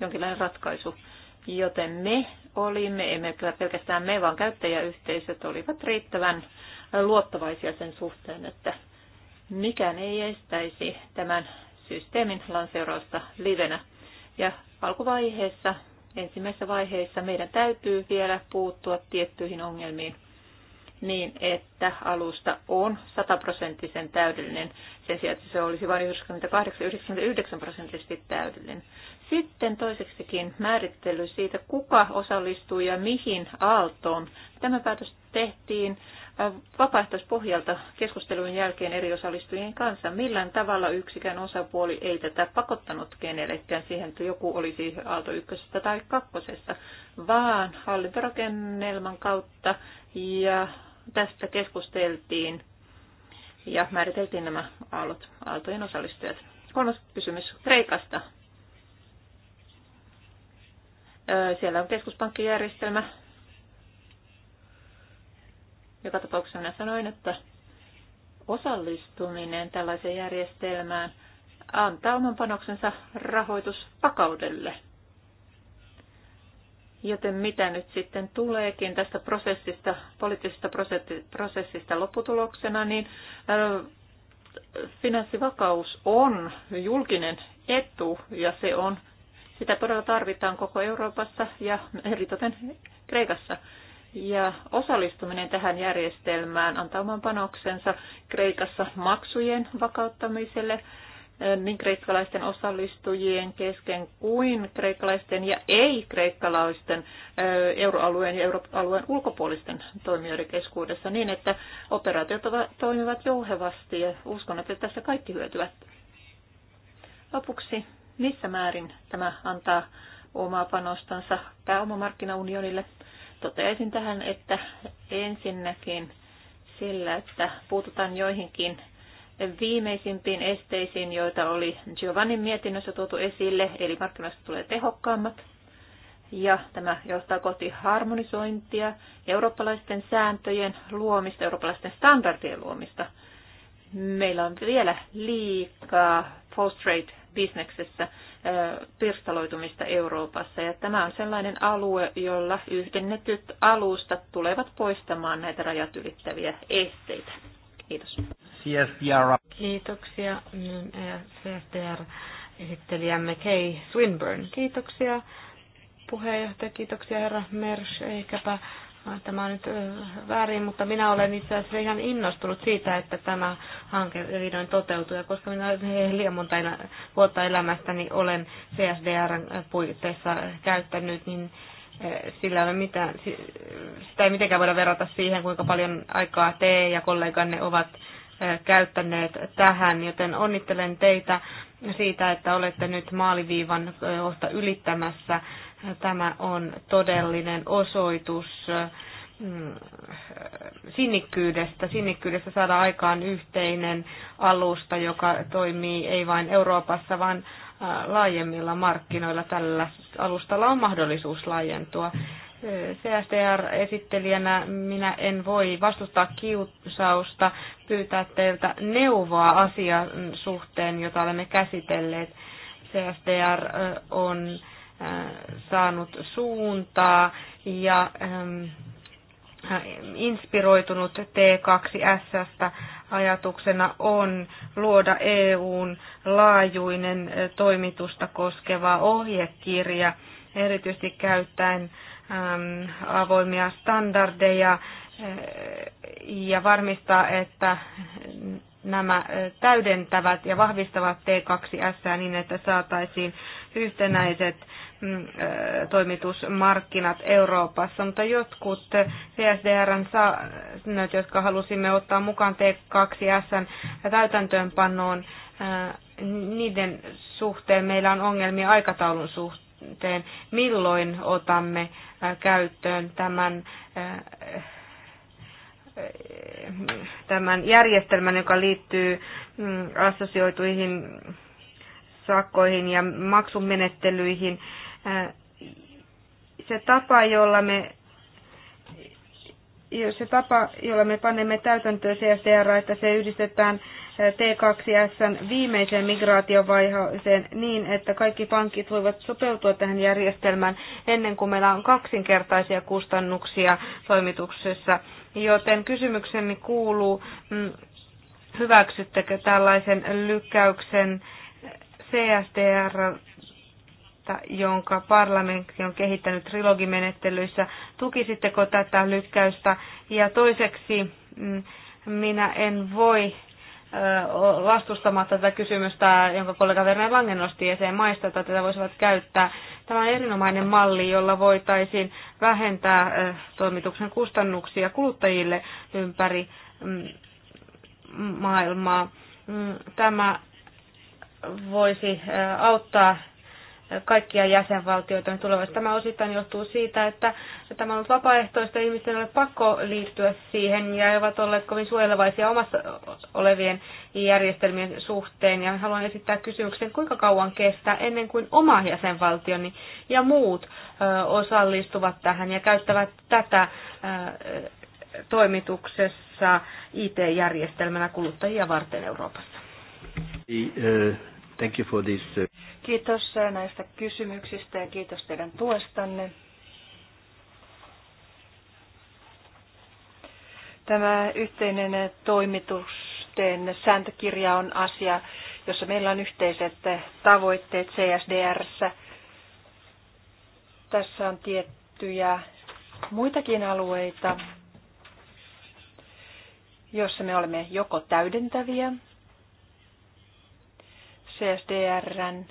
jonkinlainen ratkaisu, joten me olimme, emme pelkästään me, vaan käyttäjäyhteisöt olivat riittävän luottavaisia sen suhteen, että mikään ei estäisi tämän systeemin lanseurausta livenä. Ja alkuvaiheessa, ensimmäisessä vaiheessa meidän täytyy vielä puuttua tiettyihin ongelmiin, niin, että alusta on sataprosenttisen täydellinen. Sen sijaan, että se olisi vain 98-99 prosenttisesti täydellinen. Sitten toiseksikin määrittely siitä, kuka osallistuu ja mihin aaltoon. Tämä päätös tehtiin äh, vapaaehtoispohjalta keskustelun jälkeen eri osallistujien kanssa. Millään tavalla yksikään osapuoli ei tätä pakottanut kenellekään siihen, että joku olisi aalto ykkösestä tai kakkosesta, vaan hallintorakennelman kautta ja tästä keskusteltiin ja määriteltiin nämä aallot, aaltojen osallistujat. Kolmas kysymys Kreikasta. Siellä on keskuspankkijärjestelmä. Joka tapauksessa minä sanoin, että osallistuminen tällaiseen järjestelmään antaa oman panoksensa rahoitusvakaudelle – Joten mitä nyt sitten tuleekin tästä prosessista, poliittisesta prosessista lopputuloksena, niin finanssivakaus on julkinen etu ja se on, sitä todella tarvitaan koko Euroopassa ja eritoten Kreikassa. Ja osallistuminen tähän järjestelmään antaa oman panoksensa Kreikassa maksujen vakauttamiselle niin kreikkalaisten osallistujien kesken kuin kreikkalaisten ja ei-kreikkalaisten euroalueen ja euroalueen ulkopuolisten toimijoiden keskuudessa niin, että operaatiot toimivat jouhevasti ja uskon, että tässä kaikki hyötyvät. Lopuksi, missä määrin tämä antaa omaa panostansa pääomamarkkinaunionille? Toteaisin tähän, että ensinnäkin sillä, että puututaan joihinkin viimeisimpiin esteisiin, joita oli Giovannin mietinnössä tuotu esille, eli markkinoista tulee tehokkaammat. Ja tämä johtaa kohti harmonisointia, eurooppalaisten sääntöjen luomista, eurooppalaisten standardien luomista. Meillä on vielä liikaa post-trade bisneksessä pirstaloitumista Euroopassa. Ja tämä on sellainen alue, jolla yhdennetyt alustat tulevat poistamaan näitä rajat ylittäviä esteitä. Kiitos. CSDR. Kiitoksia. Niin, eh, CSDR esittelijämme Kay Swinburne. Kiitoksia puheenjohtaja, kiitoksia herra Mersch. Eikäpä ah, tämä on nyt eh, väärin, mutta minä olen itse asiassa ihan innostunut siitä, että tämä hanke vihdoin toteutuu. Ja koska minä olen eh, liian monta vuotta elämästäni olen CSDRn puitteissa käyttänyt, niin sillä ei ole mitään, sitä ei mitenkään voida verrata siihen, kuinka paljon aikaa te ja kolleganne ovat käyttäneet tähän, joten onnittelen teitä siitä, että olette nyt maaliviivan kohta ylittämässä. Tämä on todellinen osoitus mm, sinnikkyydestä. Sinnikkyydestä saada aikaan yhteinen alusta, joka toimii ei vain Euroopassa, vaan laajemmilla markkinoilla. Tällä alustalla on mahdollisuus laajentua. CSTR-esittelijänä minä en voi vastustaa kiusausta pyytää teiltä neuvoa asian suhteen, jota olemme käsitelleet. CSTR on saanut suuntaa ja inspiroitunut t 2 s ajatuksena on luoda EUn laajuinen eh, toimitusta koskeva ohjekirja, erityisesti käyttäen avoimia standardeja eh, ja varmistaa, että nämä eh, täydentävät ja vahvistavat T2S niin, että saataisiin yhtenäiset Mm, toimitusmarkkinat Euroopassa, mutta jotkut CSDRn säännöt, jotka halusimme ottaa mukaan t 2 s täytäntöönpanoon, niiden suhteen meillä on ongelmia aikataulun suhteen. Milloin otamme käyttöön tämän tämän järjestelmän, joka liittyy mm, assosioituihin sakkoihin ja maksumenettelyihin se tapa, jolla me se tapa, jolla me panemme täytäntöön CSTR, että se yhdistetään t 2 s viimeiseen migraatiovaiheeseen niin, että kaikki pankit voivat sopeutua tähän järjestelmään ennen kuin meillä on kaksinkertaisia kustannuksia toimituksessa. Joten kysymykseni kuuluu, mm, hyväksyttekö tällaisen lykkäyksen CSTR jonka parlamentti on kehittänyt trilogimenettelyissä. Tukisitteko tätä lykkäystä? Ja toiseksi mm, minä en voi vastustamaan tätä kysymystä, jonka kollega Werner Langen nosti esiin maista, että tätä voisivat käyttää. Tämä on erinomainen malli, jolla voitaisiin vähentää toimituksen kustannuksia kuluttajille ympäri mm, maailmaa. Mm, tämä voisi auttaa kaikkia jäsenvaltioita tulevasta. Tämä osittain johtuu siitä, että tämä on ollut vapaaehtoista, ihmisten ole pakko liittyä siihen ja he ovat olleet kovin suojelevaisia omassa olevien järjestelmien suhteen. Ja haluan esittää kysymyksen, kuinka kauan kestää ennen kuin oma jäsenvaltioni ja muut osallistuvat tähän ja käyttävät tätä toimituksessa IT-järjestelmänä kuluttajia varten Euroopassa. Niin, Thank you for this. Uh, kiitos äh, näistä kysymyksistä ja kiitos teidän tuestanne. Tämä yhteinen äh, toimitusten sääntökirja on asia, jossa meillä on yhteiset äh, tavoitteet CSDRssä. Tässä on tiettyjä muitakin alueita, jossa me olemme joko täydentäviä CSDRn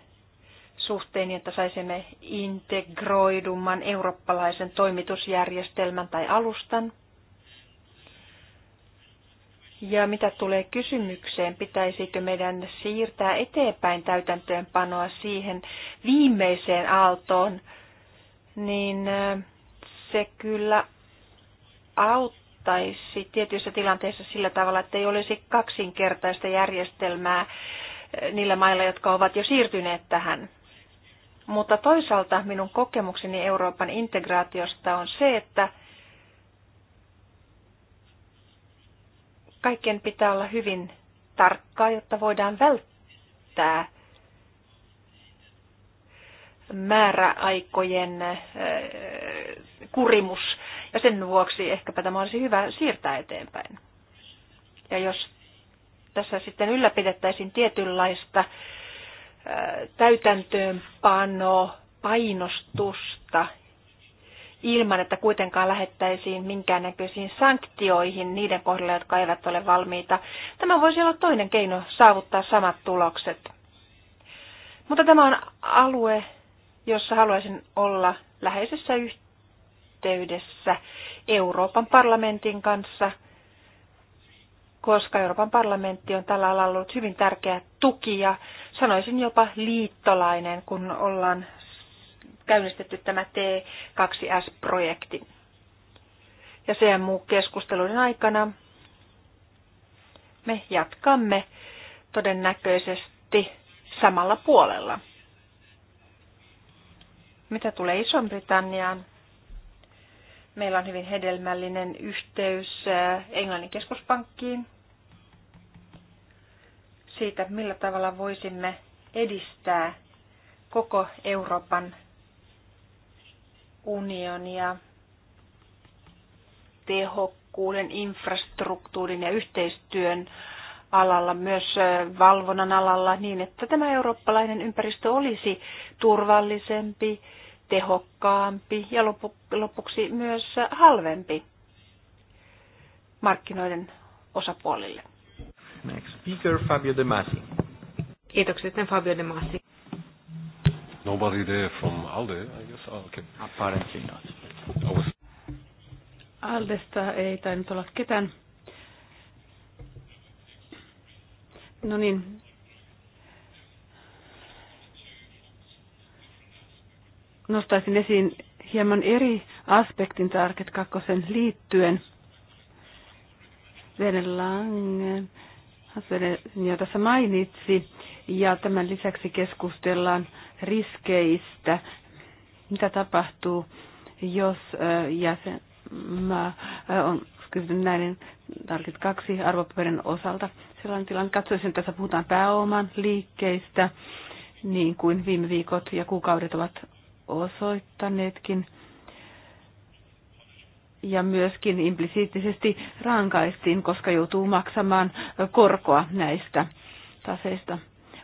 suhteen, niin että saisimme integroidumman eurooppalaisen toimitusjärjestelmän tai alustan. Ja mitä tulee kysymykseen, pitäisikö meidän siirtää eteenpäin täytäntöönpanoa siihen viimeiseen aaltoon, niin äh, se kyllä auttaisi tietyissä tilanteissa sillä tavalla, että ei olisi kaksinkertaista järjestelmää niillä mailla, jotka ovat jo siirtyneet tähän. Mutta toisaalta minun kokemukseni Euroopan integraatiosta on se, että kaikkien pitää olla hyvin tarkkaa, jotta voidaan välttää määräaikojen kurimus. Ja sen vuoksi ehkäpä tämä olisi hyvä siirtää eteenpäin. Ja jos tässä sitten ylläpidettäisiin tietynlaista täytäntöönpano painostusta ilman, että kuitenkaan lähettäisiin minkäännäköisiin sanktioihin niiden kohdalla, jotka eivät ole valmiita. Tämä voisi olla toinen keino saavuttaa samat tulokset. Mutta tämä on alue, jossa haluaisin olla läheisessä yhteydessä Euroopan parlamentin kanssa – koska Euroopan parlamentti on tällä alalla ollut hyvin tärkeä tuki ja sanoisin jopa liittolainen, kun ollaan käynnistetty tämä T2S-projekti. Ja sen muu keskustelun aikana me jatkamme todennäköisesti samalla puolella. Mitä tulee Iso-Britanniaan, Meillä on hyvin hedelmällinen yhteys äh, Englannin keskuspankkiin siitä, millä tavalla voisimme edistää koko Euroopan unionia tehokkuuden, infrastruktuurin ja yhteistyön alalla, myös äh, valvonnan alalla, niin että tämä eurooppalainen ympäristö olisi turvallisempi, tehokkaampi ja lopuksi myös halvempi markkinoiden osapuolille. Next speaker, Fabio De Masi. Kiitoksia sitten Fabio De Masi. Nobody there from Alde, I guess. Oh, okay. Apparently not. was... Aldesta ei tainnut olla ketään. No niin, nostaisin esiin hieman eri aspektin tarket kakkosen liittyen. Venelangen jo tässä mainitsi, ja tämän lisäksi keskustellaan riskeistä, mitä tapahtuu, jos jäsenmaa on kysynyt näiden tarkit kaksi arvopaperin osalta sellainen tilanne. Katsoisin, että tässä puhutaan pääoman liikkeistä, niin kuin viime viikot ja kuukaudet ovat osoittaneetkin ja myöskin implisiittisesti rankaistiin, koska joutuu maksamaan korkoa näistä taseista.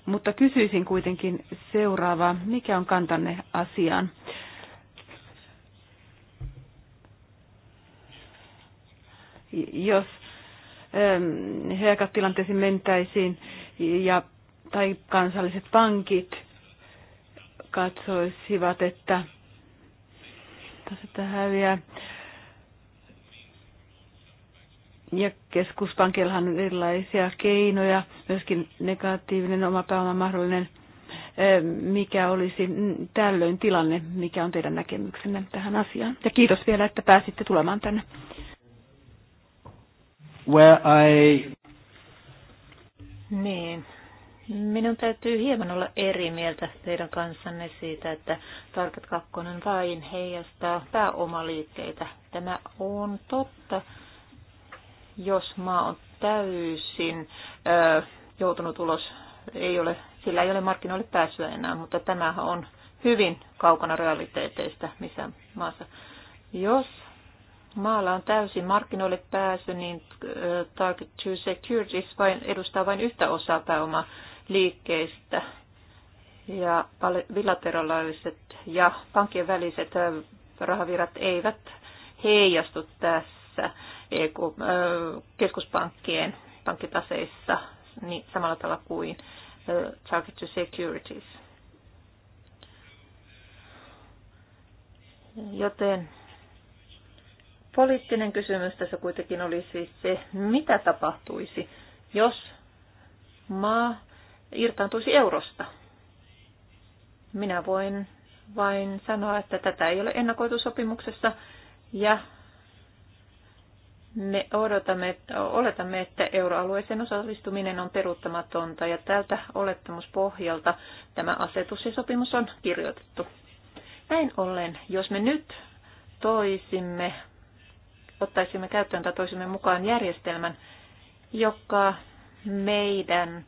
Mutta kysyisin kuitenkin seuraavaa. Mikä on kantanne asiaan? Jos ähm, tilanteisiin mentäisiin ja, tai kansalliset pankit – katsoisivat, että tässä häviää. Ja keskuspankillahan on erilaisia keinoja, myöskin negatiivinen oma pääoma mahdollinen. Eh, mikä olisi tällöin tilanne, mikä on teidän näkemyksenne tähän asiaan? Ja kiitos vielä, että pääsitte tulemaan tänne. Where I... Niin, Minun täytyy hieman olla eri mieltä teidän kanssanne siitä, että Tarkat 2 vain heijastaa pääomaliikkeitä. Tämä on totta, jos maa on täysin ö, joutunut ulos, ei ole, sillä ei ole markkinoille pääsyä enää, mutta tämä on hyvin kaukana realiteeteista missä maassa. Jos maalla on täysin markkinoille pääsy, niin Target to Securities vain, edustaa vain yhtä osaa pääomaa liikkeistä ja bilateraaliset ja pankkien väliset rahavirrat eivät heijastu tässä e keskuspankkien pankkitaseissa niin samalla tavalla kuin target to securities. Joten poliittinen kysymys tässä kuitenkin oli siis se, mitä tapahtuisi, jos maa irtaantuisi eurosta. Minä voin vain sanoa, että tätä ei ole ennakoitusopimuksessa ja me odotamme, oletamme, että euroalueeseen osallistuminen on peruuttamatonta ja tältä olettamuspohjalta tämä asetus ja sopimus on kirjoitettu. Näin ollen, jos me nyt toisimme, ottaisimme käyttöön tai toisimme mukaan järjestelmän, joka meidän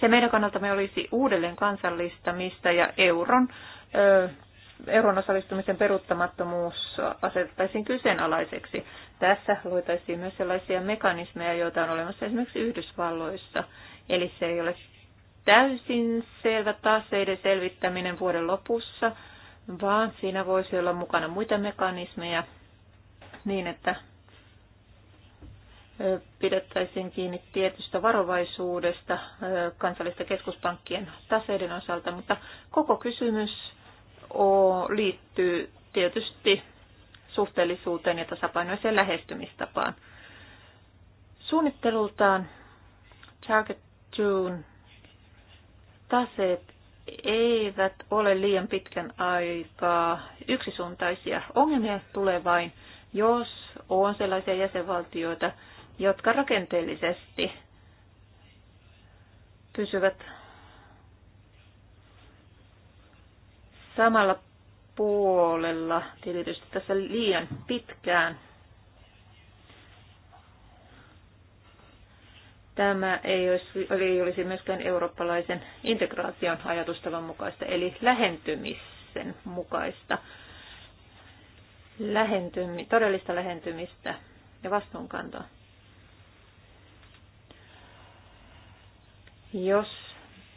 se meidän kannaltamme olisi uudelleen kansallistamista ja euron, euron osallistumisen peruuttamattomuus asetettaisiin kyseenalaiseksi. Tässä luotaisiin myös sellaisia mekanismeja, joita on olemassa esimerkiksi Yhdysvalloissa. Eli se ei ole täysin selvä taseiden selvittäminen vuoden lopussa, vaan siinä voisi olla mukana muita mekanismeja niin, että pidettäisiin kiinni tietystä varovaisuudesta kansallisten keskuspankkien taseiden osalta, mutta koko kysymys liittyy tietysti suhteellisuuteen ja tasapainoiseen lähestymistapaan. Suunnittelultaan Target June taseet eivät ole liian pitkän aikaa yksisuuntaisia. Ongelmia tulee vain, jos on sellaisia jäsenvaltioita, jotka rakenteellisesti pysyvät samalla puolella tietysti tässä liian pitkään. Tämä ei olisi, ei olisi myöskään eurooppalaisen integraation ajatustavan mukaista, eli lähentymisen mukaista, Lähentymi, todellista lähentymistä ja vastuunkantoa. Jos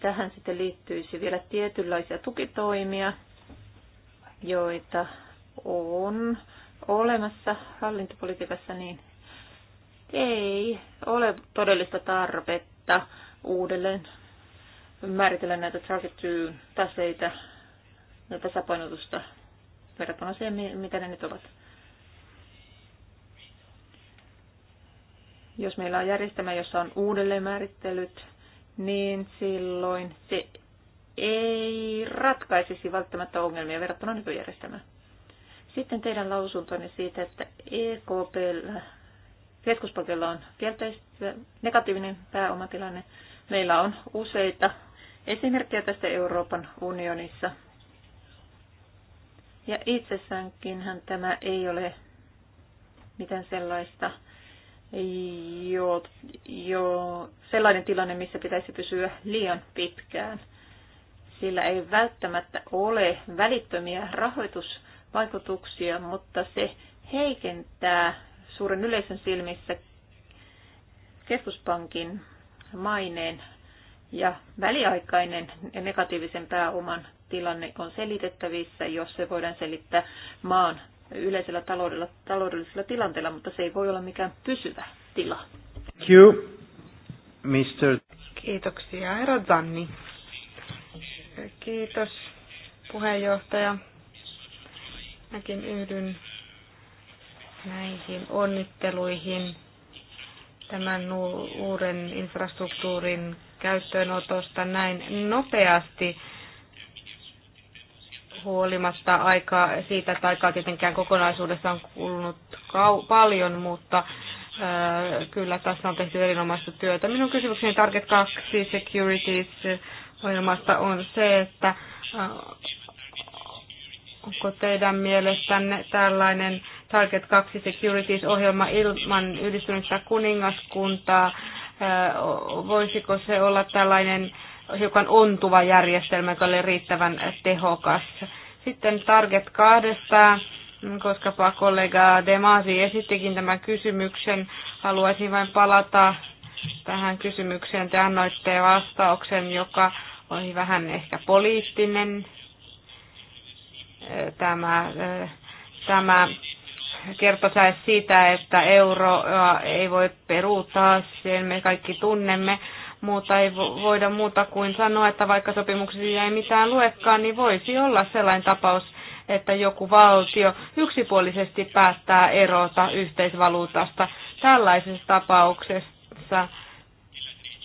tähän sitten liittyisi vielä tietynlaisia tukitoimia, joita on olemassa hallintopolitiikassa, niin ei ole todellista tarvetta uudelleen määritellä näitä target to taseita ja tasapainotusta verrattuna siihen, mitä ne nyt ovat. Jos meillä on järjestelmä, jossa on määrittelyt, niin silloin se ei ratkaisisi välttämättä ongelmia verrattuna nykyjärjestelmään. Sitten teidän lausuntonne siitä, että EKP keskuspankilla on kielteistä, negatiivinen pääomatilanne. Meillä on useita esimerkkejä tästä Euroopan unionissa. Ja itsessäänkin tämä ei ole mitään sellaista, jo, jo sellainen tilanne, missä pitäisi pysyä liian pitkään. Sillä ei välttämättä ole välittömiä rahoitusvaikutuksia, mutta se heikentää suuren yleisön silmissä keskuspankin maineen ja väliaikainen negatiivisen pääoman tilanne on selitettävissä, jos se voidaan selittää maan yleisellä taloudella, taloudellisella tilanteella, mutta se ei voi olla mikään pysyvä tila. Thank you, Mr. Kiitoksia, herra Zanni. Kiitos, puheenjohtaja. Mäkin yhdyn näihin onnitteluihin tämän uuden infrastruktuurin käyttöönotosta näin nopeasti huolimatta aikaa siitä, että aikaa tietenkään kokonaisuudessa on kulunut paljon, mutta kyllä tässä on tehty erinomaista työtä. Minun kysymykseni Target 2 Securities ohjelmasta on se, että onko teidän mielestänne tällainen Target 2 Securities-ohjelma ilman yhdistynyttä kuningaskuntaa, voisiko se olla tällainen hiukan ontuva järjestelmä, joka oli riittävän tehokas. Sitten Target 2, koska kollega Demasi esittikin tämän kysymyksen, haluaisin vain palata tähän kysymykseen. Te annoitte vastauksen, joka oli vähän ehkä poliittinen. Tämä, tämä kertosäe siitä, että euroa ei voi peruuttaa, sen me kaikki tunnemme muuta ei voida muuta kuin sanoa, että vaikka sopimuksia ei mitään luekaan, niin voisi olla sellainen tapaus, että joku valtio yksipuolisesti päättää erota yhteisvaluutasta. Tällaisessa tapauksessa,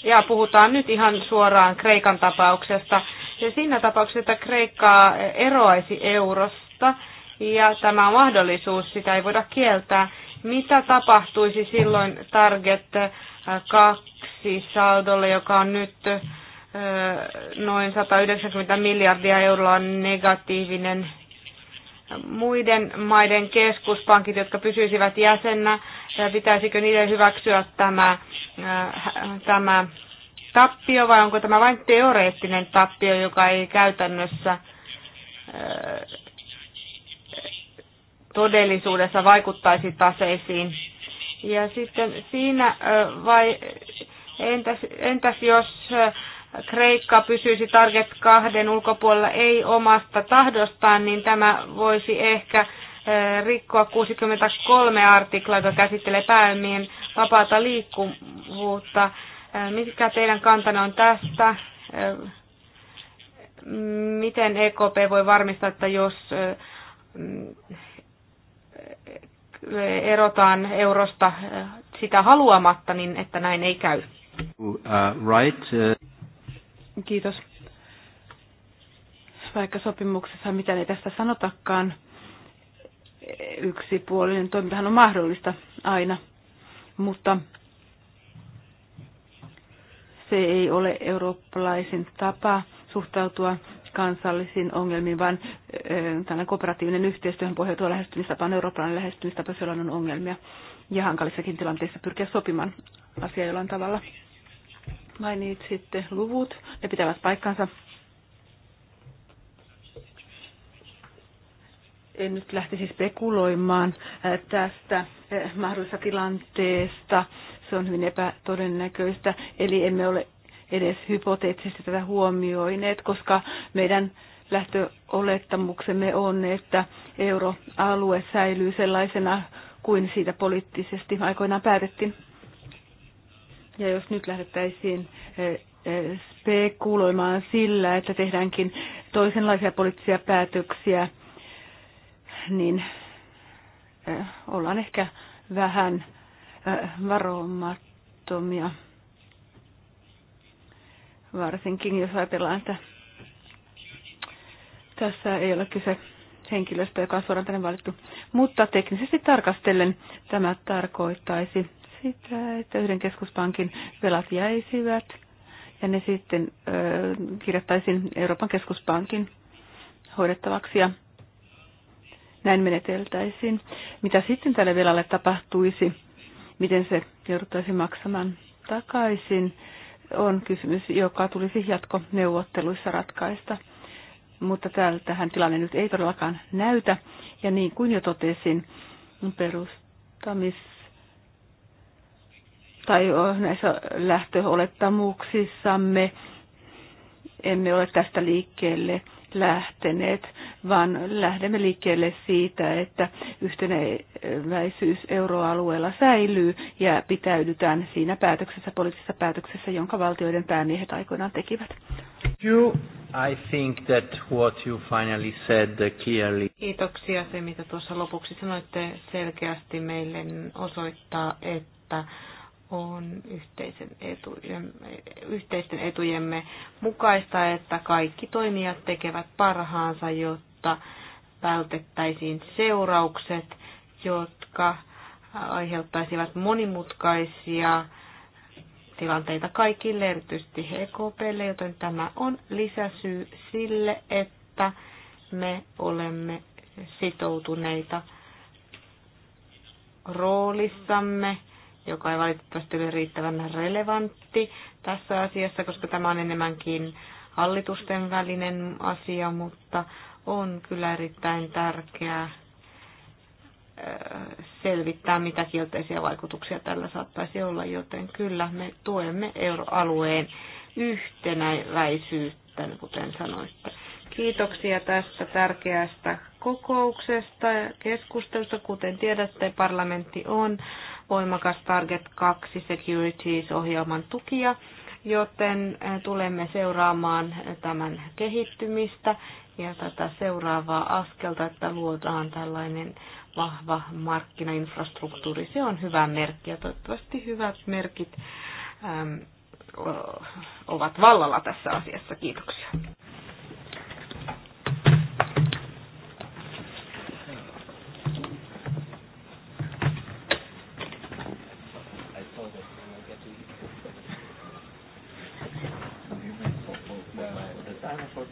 ja puhutaan nyt ihan suoraan Kreikan tapauksesta, ja siinä tapauksessa, että Kreikka eroaisi eurosta, ja tämä mahdollisuus, sitä ei voida kieltää, mitä tapahtuisi silloin Target 2 äh, saldolle, joka on nyt äh, noin 190 miljardia euroa negatiivinen muiden maiden keskuspankit, jotka pysyisivät jäsennä, äh, pitäisikö niiden hyväksyä tämä, tämä tappio vai onko tämä vain teoreettinen tappio, joka ei käytännössä todellisuudessa vaikuttaisi taseisiin. Ja sitten siinä vai, entäs, entäs jos Kreikka pysyisi target kahden ulkopuolella ei omasta tahdostaan, niin tämä voisi ehkä rikkoa 63 artiklaa, joka käsittelee pääomien vapaata liikkuvuutta. Mikä teidän kantanne on tästä? Miten EKP voi varmistaa, että jos erotaan eurosta äh, sitä haluamatta, niin että näin ei käy. Uh, uh right, uh... Kiitos. Vaikka sopimuksessa mitä ei tästä sanotakaan, yksipuolinen toimintahan on mahdollista aina, mutta se ei ole eurooppalaisin tapa suhtautua kansallisiin ongelmiin, vaan eh, tällainen kooperatiivinen yhteistyö pohjautuva lähestymistapa on eurooppalainen lähestymistapa, jolla on ongelmia ja hankalissakin tilanteissa pyrkiä sopimaan asia jollain tavalla. sitten luvut, ne pitävät paikkansa. en nyt lähtisi spekuloimaan eh, tästä eh, mahdollisesta tilanteesta. Se on hyvin epätodennäköistä, eli emme ole edes hypoteettisesti tätä huomioineet, koska meidän lähtöolettamuksemme on, että euroalue säilyy sellaisena kuin siitä poliittisesti aikoinaan päätettiin. Ja jos nyt lähdettäisiin eh, eh, spekuloimaan sillä, että tehdäänkin toisenlaisia poliittisia päätöksiä, niin eh, ollaan ehkä vähän varomattomia varsinkin jos ajatellaan, että tässä ei ole kyse henkilöstä, joka on suoraan tänne valittu. Mutta teknisesti tarkastellen tämä tarkoittaisi sitä, että yhden keskuspankin velat jäisivät ja ne sitten ö, kirjattaisiin Euroopan keskuspankin hoidettavaksi ja näin meneteltäisiin. Mitä sitten tälle velalle tapahtuisi? Miten se jouduttaisiin maksamaan takaisin? on kysymys, joka tulisi jatkoneuvotteluissa ratkaista. Mutta tähän tilanne nyt ei todellakaan näytä. Ja niin kuin jo totesin, perustamis- tai näissä lähtöolettamuksissamme emme ole tästä liikkeelle – lähteneet, vaan lähdemme liikkeelle siitä, että yhteneväisyys euroalueella säilyy ja pitäydytään siinä päätöksessä, poliittisessa päätöksessä, jonka valtioiden päämiehet aikoinaan tekivät. You, I think that what you finally said clearly. Kiitoksia. Se, mitä tuossa lopuksi sanoitte selkeästi meille osoittaa, että on yhteisen etu, yhteisten etujemme mukaista, että kaikki toimijat tekevät parhaansa, jotta vältettäisiin seuraukset, jotka aiheuttaisivat monimutkaisia tilanteita kaikille, erityisesti EKPlle, joten tämä on lisäsyy sille, että me olemme sitoutuneita roolissamme joka ei valitettavasti ole riittävän relevantti tässä asiassa, koska tämä on enemmänkin hallitusten välinen asia, mutta on kyllä erittäin tärkeää äh, selvittää, mitä kielteisiä vaikutuksia tällä saattaisi olla, joten kyllä me tuemme euroalueen yhtenäväisyyttä, kuten sanoitte. Kiitoksia tästä tärkeästä kokouksesta ja keskustelusta. Kuten tiedätte, parlamentti on voimakas Target 2 Securities-ohjelman tukia, joten tulemme seuraamaan tämän kehittymistä ja tätä seuraavaa askelta, että luodaan tällainen vahva markkinainfrastruktuuri. Se on hyvä merkki ja toivottavasti hyvät merkit ovat vallalla tässä asiassa. Kiitoksia. Thank you.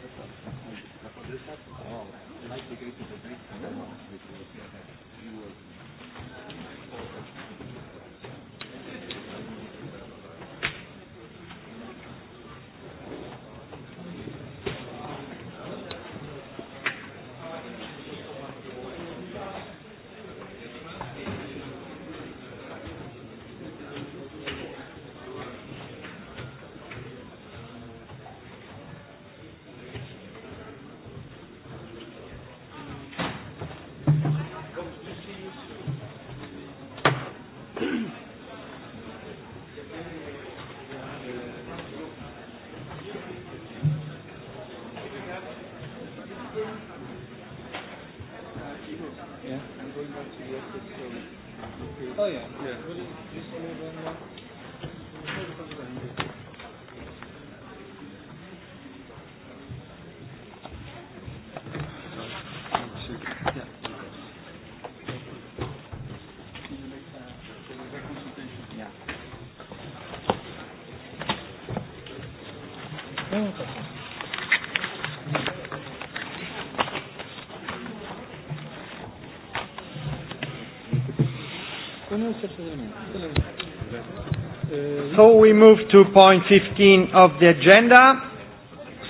So we move to point 15 of the agenda,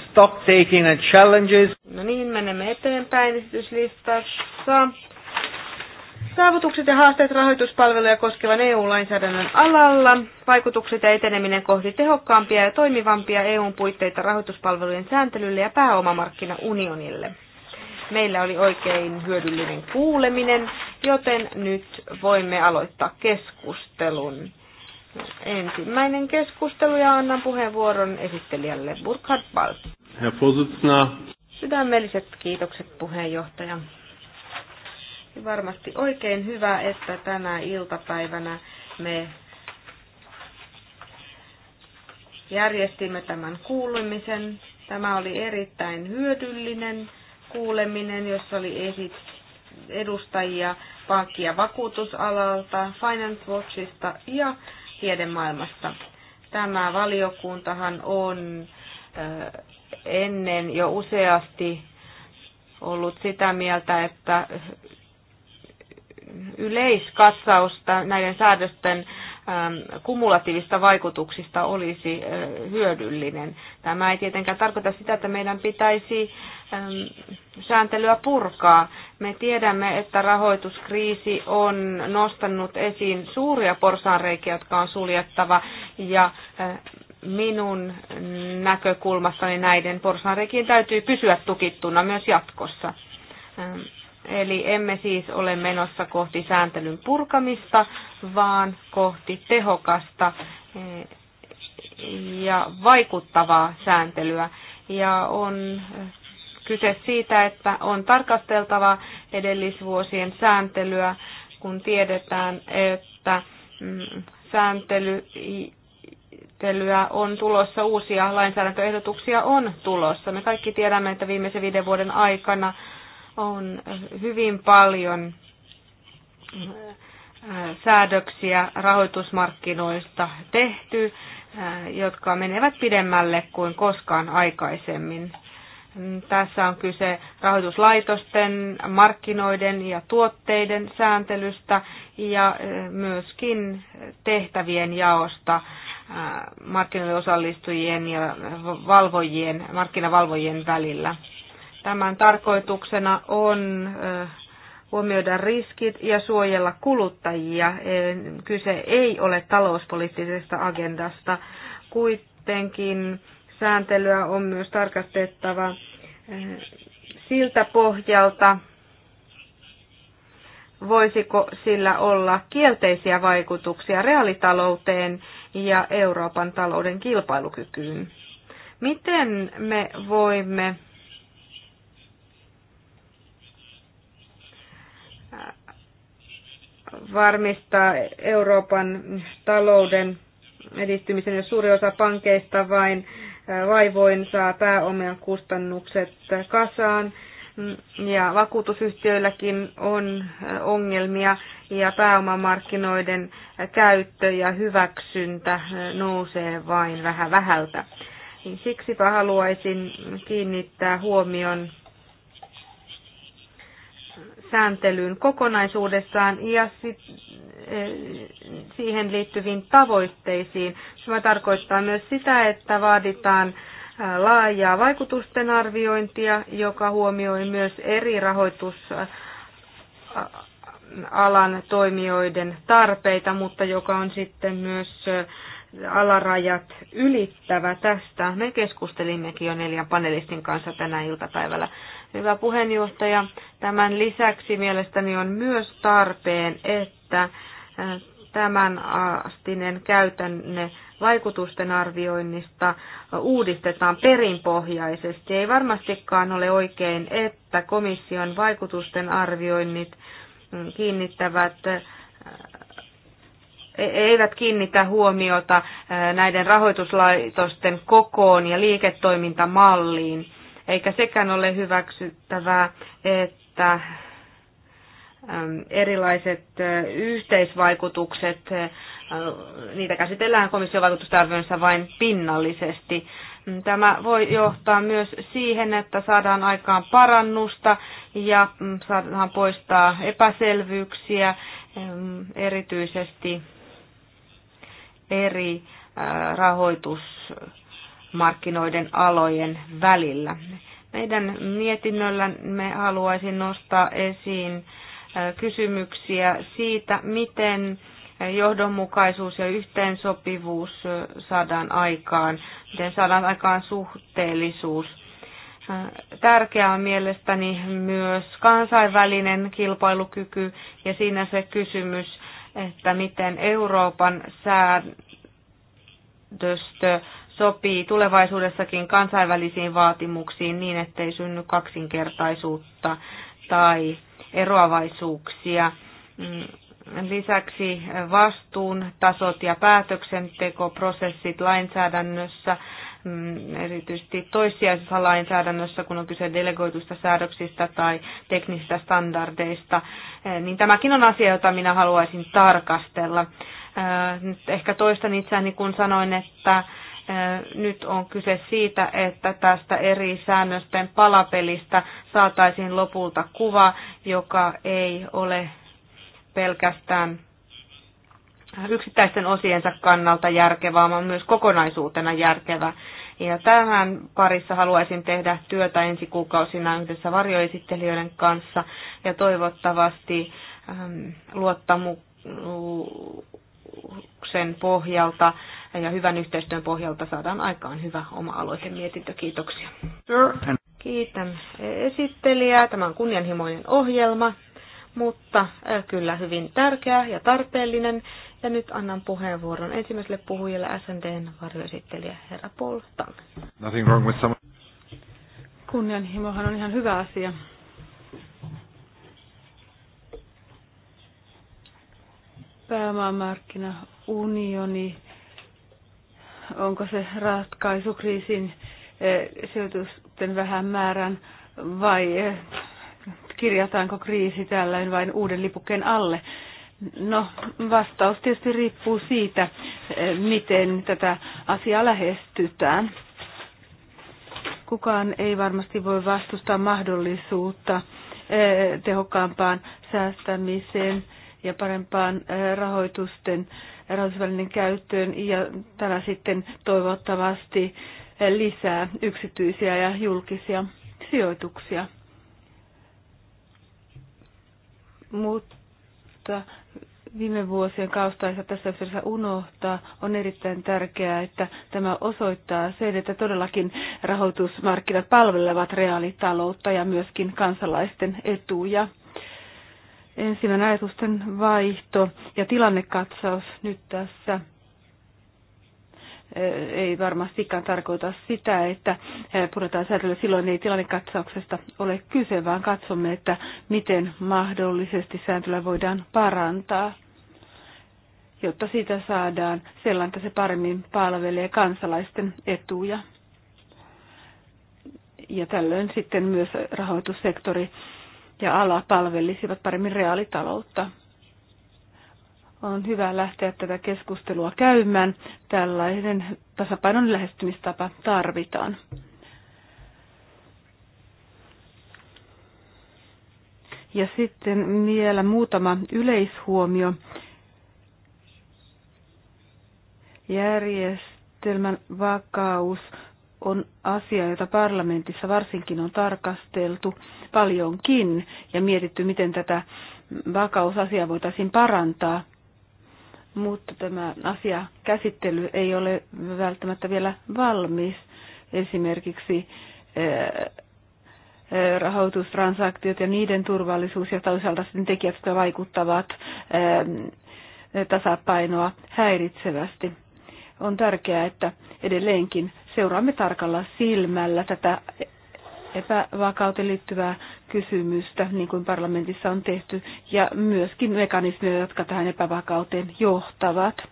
stock taking and challenges. No niin, menemme eteenpäin esityslistassa. Saavutukset ja haasteet rahoituspalveluja koskevan EU-lainsäädännön alalla, vaikutukset ja eteneminen kohti tehokkaampia ja toimivampia EUn puitteita rahoituspalvelujen sääntelylle ja pääomamarkkinaunionille. Meillä oli oikein hyödyllinen kuuleminen joten nyt voimme aloittaa keskustelun. Ensimmäinen keskustelu ja annan puheenvuoron esittelijälle Burkhard Balz. Herr Vorsitzender. Sydämelliset kiitokset puheenjohtaja. Varmasti oikein hyvä, että tänä iltapäivänä me järjestimme tämän kuulemisen. Tämä oli erittäin hyödyllinen kuuleminen, jossa oli esitetty edustajia pankki- ja vakuutusalalta, Finance Watchista ja tiedemaailmasta. Tämä valiokuntahan on eh, ennen jo useasti ollut sitä mieltä, että yleiskatsausta näiden säädösten Ähm, kumulatiivista vaikutuksista olisi äh, hyödyllinen. Tämä ei tietenkään tarkoita sitä, että meidän pitäisi ähm, sääntelyä purkaa. Me tiedämme, että rahoituskriisi on nostanut esiin suuria porsaanreikiä, jotka on suljettava ja äh, minun näkökulmastani näiden porsaanreikien täytyy pysyä tukittuna myös jatkossa. Ähm, Eli emme siis ole menossa kohti sääntelyn purkamista, vaan kohti tehokasta eh, ja vaikuttavaa sääntelyä. Ja on kyse siitä, että on tarkasteltava edellisvuosien sääntelyä, kun tiedetään, että mm, sääntelyä on tulossa, uusia lainsäädäntöehdotuksia on tulossa. Me kaikki tiedämme, että viimeisen viiden vuoden aikana on hyvin paljon äh, säädöksiä rahoitusmarkkinoista tehty, äh, jotka menevät pidemmälle kuin koskaan aikaisemmin. Tässä on kyse rahoituslaitosten, markkinoiden ja tuotteiden sääntelystä ja äh, myöskin tehtävien jaosta markkinoille osallistujien ja valvojien, markkinavalvojien välillä. Tämän tarkoituksena on huomioida riskit ja suojella kuluttajia. Kyse ei ole talouspoliittisesta agendasta. Kuitenkin sääntelyä on myös tarkastettava siltä pohjalta, voisiko sillä olla kielteisiä vaikutuksia reaalitalouteen ja Euroopan talouden kilpailukykyyn. Miten me voimme varmistaa Euroopan talouden edistymisen, jos suuri osa pankeista vain vaivoin saa pääomien kustannukset kasaan. Mm, ja vakuutusyhtiöilläkin on ongelmia ja pääomamarkkinoiden käyttö ja hyväksyntä nousee vain vähän vähältä. Siksipä haluaisin kiinnittää huomion sääntelyyn kokonaisuudessaan ja sit, e, siihen liittyviin tavoitteisiin. Tämä tarkoittaa myös sitä, että vaaditaan e, laajaa vaikutusten arviointia, joka huomioi myös eri rahoitusalan e, toimijoiden tarpeita, mutta joka on sitten myös alarajat ylittävä tästä. Me keskustelimmekin jo neljän panelistin kanssa tänä iltapäivällä. Hyvä puheenjohtaja, tämän lisäksi mielestäni on myös tarpeen, että äh, tämän astinen käytänne vaikutusten arvioinnista äh, uudistetaan perinpohjaisesti. Ei varmastikaan ole oikein, että komission vaikutusten arvioinnit mm, kiinnittävät äh, e-, eivät kiinnitä huomiota näiden rahoituslaitosten kokoon ja liiketoimintamalliin eikä sekään ole hyväksyttävää, että erilaiset yhteisvaikutukset, niitä käsitellään komission vaikutustarvioissa vain pinnallisesti. Tämä voi johtaa myös siihen, että saadaan aikaan parannusta ja mm, saadaan poistaa epäselvyyksiä, erityisesti eri rahoitus markkinoiden alojen välillä. Meidän mietinnöllä me haluaisin nostaa esiin kysymyksiä siitä, miten johdonmukaisuus ja yhteensopivuus saadaan aikaan, miten saadaan aikaan suhteellisuus. Tärkeää on mielestäni myös kansainvälinen kilpailukyky ja siinä se kysymys, että miten Euroopan säädöstö sopii tulevaisuudessakin kansainvälisiin vaatimuksiin niin, ettei synny kaksinkertaisuutta tai eroavaisuuksia. Mm, lisäksi vastuun tasot ja päätöksentekoprosessit lainsäädännössä, mm, erityisesti toissijaisessa lainsäädännössä, kun on kyse delegoituista säädöksistä tai teknisistä standardeista, eh, niin tämäkin on asia, jota minä haluaisin tarkastella. Eh, nyt ehkä toistan itseäni, kun sanoin, että nyt on kyse siitä, että tästä eri säännösten palapelistä saataisiin lopulta kuva, joka ei ole pelkästään yksittäisten osiensa kannalta järkevää, vaan myös kokonaisuutena järkevä. Ja tämän parissa haluaisin tehdä työtä ensi kuukausina yhdessä varjoesittelijöiden kanssa ja toivottavasti ähm, luottamuksen pohjalta ja hyvän yhteistyön pohjalta saadaan aikaan hyvä oma-aloite mietintö. Kiitoksia. Kiitän esittelijää. Tämä on kunnianhimoinen ohjelma, mutta äh, kyllä hyvin tärkeä ja tarpeellinen. Ja nyt annan puheenvuoron ensimmäiselle puhujalle SNDn varjoesittelijä herra Paul Tang. Nothing wrong with some... Kunnianhimohan on ihan hyvä asia. Pääomamarkkinaunioni unioni onko se ratkaisu kriisin eh, sijoitusten vähän määrän vai eh, kirjataanko kriisi tällöin vain uuden lipukkeen alle. No, vastaus tietysti riippuu siitä, eh, miten tätä asiaa lähestytään. Kukaan ei varmasti voi vastustaa mahdollisuutta tehokkaampaan säästämiseen ja parempaan rahoitusten rahoitusvälinen käyttöön ja tällä sitten toivottavasti lisää yksityisiä ja julkisia sijoituksia. Mutta viime vuosien ja tässä yhteydessä unohtaa, on erittäin tärkeää, että tämä osoittaa sen, että todellakin rahoitusmarkkinat palvelevat reaalitaloutta ja myöskin kansalaisten etuja ensimmäinen ajatusten vaihto ja tilannekatsaus nyt tässä ei varmastikaan tarkoita sitä, että puretaan säätelyä. Silloin ei tilannekatsauksesta ole kyse, vaan katsomme, että miten mahdollisesti sääntelyä voidaan parantaa, jotta siitä saadaan sellainen, että se paremmin palvelee kansalaisten etuja. Ja tällöin sitten myös rahoitussektori ja ala palvelisivat paremmin reaalitaloutta. On hyvä lähteä tätä keskustelua käymään. Tällainen tasapainon lähestymistapa tarvitaan. Ja sitten vielä muutama yleishuomio. Järjestelmän vakaus on asia, jota parlamentissa varsinkin on tarkasteltu paljonkin ja mietitty, miten tätä vakausasiaa voitaisiin parantaa. Mutta tämä asia käsittely ei ole välttämättä vielä valmis. Esimerkiksi eh, eh, rahoitustransaktiot ja niiden turvallisuus ja toisaalta sitten tekijät, jotka vaikuttavat eh, tasapainoa häiritsevästi. On tärkeää, että edelleenkin seuraamme tarkalla silmällä tätä epävakauteen liittyvää kysymystä, niin kuin parlamentissa on tehty, ja myöskin mekanismeja, jotka tähän epävakauteen johtavat.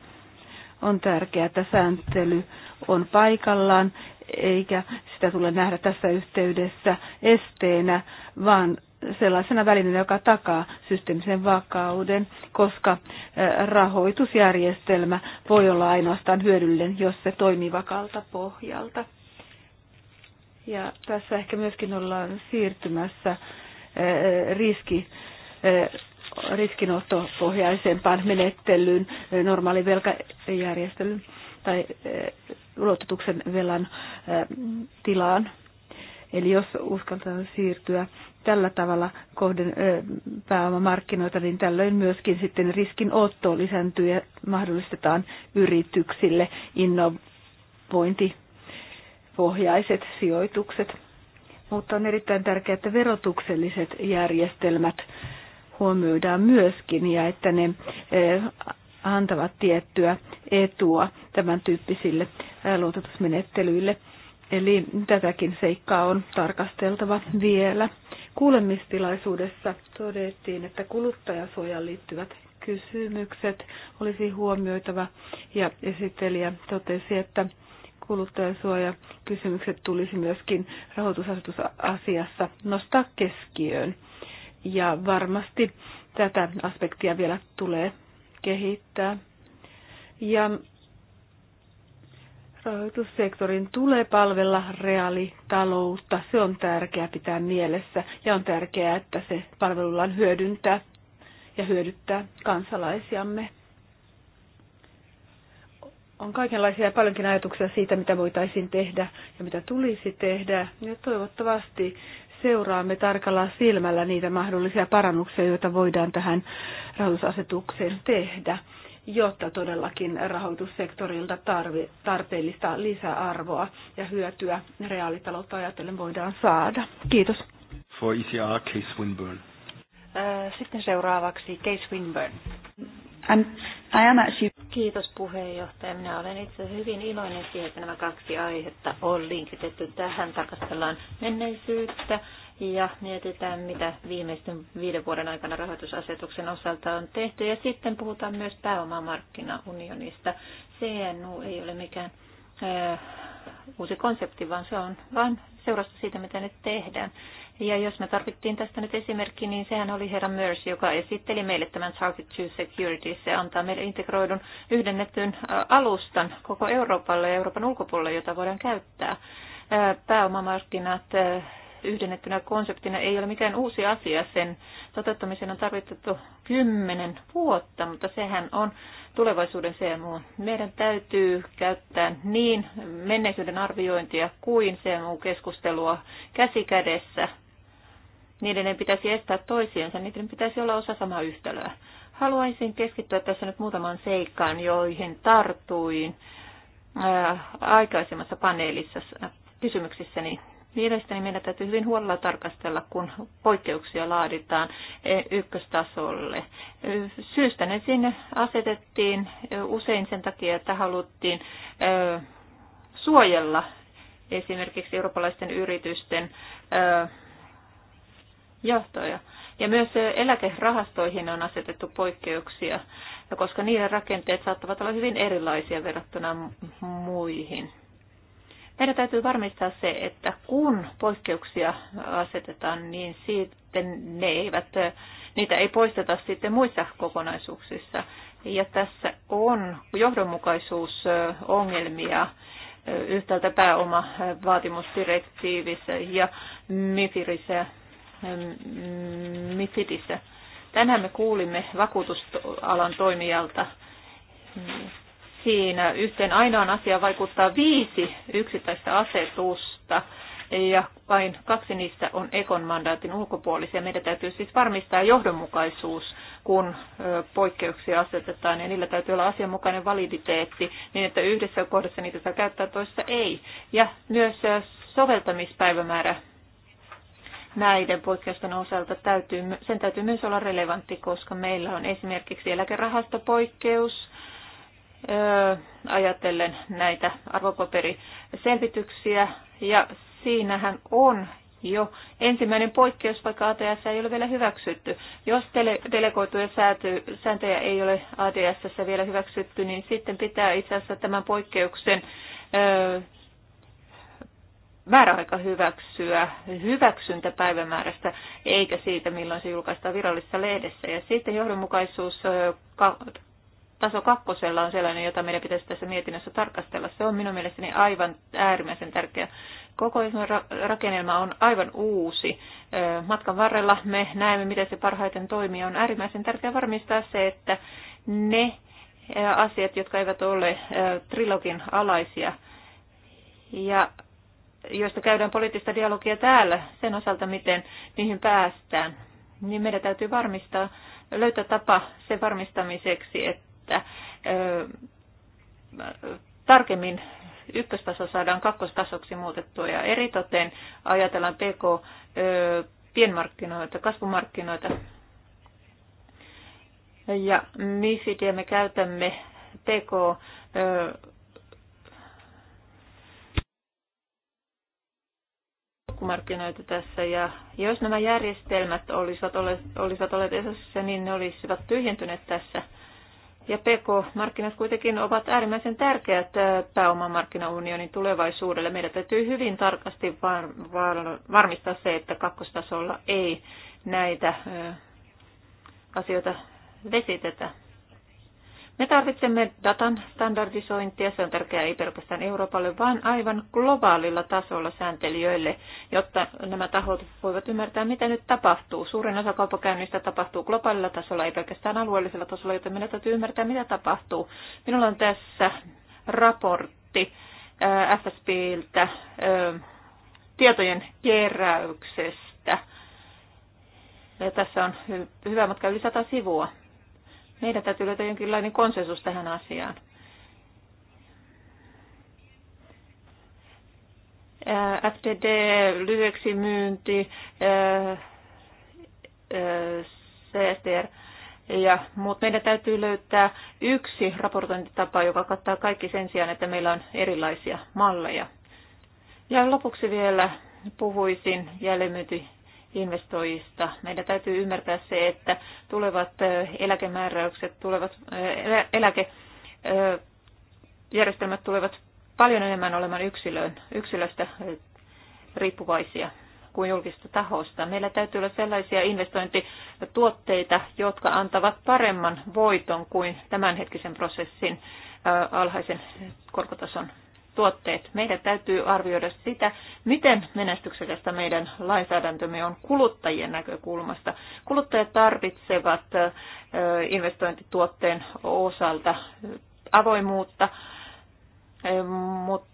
On tärkeää, että sääntely on paikallaan, eikä sitä tule nähdä tässä yhteydessä esteenä, vaan sellaisena välineenä, joka takaa systeemisen vakauden, koska rahoitusjärjestelmä voi olla ainoastaan hyödyllinen, jos se toimii vakalta pohjalta. Ja tässä ehkä myöskin ollaan siirtymässä riski riskinottopohjaisempaan menettelyyn, normaali velkajärjestelyyn tai ulotetuksen velan tilaan. Eli jos uskaltaa siirtyä tällä tavalla kohden pääomamarkkinoita, niin tällöin myöskin sitten riskinotto lisääntyy ja mahdollistetaan yrityksille innovointipohjaiset sijoitukset. Mutta on erittäin tärkeää, että verotukselliset järjestelmät huomioidaan myöskin ja että ne antavat tiettyä etua tämän tyyppisille luototusmenettelyille. Eli tätäkin seikkaa on tarkasteltava vielä. Kuulemistilaisuudessa todettiin, että kuluttajasuojaan liittyvät kysymykset olisi huomioitava ja esittelijä totesi, että kuluttajasuojakysymykset tulisi myöskin rahoitusasetusasiassa nostaa keskiöön. Ja varmasti tätä aspektia vielä tulee kehittää. Ja rahoitussektorin tulee palvella reaalitaloutta. Se on tärkeää pitää mielessä ja on tärkeää, että se palvelullaan hyödyntää ja hyödyttää kansalaisiamme. On kaikenlaisia ja paljonkin ajatuksia siitä, mitä voitaisiin tehdä ja mitä tulisi tehdä. Ja toivottavasti seuraamme tarkalla silmällä niitä mahdollisia parannuksia, joita voidaan tähän rahoitusasetukseen tehdä jotta todellakin rahoitussektorilta tarvi, tarpeellista lisäarvoa ja hyötyä reaalitaloutta ajatellen voidaan saada. Kiitos. For ECR, Case Winburn. Äh, sitten seuraavaksi Case Winburn. I am actually... Kiitos puheenjohtaja. Minä olen itse hyvin iloinen siitä, että nämä kaksi aihetta on linkitetty tähän. Tarkastellaan menneisyyttä ja mietitään, mitä viimeisten viiden vuoden aikana rahoitusasetuksen osalta on tehty. Ja sitten puhutaan myös pääomamarkkinaunionista. CNU ei ole mikään ö, eh, uusi konsepti, vaan se on vain seurasta siitä, mitä nyt tehdään. Ja jos me tarvittiin tästä nyt esimerkki, niin sehän oli herra Mercy, joka esitteli meille tämän Target to Security. Se antaa meille integroidun yhdennetyn alustan koko Euroopalle ja Euroopan ulkopuolelle, jota voidaan käyttää. Pääomamarkkinat yhdennettynä konseptina ei ole mikään uusi asia. Sen toteuttamiseen on tarvittu kymmenen vuotta, mutta sehän on tulevaisuuden CMU. Meidän täytyy käyttää niin menneisyyden arviointia kuin CMU-keskustelua käsi kädessä. Niiden ei pitäisi estää toisiinsa, niiden pitäisi olla osa samaa yhtälöä. Haluaisin keskittyä tässä nyt muutamaan seikkaan, joihin tartuin aikaisemmassa paneelissa kysymyksissäni Mielestäni meidän täytyy hyvin huolella tarkastella, kun poikkeuksia laaditaan ykköstasolle. Syystä ne sinne asetettiin usein sen takia, että haluttiin suojella esimerkiksi eurooppalaisten yritysten johtoja. Ja myös eläkerahastoihin on asetettu poikkeuksia, koska niiden rakenteet saattavat olla hyvin erilaisia verrattuna muihin. Meidän täytyy varmistaa se, että kun poikkeuksia asetetaan, niin sitten ne eivät, niitä ei poisteta sitten muissa kokonaisuuksissa. Ja tässä on johdonmukaisuusongelmia yhtäältä pääomavaatimusdirektiivissä ja MIFIRissä, MIFIDissä. Tänään me kuulimme vakuutusalan toimijalta siinä yhteen ainoan asiaan vaikuttaa viisi yksittäistä asetusta ja vain kaksi niistä on ekon mandaatin ulkopuolisia. Meidän täytyy siis varmistaa johdonmukaisuus, kun poikkeuksia asetetaan, ja niillä täytyy olla asianmukainen validiteetti, niin että yhdessä kohdassa niitä saa käyttää, toista ei. Ja myös soveltamispäivämäärä näiden poikkeusten osalta täytyy, sen täytyy myös olla relevantti, koska meillä on esimerkiksi eläkerahastopoikkeus, ajatellen näitä arvopaperiselvityksiä. Ja siinähän on jo ensimmäinen poikkeus, vaikka ATS ei ole vielä hyväksytty. Jos dele- delegoituja sääty- sääntöjä ei ole ATS vielä hyväksytty, niin sitten pitää itse asiassa tämän poikkeuksen öö, määräaika hyväksyä hyväksyntäpäivämäärästä, eikä siitä, milloin se julkaistaan virallisessa lehdessä. Ja sitten johdonmukaisuus taso kakkosella on sellainen, jota meidän pitäisi tässä mietinnössä tarkastella. Se on minun mielestäni aivan äärimmäisen tärkeä. Koko rakennelma on aivan uusi. Matkan varrella me näemme, miten se parhaiten toimii. On äärimmäisen tärkeää varmistaa se, että ne asiat, jotka eivät ole trilogin alaisia ja joista käydään poliittista dialogia täällä sen osalta, miten niihin päästään, niin meidän täytyy varmistaa, löytää tapa sen varmistamiseksi, että että tarkemmin ykköstaso saadaan kakkostasoksi muutettua ja eritoten ajatellaan pk pienmarkkinoita, kasvumarkkinoita. Ja ja me käytämme pk markkinoita tässä ja jos nämä järjestelmät olisivat olleet, olisivat olleet niin ne olisivat tyhjentyneet tässä ja PK-markkinat kuitenkin ovat äärimmäisen tärkeät äh, pääomamarkkinaunionin tulevaisuudelle. Meidän täytyy hyvin tarkasti var, var, varmistaa se, että kakkostasolla ei näitä äh, asioita vesitetä. Me tarvitsemme datan standardisointia, se on tärkeää ei pelkästään Euroopalle, vaan aivan globaalilla tasolla sääntelijöille, jotta nämä tahot voivat ymmärtää, mitä nyt tapahtuu. Suurin osa kaupakäynnistä tapahtuu globaalilla tasolla, ei pelkästään alueellisella tasolla, joten meidän täytyy ymmärtää, mitä tapahtuu. Minulla on tässä raportti äh, FSBltä äh, tietojen keräyksestä. Ja tässä on hyvä matka yli sata sivua. Meidän täytyy löytää jonkinlainen konsensus tähän asiaan. FDD, lyhyeksi myynti, CSTR ja muut. Meidän täytyy löytää yksi raportointitapa, joka kattaa kaikki sen sijaan, että meillä on erilaisia malleja. Ja lopuksi vielä puhuisin jäljemyynti investoijista. Meidän täytyy ymmärtää se, että tulevat eläkemääräykset, tulevat eläkejärjestelmät tulevat paljon enemmän olemaan yksilön, yksilöstä riippuvaisia kuin julkista tahosta. Meillä täytyy olla sellaisia investointituotteita, jotka antavat paremman voiton kuin tämänhetkisen prosessin alhaisen korkotason tuotteet. Meidän täytyy arvioida sitä, miten menestyksekästä meidän lainsäädäntömme on kuluttajien näkökulmasta. Kuluttajat tarvitsevat investointituotteen osalta avoimuutta, mutta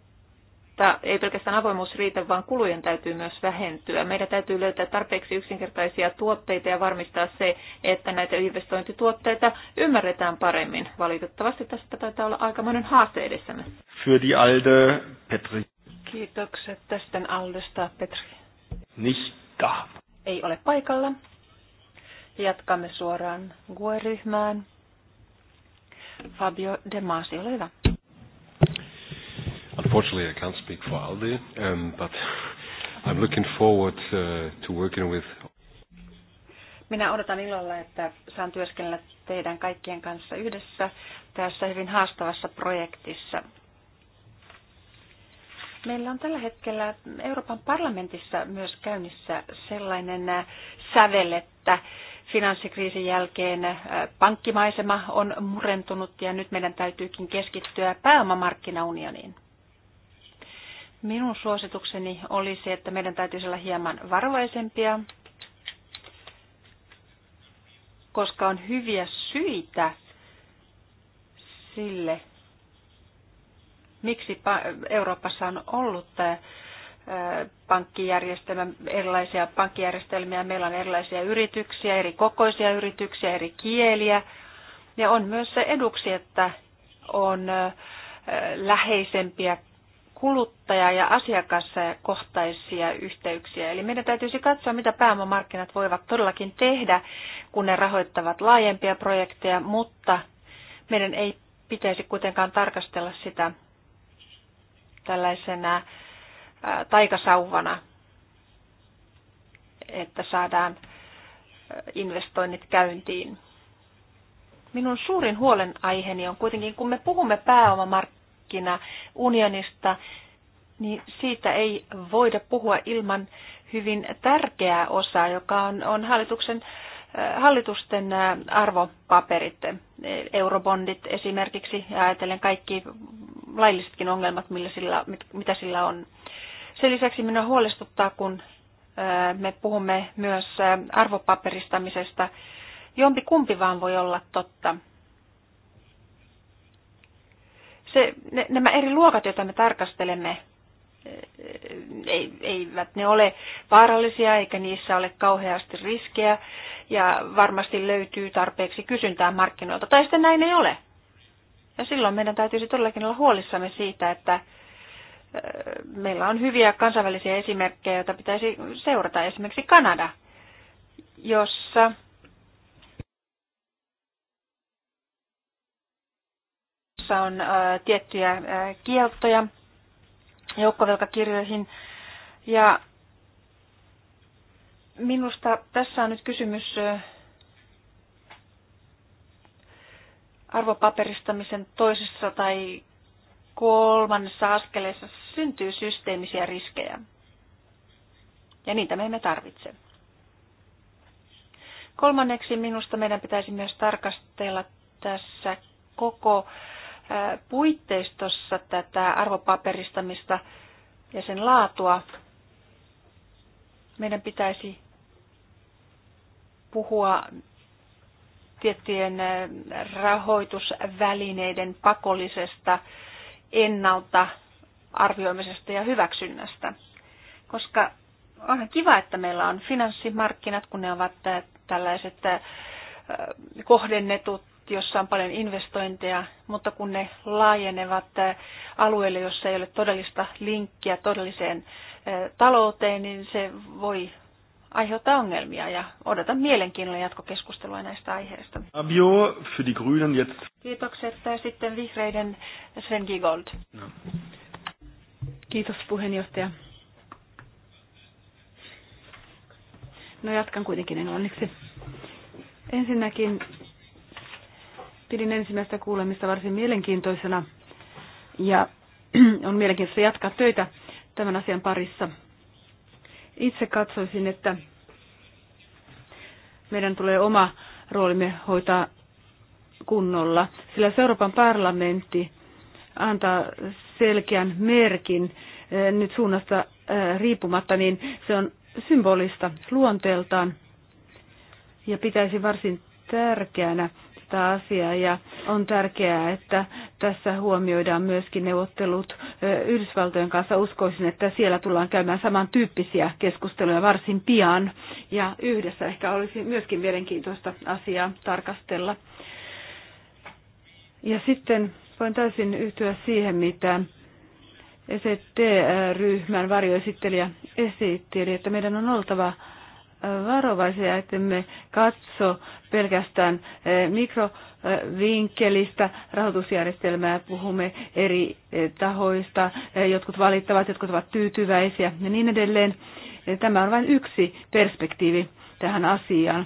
mutta ei pelkästään avoimuus riitä, vaan kulujen täytyy myös vähentyä. Meidän täytyy löytää tarpeeksi yksinkertaisia tuotteita ja varmistaa se, että näitä investointituotteita ymmärretään paremmin. Valitettavasti tästä taitaa olla aikamoinen haaste edessämme. Für die Alde, Petri. Kiitokset tästä Aldesta, Petri. Nicht da. Ei ole paikalla. Jatkamme suoraan GUE-ryhmään. Fabio De Masi, ole hyvä. Unfortunately, I can't speak for Aldi, um, but I'm looking forward uh, to working with minä odotan ilolla, että saan työskennellä teidän kaikkien kanssa yhdessä tässä hyvin haastavassa projektissa. Meillä on tällä hetkellä Euroopan parlamentissa myös käynnissä sellainen äh, sävel, että finanssikriisin jälkeen äh, pankkimaisema on murentunut ja nyt meidän täytyykin keskittyä pääomamarkkinaunioniin. Minun suositukseni olisi, että meidän täytyisi olla hieman varovaisempia, koska on hyviä syitä sille, miksi Euroopassa on ollut tämä äh, pankkijärjestelmä, erilaisia pankkijärjestelmiä. Meillä on erilaisia yrityksiä, eri kokoisia yrityksiä, eri kieliä. Ja on myös se eduksi, että on äh, läheisempiä kuluttaja- ja asiakaskohtaisia yhteyksiä. Eli meidän täytyisi katsoa, mitä pääomamarkkinat voivat todellakin tehdä, kun ne rahoittavat laajempia projekteja, mutta meidän ei pitäisi kuitenkaan tarkastella sitä tällaisena taikasauvana, että saadaan investoinnit käyntiin. Minun suurin huolenaiheeni on kuitenkin, kun me puhumme pääomamarkkinoista, unionista niin siitä ei voida puhua ilman hyvin tärkeää osaa, joka on, on hallituksen, äh, hallitusten äh, arvopaperit, eurobondit esimerkiksi, ja ajatellen kaikki laillisetkin ongelmat, millä sillä, mitä sillä on. Sen lisäksi minua huolestuttaa, kun äh, me puhumme myös arvopaperistamisesta. Jompi kumpi vaan voi olla totta se, ne, nämä eri luokat, joita me tarkastelemme, eh, eivät ne ole vaarallisia eikä niissä ole kauheasti riskejä ja varmasti löytyy tarpeeksi kysyntää markkinoilta. Tai sitten näin ei ole. Ja silloin meidän täytyisi todellakin olla huolissamme siitä, että eh, meillä on hyviä kansainvälisiä esimerkkejä, joita pitäisi seurata. Esimerkiksi Kanada, jossa jossa on tiettyjä kieltoja joukkovelkakirjoihin. Ja minusta tässä on nyt kysymys arvopaperistamisen toisessa tai kolmannessa askeleessa syntyy systeemisiä riskejä. Ja niitä me emme tarvitse. Kolmanneksi minusta meidän pitäisi myös tarkastella tässä koko äh, puitteistossa tätä arvopaperistamista ja sen laatua meidän pitäisi puhua tiettyjen rahoitusvälineiden pakollisesta ennalta arvioimisesta ja hyväksynnästä. Koska onhan kiva, että meillä on finanssimarkkinat, kun ne ovat tällaiset kohdennetut jossa on paljon investointeja, mutta kun ne laajenevat eh, alueelle, jossa ei ole todellista linkkiä todelliseen eh, talouteen, niin se voi aiheuttaa ongelmia ja odotan mielenkiinnolla jatkokeskustelua näistä aiheista. Abio, für die Grünen jetzt. Kiitokset eh, sitten vihreiden Sven Gigold. No. Kiitos puheenjohtaja. No jatkan kuitenkin englanniksi. Ensinnäkin Pidin ensimmäistä kuulemista varsin mielenkiintoisena ja on mielenkiintoista jatkaa töitä tämän asian parissa. Itse katsoisin, että meidän tulee oma roolimme hoitaa kunnolla, sillä Euroopan parlamentti antaa selkeän merkin eh, nyt suunnasta eh, riippumatta, niin se on symbolista luonteeltaan ja pitäisi varsin tärkeänä tätä asiaa ja on tärkeää, että tässä huomioidaan myöskin neuvottelut Yhdysvaltojen kanssa. Uskoisin, että siellä tullaan käymään samantyyppisiä keskusteluja varsin pian ja yhdessä ehkä olisi myöskin mielenkiintoista asiaa tarkastella. Ja sitten voin täysin yhtyä siihen, mitä ST-ryhmän varjoesittelijä esitti, eli että meidän on oltava varovaisia, että me katso pelkästään eh, mikrovinkkelistä rahoitusjärjestelmää. Puhumme eri eh, tahoista, eh, jotkut valittavat, jotkut ovat tyytyväisiä ja niin edelleen. Tämä on vain yksi perspektiivi tähän asiaan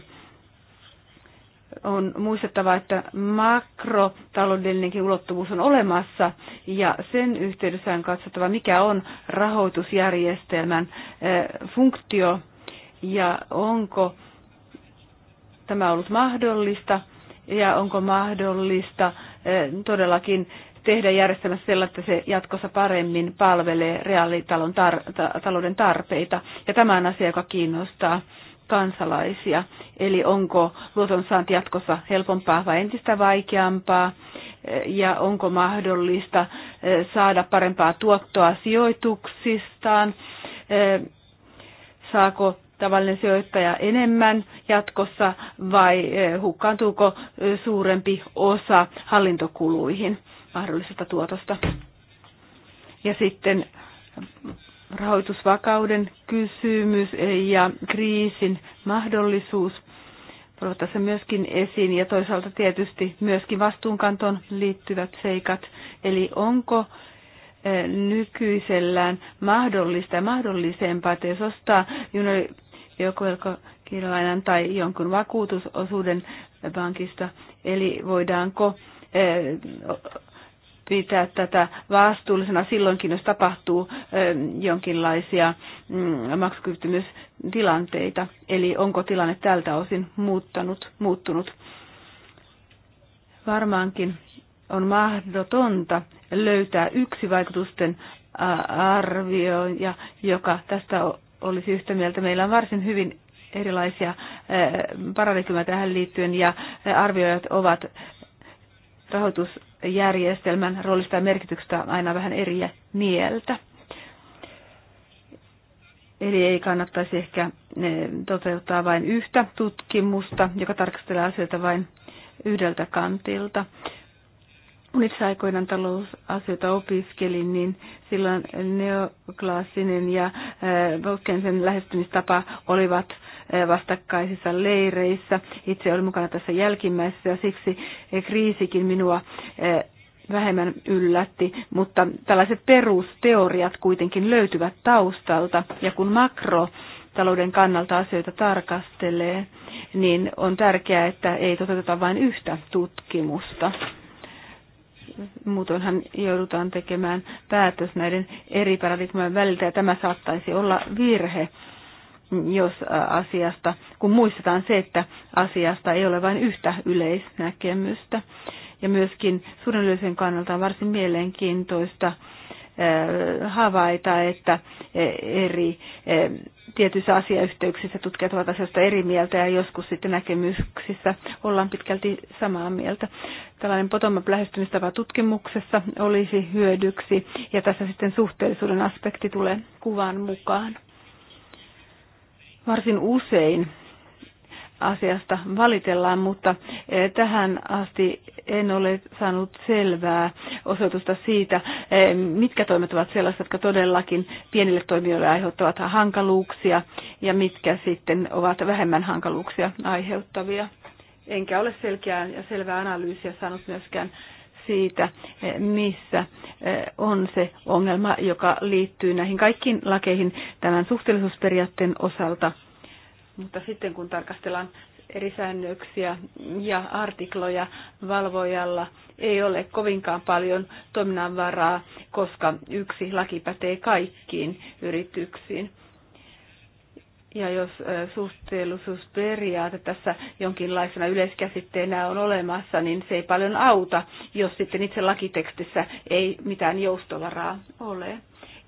on muistettava, että makrotaloudellinenkin ulottuvuus on olemassa ja sen yhteydessä on katsottava, mikä on rahoitusjärjestelmän funktio ja onko tämä ollut mahdollista ja onko mahdollista eh, todellakin tehdä järjestelmä sellainen, että se jatkossa paremmin palvelee reaalitalouden tar- tarpeita. Ja tämä on asia, joka kiinnostaa kansalaisia. Eli onko luotonsaanti jatkossa helpompaa vai entistä vaikeampaa eh, ja onko mahdollista eh, saada parempaa tuottoa sijoituksistaan, saako tavallinen sijoittaja enemmän jatkossa vai eh, hukkaantuuko eh, suurempi osa hallintokuluihin mahdollisesta tuotosta? Ja sitten rahoitusvakauden kysymys eh, ja kriisin mahdollisuus tulevat tässä myöskin esiin ja toisaalta tietysti myöskin vastuunkantoon liittyvät seikat. Eli onko nykyisellään mahdollista ja mahdollisempaa, että jos ostaa joko velkakirjalainan tai jonkun vakuutusosuuden pankista, eli voidaanko eh, pitää tätä vastuullisena silloinkin, jos tapahtuu eh, jonkinlaisia mm, maksukyvyttömyystilanteita, eli onko tilanne tältä osin muuttanut, muuttunut. Varmaankin on mahdotonta löytää yksi vaikutusten arvioija, joka tästä olisi yhtä mieltä. Meillä on varsin hyvin erilaisia eh, paradigmaa tähän liittyen ja eh, arvioijat ovat rahoitusjärjestelmän roolista ja merkityksestä aina vähän eri mieltä. Eli ei kannattaisi ehkä eh, toteuttaa vain yhtä tutkimusta, joka tarkastelee asioita vain yhdeltä kantilta itse aikoinaan talousasioita opiskelin, niin silloin neoklassinen ja Volkensen eh, lähestymistapa olivat eh, vastakkaisissa leireissä. Itse olin mukana tässä jälkimmäisessä ja siksi eh, kriisikin minua vähemmän yllätti, mutta tällaiset perusteoriat kuitenkin löytyvät taustalta ja kun makro talouden kannalta asioita tarkastelee, niin on tärkeää, että ei toteuteta vain yhtä tutkimusta Muutoinhan joudutaan tekemään päätös näiden eri paradigmojen väliltä ja tämä saattaisi olla virhe jos asiasta, kun muistetaan se, että asiasta ei ole vain yhtä yleisnäkemystä. Ja myöskin suunnilleen kannalta on varsin mielenkiintoista havaita, että e, eri e, tietyissä asiayhteyksissä tutkijat ovat asioista eri mieltä ja joskus sitten näkemyksissä ollaan pitkälti samaa mieltä. Tällainen potomap lähestymistapa tutkimuksessa olisi hyödyksi ja tässä sitten suhteellisuuden aspekti tulee kuvan mukaan. Varsin usein asiasta valitellaan, mutta eh, tähän asti en ole saanut selvää osoitusta siitä, eh, mitkä toimet ovat sellaiset, jotka todellakin pienille toimijoille aiheuttavat hankaluuksia ja mitkä sitten ovat vähemmän hankaluuksia aiheuttavia. Enkä ole selkeää ja selvää analyysiä saanut myöskään siitä, eh, missä on se ongelma, joka liittyy näihin kaikkiin lakeihin tämän suhteellisuusperiaatteen osalta – mutta sitten kun tarkastellaan eri säännöksiä ja artikloja valvojalla ei ole kovinkaan paljon toiminnanvaraa, koska yksi laki pätee kaikkiin yrityksiin. Ja jos suhteellisuusperiaate tässä jonkinlaisena yleiskäsitteenä on olemassa, niin se ei paljon auta, jos sitten itse lakitekstissä ei mitään joustovaraa ole.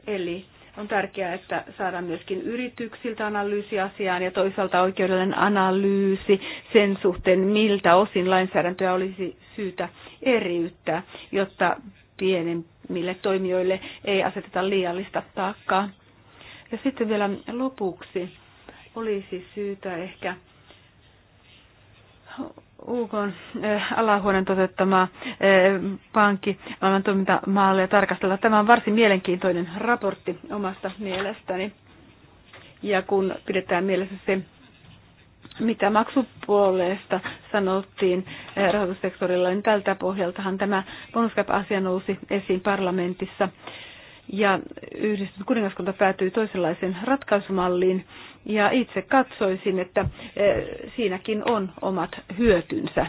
Eli on tärkeää, että saadaan myöskin yrityksiltä analyysi asiaan ja toisaalta oikeudellinen analyysi sen suhteen, miltä osin lainsäädäntöä olisi syytä eriyttää, jotta pienemmille toimijoille ei aseteta liiallista taakkaa. Ja sitten vielä lopuksi olisi syytä ehkä UK eh, alahuoneen toteuttamaa eh, pankki maailman toimintamallia tarkastella. Tämä on varsin mielenkiintoinen raportti omasta mielestäni. Ja kun pidetään mielessä se, mitä maksupuolesta sanottiin eh, rahoitussektorilla, niin tältä pohjaltahan tämä bonuscap-asia nousi esiin parlamentissa ja yhdistynyt kuningaskunta päätyi toisenlaiseen ratkaisumalliin. Ja itse katsoisin, että eh, siinäkin on omat hyötynsä.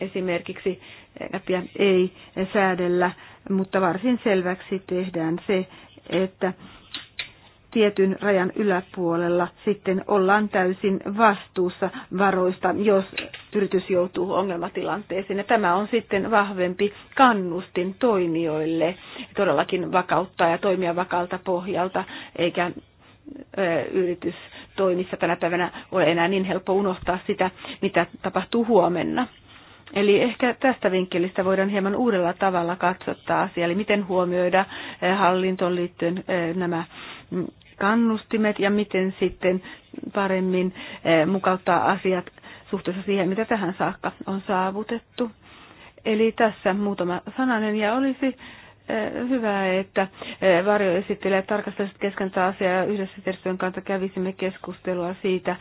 Esimerkiksi läpiä eh, ei säädellä, mutta varsin selväksi tehdään se, että tietyn rajan yläpuolella sitten ollaan täysin vastuussa varoista, jos yritys joutuu ongelmatilanteeseen. Ja tämä on sitten vahvempi kannustin toimijoille todellakin vakauttaa ja toimia vakalta pohjalta, eikä yritystoimissa tänä päivänä ole enää niin helppo unohtaa sitä, mitä tapahtuu huomenna. Eli ehkä tästä vinkkelistä voidaan hieman uudella tavalla katsottaa asiaa, eli miten huomioida hallintoon liittyen nämä mm, kannustimet ja miten sitten paremmin eh, mukauttaa asiat suhteessa siihen, mitä tähän saakka on saavutettu. Eli tässä muutama sananen ja olisi eh, hyvä, että eh, esittelee tarkastelut kesken asiaa ja yhdessä terveyden kanssa kävisimme keskustelua siitä,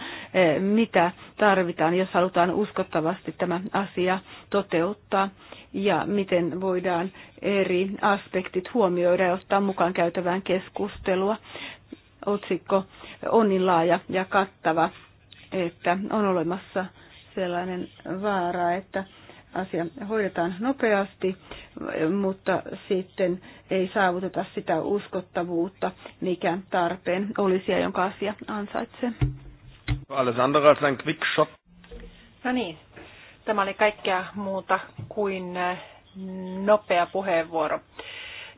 mitä tarvitaan, jos halutaan uskottavasti tämä asia toteuttaa ja miten voidaan eri aspektit huomioida ja ottaa mukaan käytävään keskustelua otsikko on niin laaja ja kattava, että on olemassa sellainen vaara, että asia hoidetaan nopeasti, mutta sitten ei saavuteta sitä uskottavuutta, mikä tarpeen olisi ja jonka asia ansaitsee. Alles andere als ein quick shot. No niin, tämä oli kaikkea muuta kuin nopea puheenvuoro.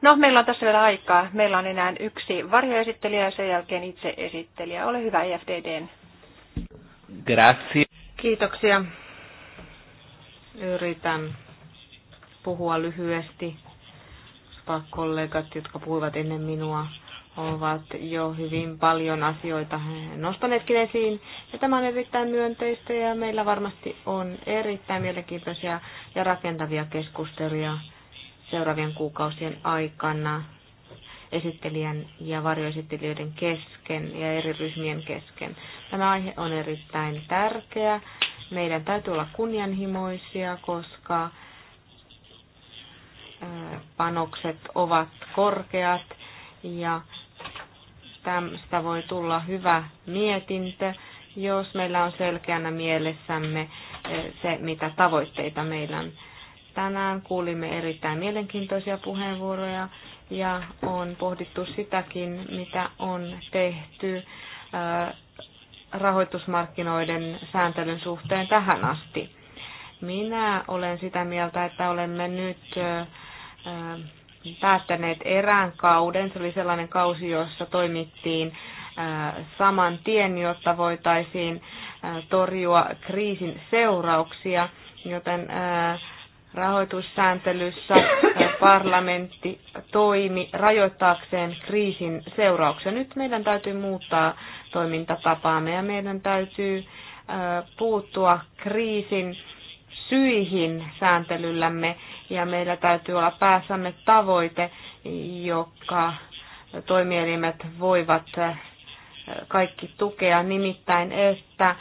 No, meillä on tässä vielä aikaa. Meillä on enää yksi varjoesittelijä ja sen jälkeen itse esittelijä. Ole hyvä EFDDn. Grazie. Kiitoksia. Yritän puhua lyhyesti. kollegat, jotka puhuivat ennen minua, ovat jo hyvin paljon asioita nostaneetkin esiin. Ja tämä on erittäin myönteistä ja meillä varmasti on erittäin mielenkiintoisia ja rakentavia keskusteluja seuraavien kuukausien aikana esittelijän ja varjoesittelijöiden kesken ja eri ryhmien kesken. Tämä aihe on erittäin tärkeä. Meidän täytyy olla kunnianhimoisia, koska panokset ovat korkeat ja tästä voi tulla hyvä mietintö, jos meillä on selkeänä mielessämme se, mitä tavoitteita meillä on Tänään kuulimme erittäin mielenkiintoisia puheenvuoroja ja on pohdittu sitäkin, mitä on tehty äh, rahoitusmarkkinoiden sääntelyn suhteen tähän asti. Minä olen sitä mieltä, että olemme nyt äh, äh, päättäneet erään kauden. Se oli sellainen kausi, jossa toimittiin saman tien, jotta voitaisiin torjua kriisin seurauksia, joten rahoitussääntelyssä parlamentti toimi rajoittaakseen kriisin seurauksia. Nyt meidän täytyy muuttaa toimintatapaamme ja meidän täytyy puuttua kriisin syihin sääntelyllämme ja meillä täytyy olla päässämme tavoite, joka toimielimet voivat kaikki tukea, nimittäin että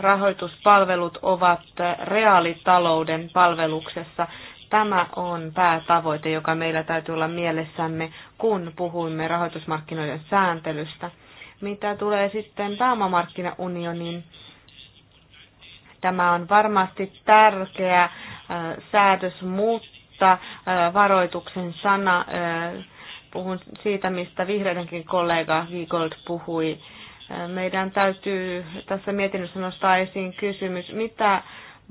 rahoituspalvelut ovat reaalitalouden palveluksessa. Tämä on päätavoite, joka meillä täytyy olla mielessämme, kun puhuimme rahoitusmarkkinoiden sääntelystä. Mitä tulee sitten pääomamarkkinaunioniin, tämä on varmasti tärkeä äh, säädös, mutta äh, varoituksen sana, äh, puhun siitä, mistä vihreidenkin kollega Vigold puhui, meidän täytyy tässä mietinnössä nostaa esiin kysymys, mitä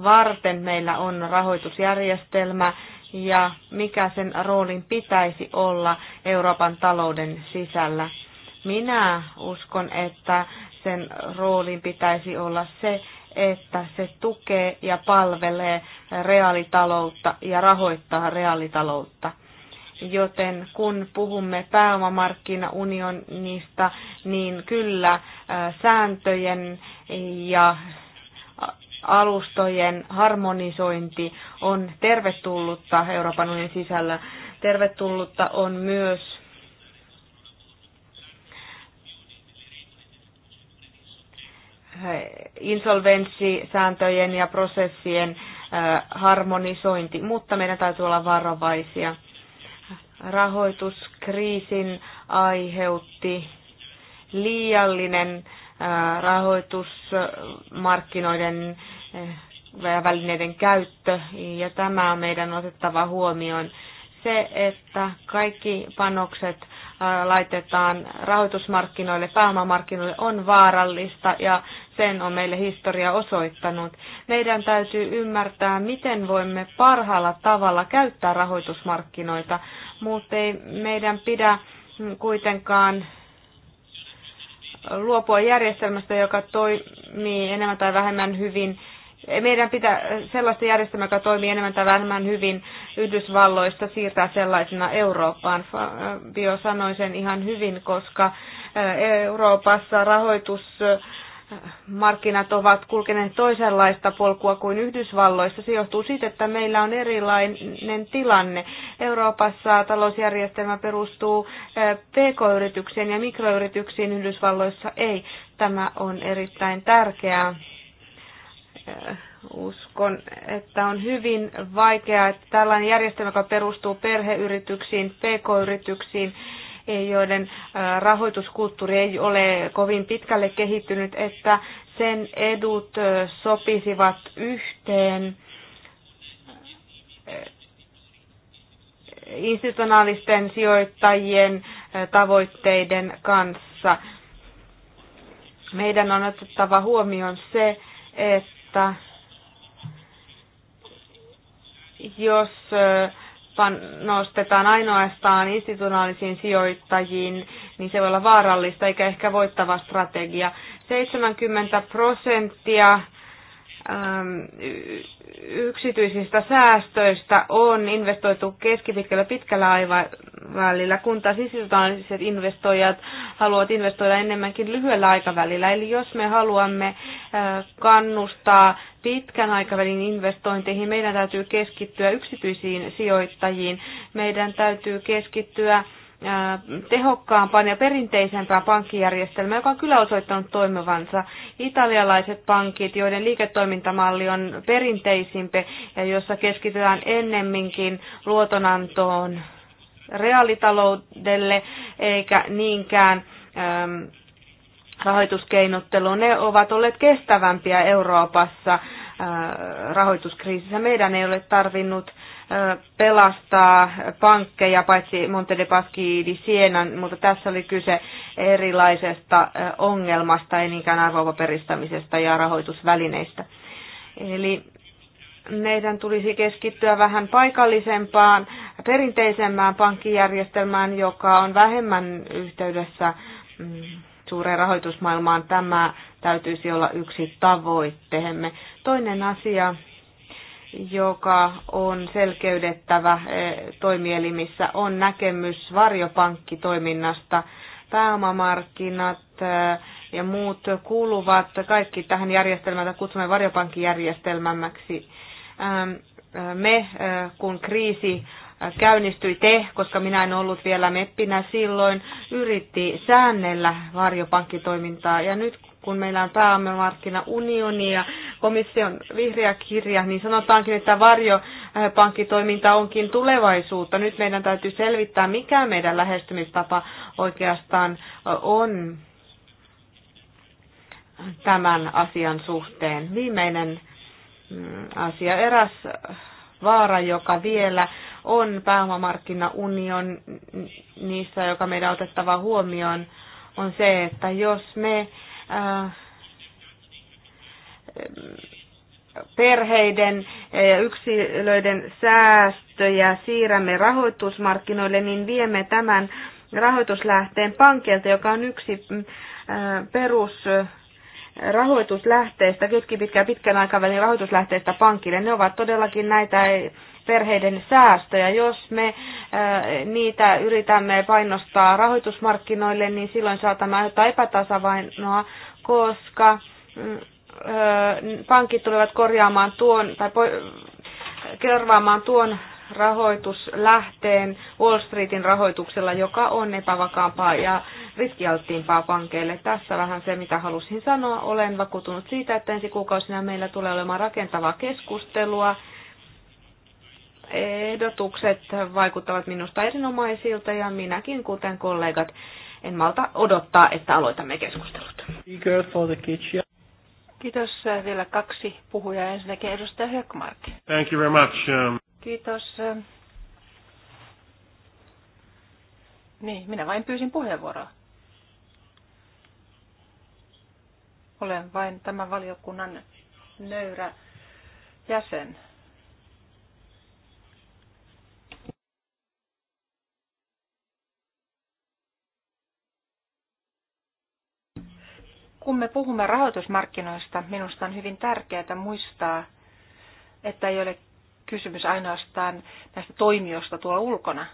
varten meillä on rahoitusjärjestelmä ja mikä sen roolin pitäisi olla Euroopan talouden sisällä. Minä uskon, että sen roolin pitäisi olla se, että se tukee ja palvelee reaalitaloutta ja rahoittaa reaalitaloutta joten kun puhumme pääomamarkkinaunionista, niin kyllä äh, sääntöjen ja alustojen harmonisointi on tervetullutta Euroopan unionin sisällä. Tervetullutta on myös insolvenssisääntöjen ja prosessien äh, harmonisointi, mutta meidän täytyy olla varovaisia rahoituskriisin aiheutti liiallinen rahoitusmarkkinoiden välineiden käyttö, ja tämä on meidän otettava huomioon. Se, että kaikki panokset laitetaan rahoitusmarkkinoille, pääomamarkkinoille, on vaarallista ja sen on meille historia osoittanut. Meidän täytyy ymmärtää, miten voimme parhaalla tavalla käyttää rahoitusmarkkinoita mutta ei meidän pidä kuitenkaan luopua järjestelmästä, joka toimii enemmän tai vähemmän hyvin. Meidän pitää sellaista järjestelmää, joka toimii enemmän tai vähemmän hyvin Yhdysvalloista, siirtää sellaisena Eurooppaan. Bio sanoi sen ihan hyvin, koska Euroopassa rahoitus markkinat ovat kulkeneet toisenlaista polkua kuin Yhdysvalloissa. Se johtuu siitä, että meillä on erilainen tilanne. Euroopassa talousjärjestelmä perustuu eh, pk-yrityksiin ja mikroyrityksiin, Yhdysvalloissa ei. Tämä on erittäin tärkeää. Eh, uskon, että on hyvin vaikeaa, että tällainen järjestelmä, joka perustuu perheyrityksiin, pk-yrityksiin, joiden rahoituskulttuuri ei ole kovin pitkälle kehittynyt, että sen edut sopisivat yhteen institutionaalisten sijoittajien tavoitteiden kanssa. Meidän on otettava huomioon se, että jos panostetaan ainoastaan institutionaalisiin sijoittajiin, niin se voi olla vaarallista eikä ehkä voittava strategia. 70 prosenttia Ähm, yksityisistä säästöistä on investoitu keskipitkällä pitkällä aikavälillä, kun taas institutionaaliset investoijat haluavat investoida enemmänkin lyhyellä aikavälillä. Eli jos me haluamme äh, kannustaa pitkän aikavälin investointeihin, meidän täytyy keskittyä yksityisiin sijoittajiin, meidän täytyy keskittyä tehokkaampaan ja perinteisempään pankkijärjestelmään, joka on kyllä osoittanut toimivansa. Italialaiset pankit, joiden liiketoimintamalli on perinteisimpi ja jossa keskitytään ennemminkin luotonantoon reaalitaloudelle eikä niinkään äm, rahoituskeinotteluun, ne ovat olleet kestävämpiä Euroopassa rahoituskriisissä. Meidän ei ole tarvinnut pelastaa pankkeja, paitsi Monte de Paschi di Sienan, mutta tässä oli kyse erilaisesta ongelmasta, ei niinkään arvopaperistamisesta ja rahoitusvälineistä. Eli meidän tulisi keskittyä vähän paikallisempaan, perinteisemmään pankkijärjestelmään, joka on vähemmän yhteydessä mm, suureen rahoitusmaailmaan. Tämä täytyisi olla yksi tavoitteemme. Toinen asia, joka on selkeydettävä eh, toimielimissä, on näkemys varjopankkitoiminnasta. Pääomamarkkinat eh, ja muut kuuluvat kaikki tähän järjestelmään, jota kutsumme varjopankkijärjestelmämmäksi. Eh, me, kun kriisi käynnistyi te, koska minä en ollut vielä meppinä silloin, yritti säännellä varjopankkitoimintaa. Ja nyt kun meillä on pääomamarkkinaunioni ja komission vihreä kirja, niin sanotaankin, että varjopankkitoiminta onkin tulevaisuutta. Nyt meidän täytyy selvittää, mikä meidän lähestymistapa oikeastaan on tämän asian suhteen. Viimeinen mm, asia. Eräs vaara, joka vielä on pääomamarkkinaunion niissä, joka meidän on otettava huomioon, on se, että jos me Äh, perheiden ja äh, yksilöiden säästöjä siirrämme rahoitusmarkkinoille, niin viemme tämän rahoituslähteen pankilta, joka on yksi äh, perus rahoituslähteistä, pitkän aikavälin rahoituslähteistä pankille. Ne ovat todellakin näitä perheiden säästöjä. Jos me äh, niitä yritämme painostaa rahoitusmarkkinoille, niin silloin saatamme aiheuttaa epätasavainoa, koska mm, äh, pankit tulevat korjaamaan tuon tai korvaamaan tuon rahoituslähteen Wall Streetin rahoituksella, joka on epävakaampaa ja riskialttiimpaa pankeille. Tässä vähän se, mitä halusin sanoa. Olen vakuutunut siitä, että ensi kuukausina meillä tulee olemaan rakentavaa keskustelua ehdotukset vaikuttavat minusta erinomaisilta ja minäkin, kuten kollegat, en malta odottaa, että aloitamme keskustelut. Kiitos. Vielä kaksi puhujaa. Ensinnäkin edustaja Hökmark. Thank you very much. Um... Kiitos. Niin, minä vain pyysin puheenvuoroa. Olen vain tämän valiokunnan nöyrä jäsen. kun me puhumme rahoitusmarkkinoista, minusta on hyvin tärkeää muistaa, että ei ole kysymys ainoastaan näistä toimijoista tuolla ulkona.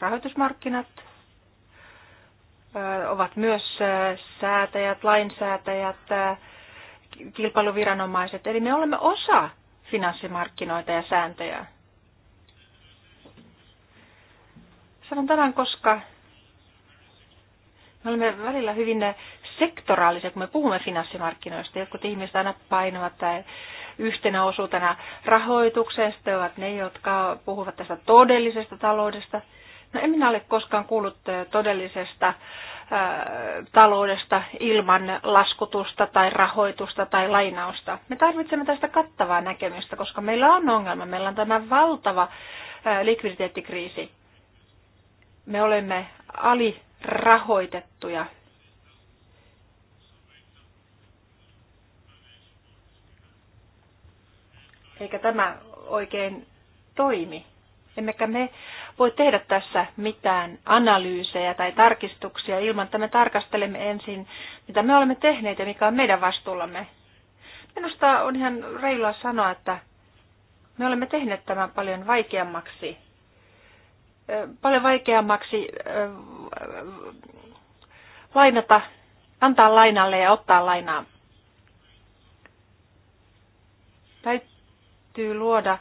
Rahoitusmarkkinat ovat myös säätäjät, lainsäätäjät, kilpailuviranomaiset. Eli me olemme osa finanssimarkkinoita ja sääntöjä. Sanon tämän, koska me olemme välillä hyvin sektoraalisia, kun me puhumme finanssimarkkinoista. Jotkut ihmiset aina painavat tai yhtenä osuutena rahoituksesta, ovat ne, jotka puhuvat tästä todellisesta taloudesta. No en minä ole koskaan kuullut todellisesta ää, taloudesta ilman laskutusta tai rahoitusta tai lainausta. Me tarvitsemme tästä kattavaa näkemystä, koska meillä on ongelma. Meillä on tämä valtava ää, likviditeettikriisi. Me olemme ali rahoitettuja. Eikä tämä oikein toimi. Emmekä me voi tehdä tässä mitään analyysejä tai tarkistuksia ilman, että me tarkastelemme ensin, mitä me olemme tehneet ja mikä on meidän vastuullamme. Minusta on ihan reilua sanoa, että me olemme tehneet tämän paljon vaikeammaksi paljon vaikeammaksi lainata, antaa lainalle ja ottaa lainaa. Täytyy luoda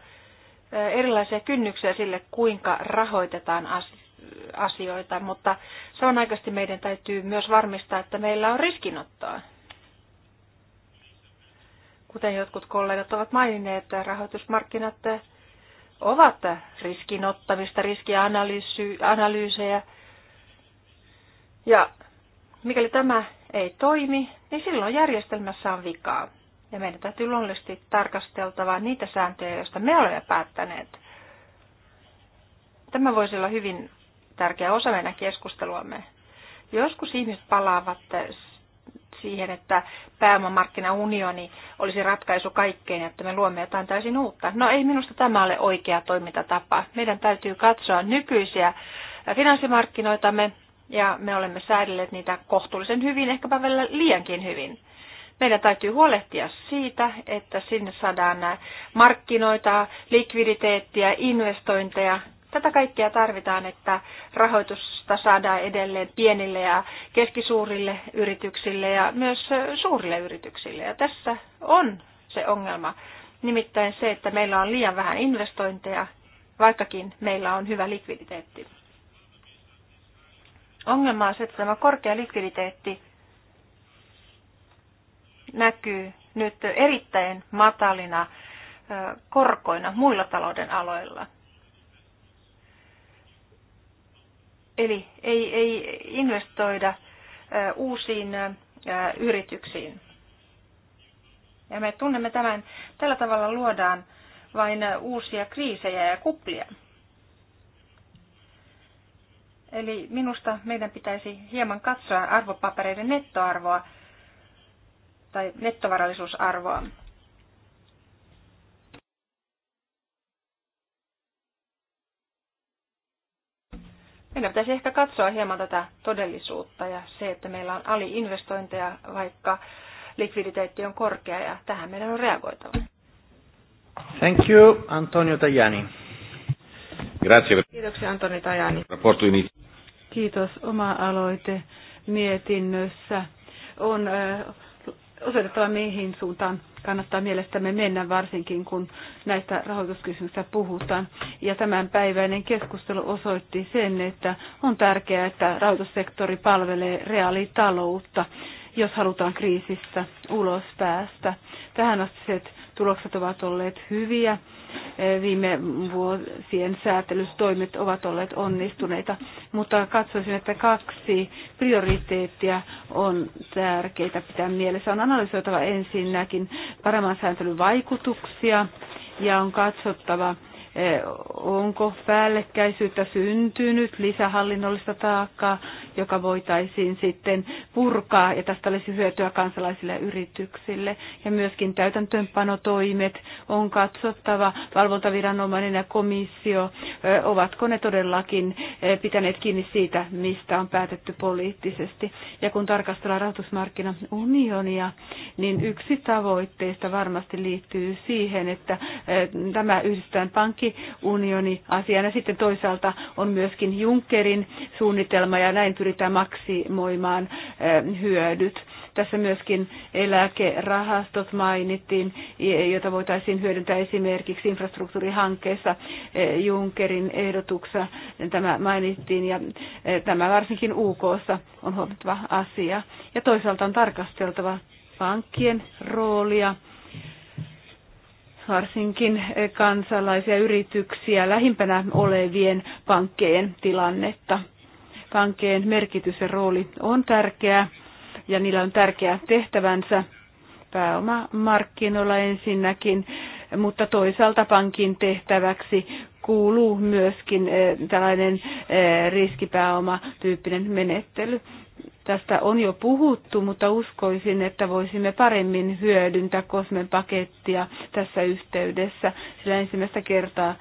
erilaisia kynnyksiä sille, kuinka rahoitetaan asioita, mutta samanaikaisesti meidän täytyy myös varmistaa, että meillä on riskinottoa. Kuten jotkut kollegat ovat maininneet, rahoitusmarkkinat ovat riskinottamista, riskianalyysejä. Ja mikäli tämä ei toimi, niin silloin järjestelmässä on vikaa. Ja meidän täytyy luonnollisesti tarkasteltava niitä sääntöjä, joista me olemme päättäneet. Tämä voisi olla hyvin tärkeä osa meidän keskusteluamme. Joskus ihmiset palaavat siihen, että pääomamarkkinaunioni olisi ratkaisu kaikkeen, että me luomme jotain täysin uutta. No ei minusta tämä ole oikea toimintatapa. Meidän täytyy katsoa nykyisiä finanssimarkkinoitamme ja me olemme säädelleet niitä kohtuullisen hyvin, ehkäpä vielä liiankin hyvin. Meidän täytyy huolehtia siitä, että sinne saadaan markkinoita, likviditeettiä, investointeja Tätä kaikkea tarvitaan, että rahoitusta saadaan edelleen pienille ja keskisuurille yrityksille ja myös suurille yrityksille. Ja tässä on se ongelma, nimittäin se, että meillä on liian vähän investointeja, vaikkakin meillä on hyvä likviditeetti. Ongelma on se, että tämä korkea likviditeetti näkyy nyt erittäin matalina korkoina muilla talouden aloilla – Eli ei, ei investoida uusiin yrityksiin. Ja me tunnemme tämän, tällä tavalla luodaan vain uusia kriisejä ja kuplia. Eli minusta meidän pitäisi hieman katsoa arvopapereiden nettoarvoa tai nettovarallisuusarvoa. Meidän pitäisi ehkä katsoa hieman tätä todellisuutta ja se, että meillä on aliinvestointeja, vaikka likviditeetti on korkea ja tähän meidän on reagoitava. Thank you, Antonio Tajani. Grazie. Kiitoksia Antoni Tajani. Kiitos oma aloite mietinnössä. On äh, osoitettava, mihin suuntaan kannattaa mielestämme mennä, varsinkin kun näistä rahoituskysymyksistä puhutaan. Ja tämän päiväinen keskustelu osoitti sen, että on tärkeää, että rahoitussektori palvelee reaalitaloutta, jos halutaan kriisistä ulos päästä. Tähän asti tulokset ovat olleet hyviä viime vuosien säätelystoimet ovat olleet onnistuneita, mutta katsoisin, että kaksi prioriteettia on tärkeitä pitää mielessä. On analysoitava ensinnäkin paremman sääntelyn vaikutuksia ja on katsottava, E, onko päällekkäisyyttä syntynyt, lisähallinnollista taakkaa, joka voitaisiin sitten purkaa, ja tästä olisi hyötyä kansalaisille ja yrityksille. Ja myöskin täytäntöönpanotoimet on katsottava, valvontaviranomainen ja komissio, e, ovatko ne todellakin e, pitäneet kiinni siitä, mistä on päätetty poliittisesti. Ja kun tarkastellaan rahoitusmarkkinaunionia, niin yksi tavoitteista varmasti liittyy siihen, että eh, tämä yhdistetään pankkiunioni asiana. sitten toisaalta on myöskin Junckerin suunnitelma ja näin pyritään maksimoimaan eh, hyödyt. Tässä myöskin eläkerahastot mainittiin, eh, joita voitaisiin hyödyntää esimerkiksi infrastruktuurihankkeessa Junckerin ehdotuksessa. Tämä mainittiin ja tämä varsinkin UKssa on huomattava asia. Ja toisaalta on tarkasteltava pankkien roolia, varsinkin kansalaisia yrityksiä lähimpänä olevien pankkien tilannetta. Pankkien merkitys ja rooli on tärkeä ja niillä on tärkeä tehtävänsä pääomamarkkinoilla ensinnäkin, mutta toisaalta pankin tehtäväksi kuuluu myöskin eh, tällainen eh, riskipääoma-tyyppinen menettely. Tästä on jo puhuttu, mutta uskoisin, että voisimme paremmin hyödyntää kosmen pakettia tässä yhteydessä, sillä ensimmäistä kertaa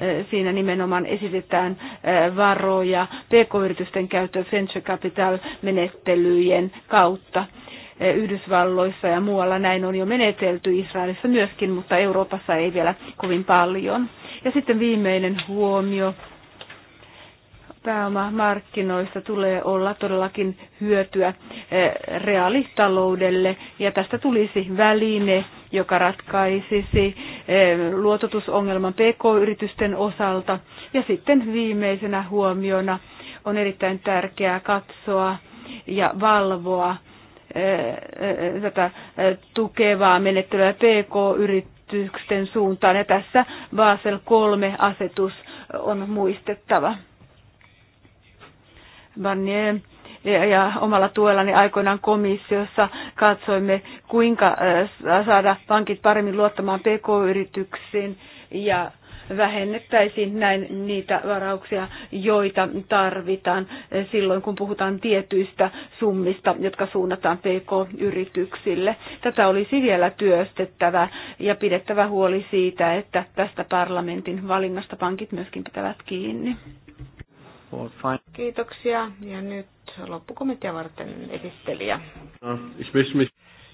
eh, siinä nimenomaan esitetään eh, varoja pk-yritysten käyttöön venture capital-menettelyjen kautta. Eh, Yhdysvalloissa ja muualla näin on jo menetelty, Israelissa myöskin, mutta Euroopassa ei vielä kovin paljon. Ja sitten viimeinen huomio pääomamarkkinoista tulee olla todellakin hyötyä eh, reaalitaloudelle ja tästä tulisi väline, joka ratkaisisi eh, luototusongelman pk-yritysten osalta. Ja sitten viimeisenä huomiona on erittäin tärkeää katsoa ja valvoa eh, tätä tukevaa menettelyä pk-yritysten suuntaan. Ja tässä Basel 3-asetus on muistettava. Barnier ja omalla tuellani aikoinaan komissiossa katsoimme, kuinka saada pankit paremmin luottamaan pk-yrityksiin ja vähennettäisiin näin niitä varauksia, joita tarvitaan silloin, kun puhutaan tietyistä summista, jotka suunnataan PK-yrityksille. Tätä olisi vielä työstettävä ja pidettävä huoli siitä, että tästä parlamentin valinnasta pankit myöskin pitävät kiinni. Kiitoksia. Ja nyt loppukomitea varten esittelijä. No,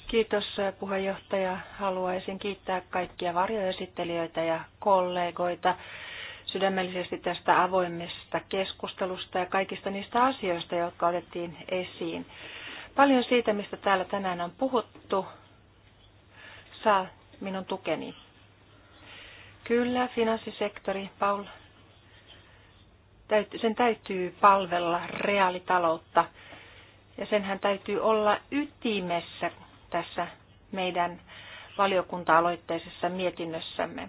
Kiitos puheenjohtaja. Haluaisin kiittää kaikkia varjoesittelijöitä ja kollegoita sydämellisesti tästä avoimesta keskustelusta ja kaikista niistä asioista, jotka otettiin esiin. Paljon siitä, mistä täällä tänään on puhuttu, saa minun tukeni. Kyllä, finanssisektori, Paul täytyy, sen täytyy palvella reaalitaloutta ja senhän täytyy olla ytimessä tässä meidän valiokunta-aloitteisessa mietinnössämme.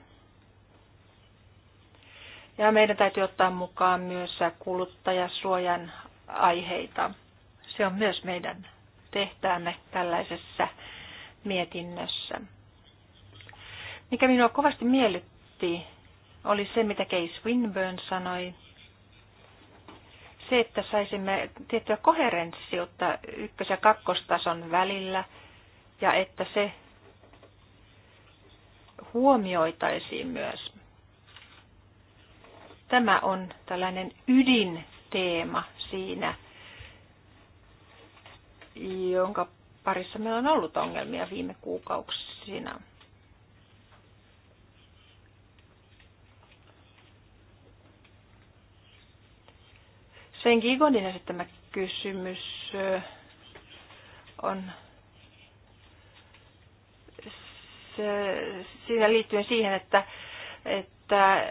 Ja meidän täytyy ottaa mukaan myös kuluttajasuojan aiheita. Se on myös meidän tehtäämme tällaisessa mietinnössä. Mikä minua kovasti miellytti, oli se, mitä Case Winburn sanoi se, että saisimme tiettyä koherenssiutta ykkös- ja kakkostason välillä ja että se huomioitaisiin myös. Tämä on tällainen ydinteema siinä, jonka parissa meillä on ollut ongelmia viime kuukausina. Sen Gigondin esittämä kysymys on se, siinä liittyen siihen, että, että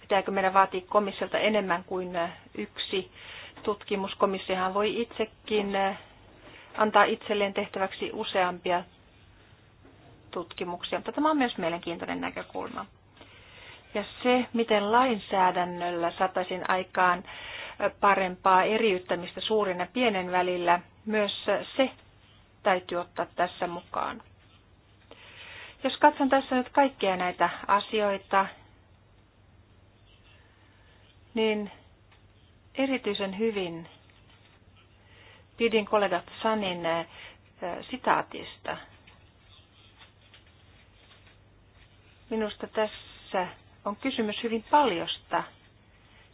pitääkö meidän vaatia komissiolta enemmän kuin yksi tutkimus. Komissiohan voi itsekin antaa itselleen tehtäväksi useampia tutkimuksia, mutta tämä on myös mielenkiintoinen näkökulma. Ja se, miten lainsäädännöllä saataisiin aikaan parempaa eriyttämistä suuren ja pienen välillä, myös se täytyy ottaa tässä mukaan. Jos katson tässä nyt kaikkia näitä asioita, niin erityisen hyvin pidin kollega Sanin eh, sitaatista. Minusta tässä on kysymys hyvin paljosta.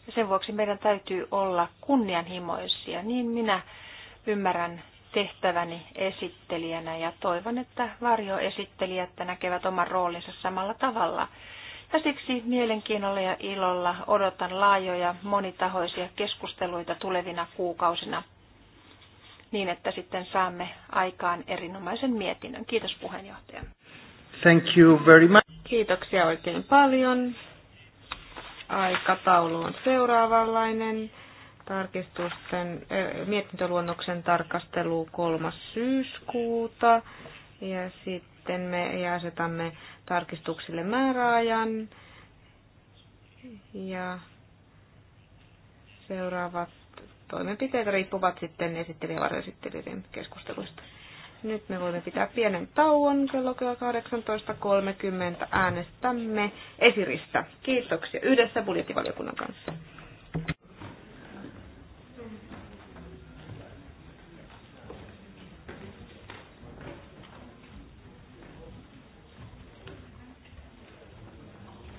Ja sen vuoksi meidän täytyy olla kunnianhimoisia. Niin minä ymmärrän tehtäväni esittelijänä ja toivon, että varjoesittelijät näkevät oman roolinsa samalla tavalla. Ja siksi mielenkiinnolla ja ilolla odotan laajoja monitahoisia keskusteluita tulevina kuukausina niin, että sitten saamme aikaan erinomaisen mietinnön. Kiitos puheenjohtaja. Thank you very much. Kiitoksia oikein paljon. Aikataulu on seuraavanlainen. Tarkistusten, äh, mietintöluonnoksen tarkastelu 3. syyskuuta. Ja sitten me asetamme tarkistuksille määräajan. Ja seuraavat toimenpiteet riippuvat sitten esittelijä- ja keskusteluista. Nyt me voimme pitää pienen tauon. Kello 18.30 äänestämme esiristä. Kiitoksia yhdessä budjettivaliokunnan kanssa.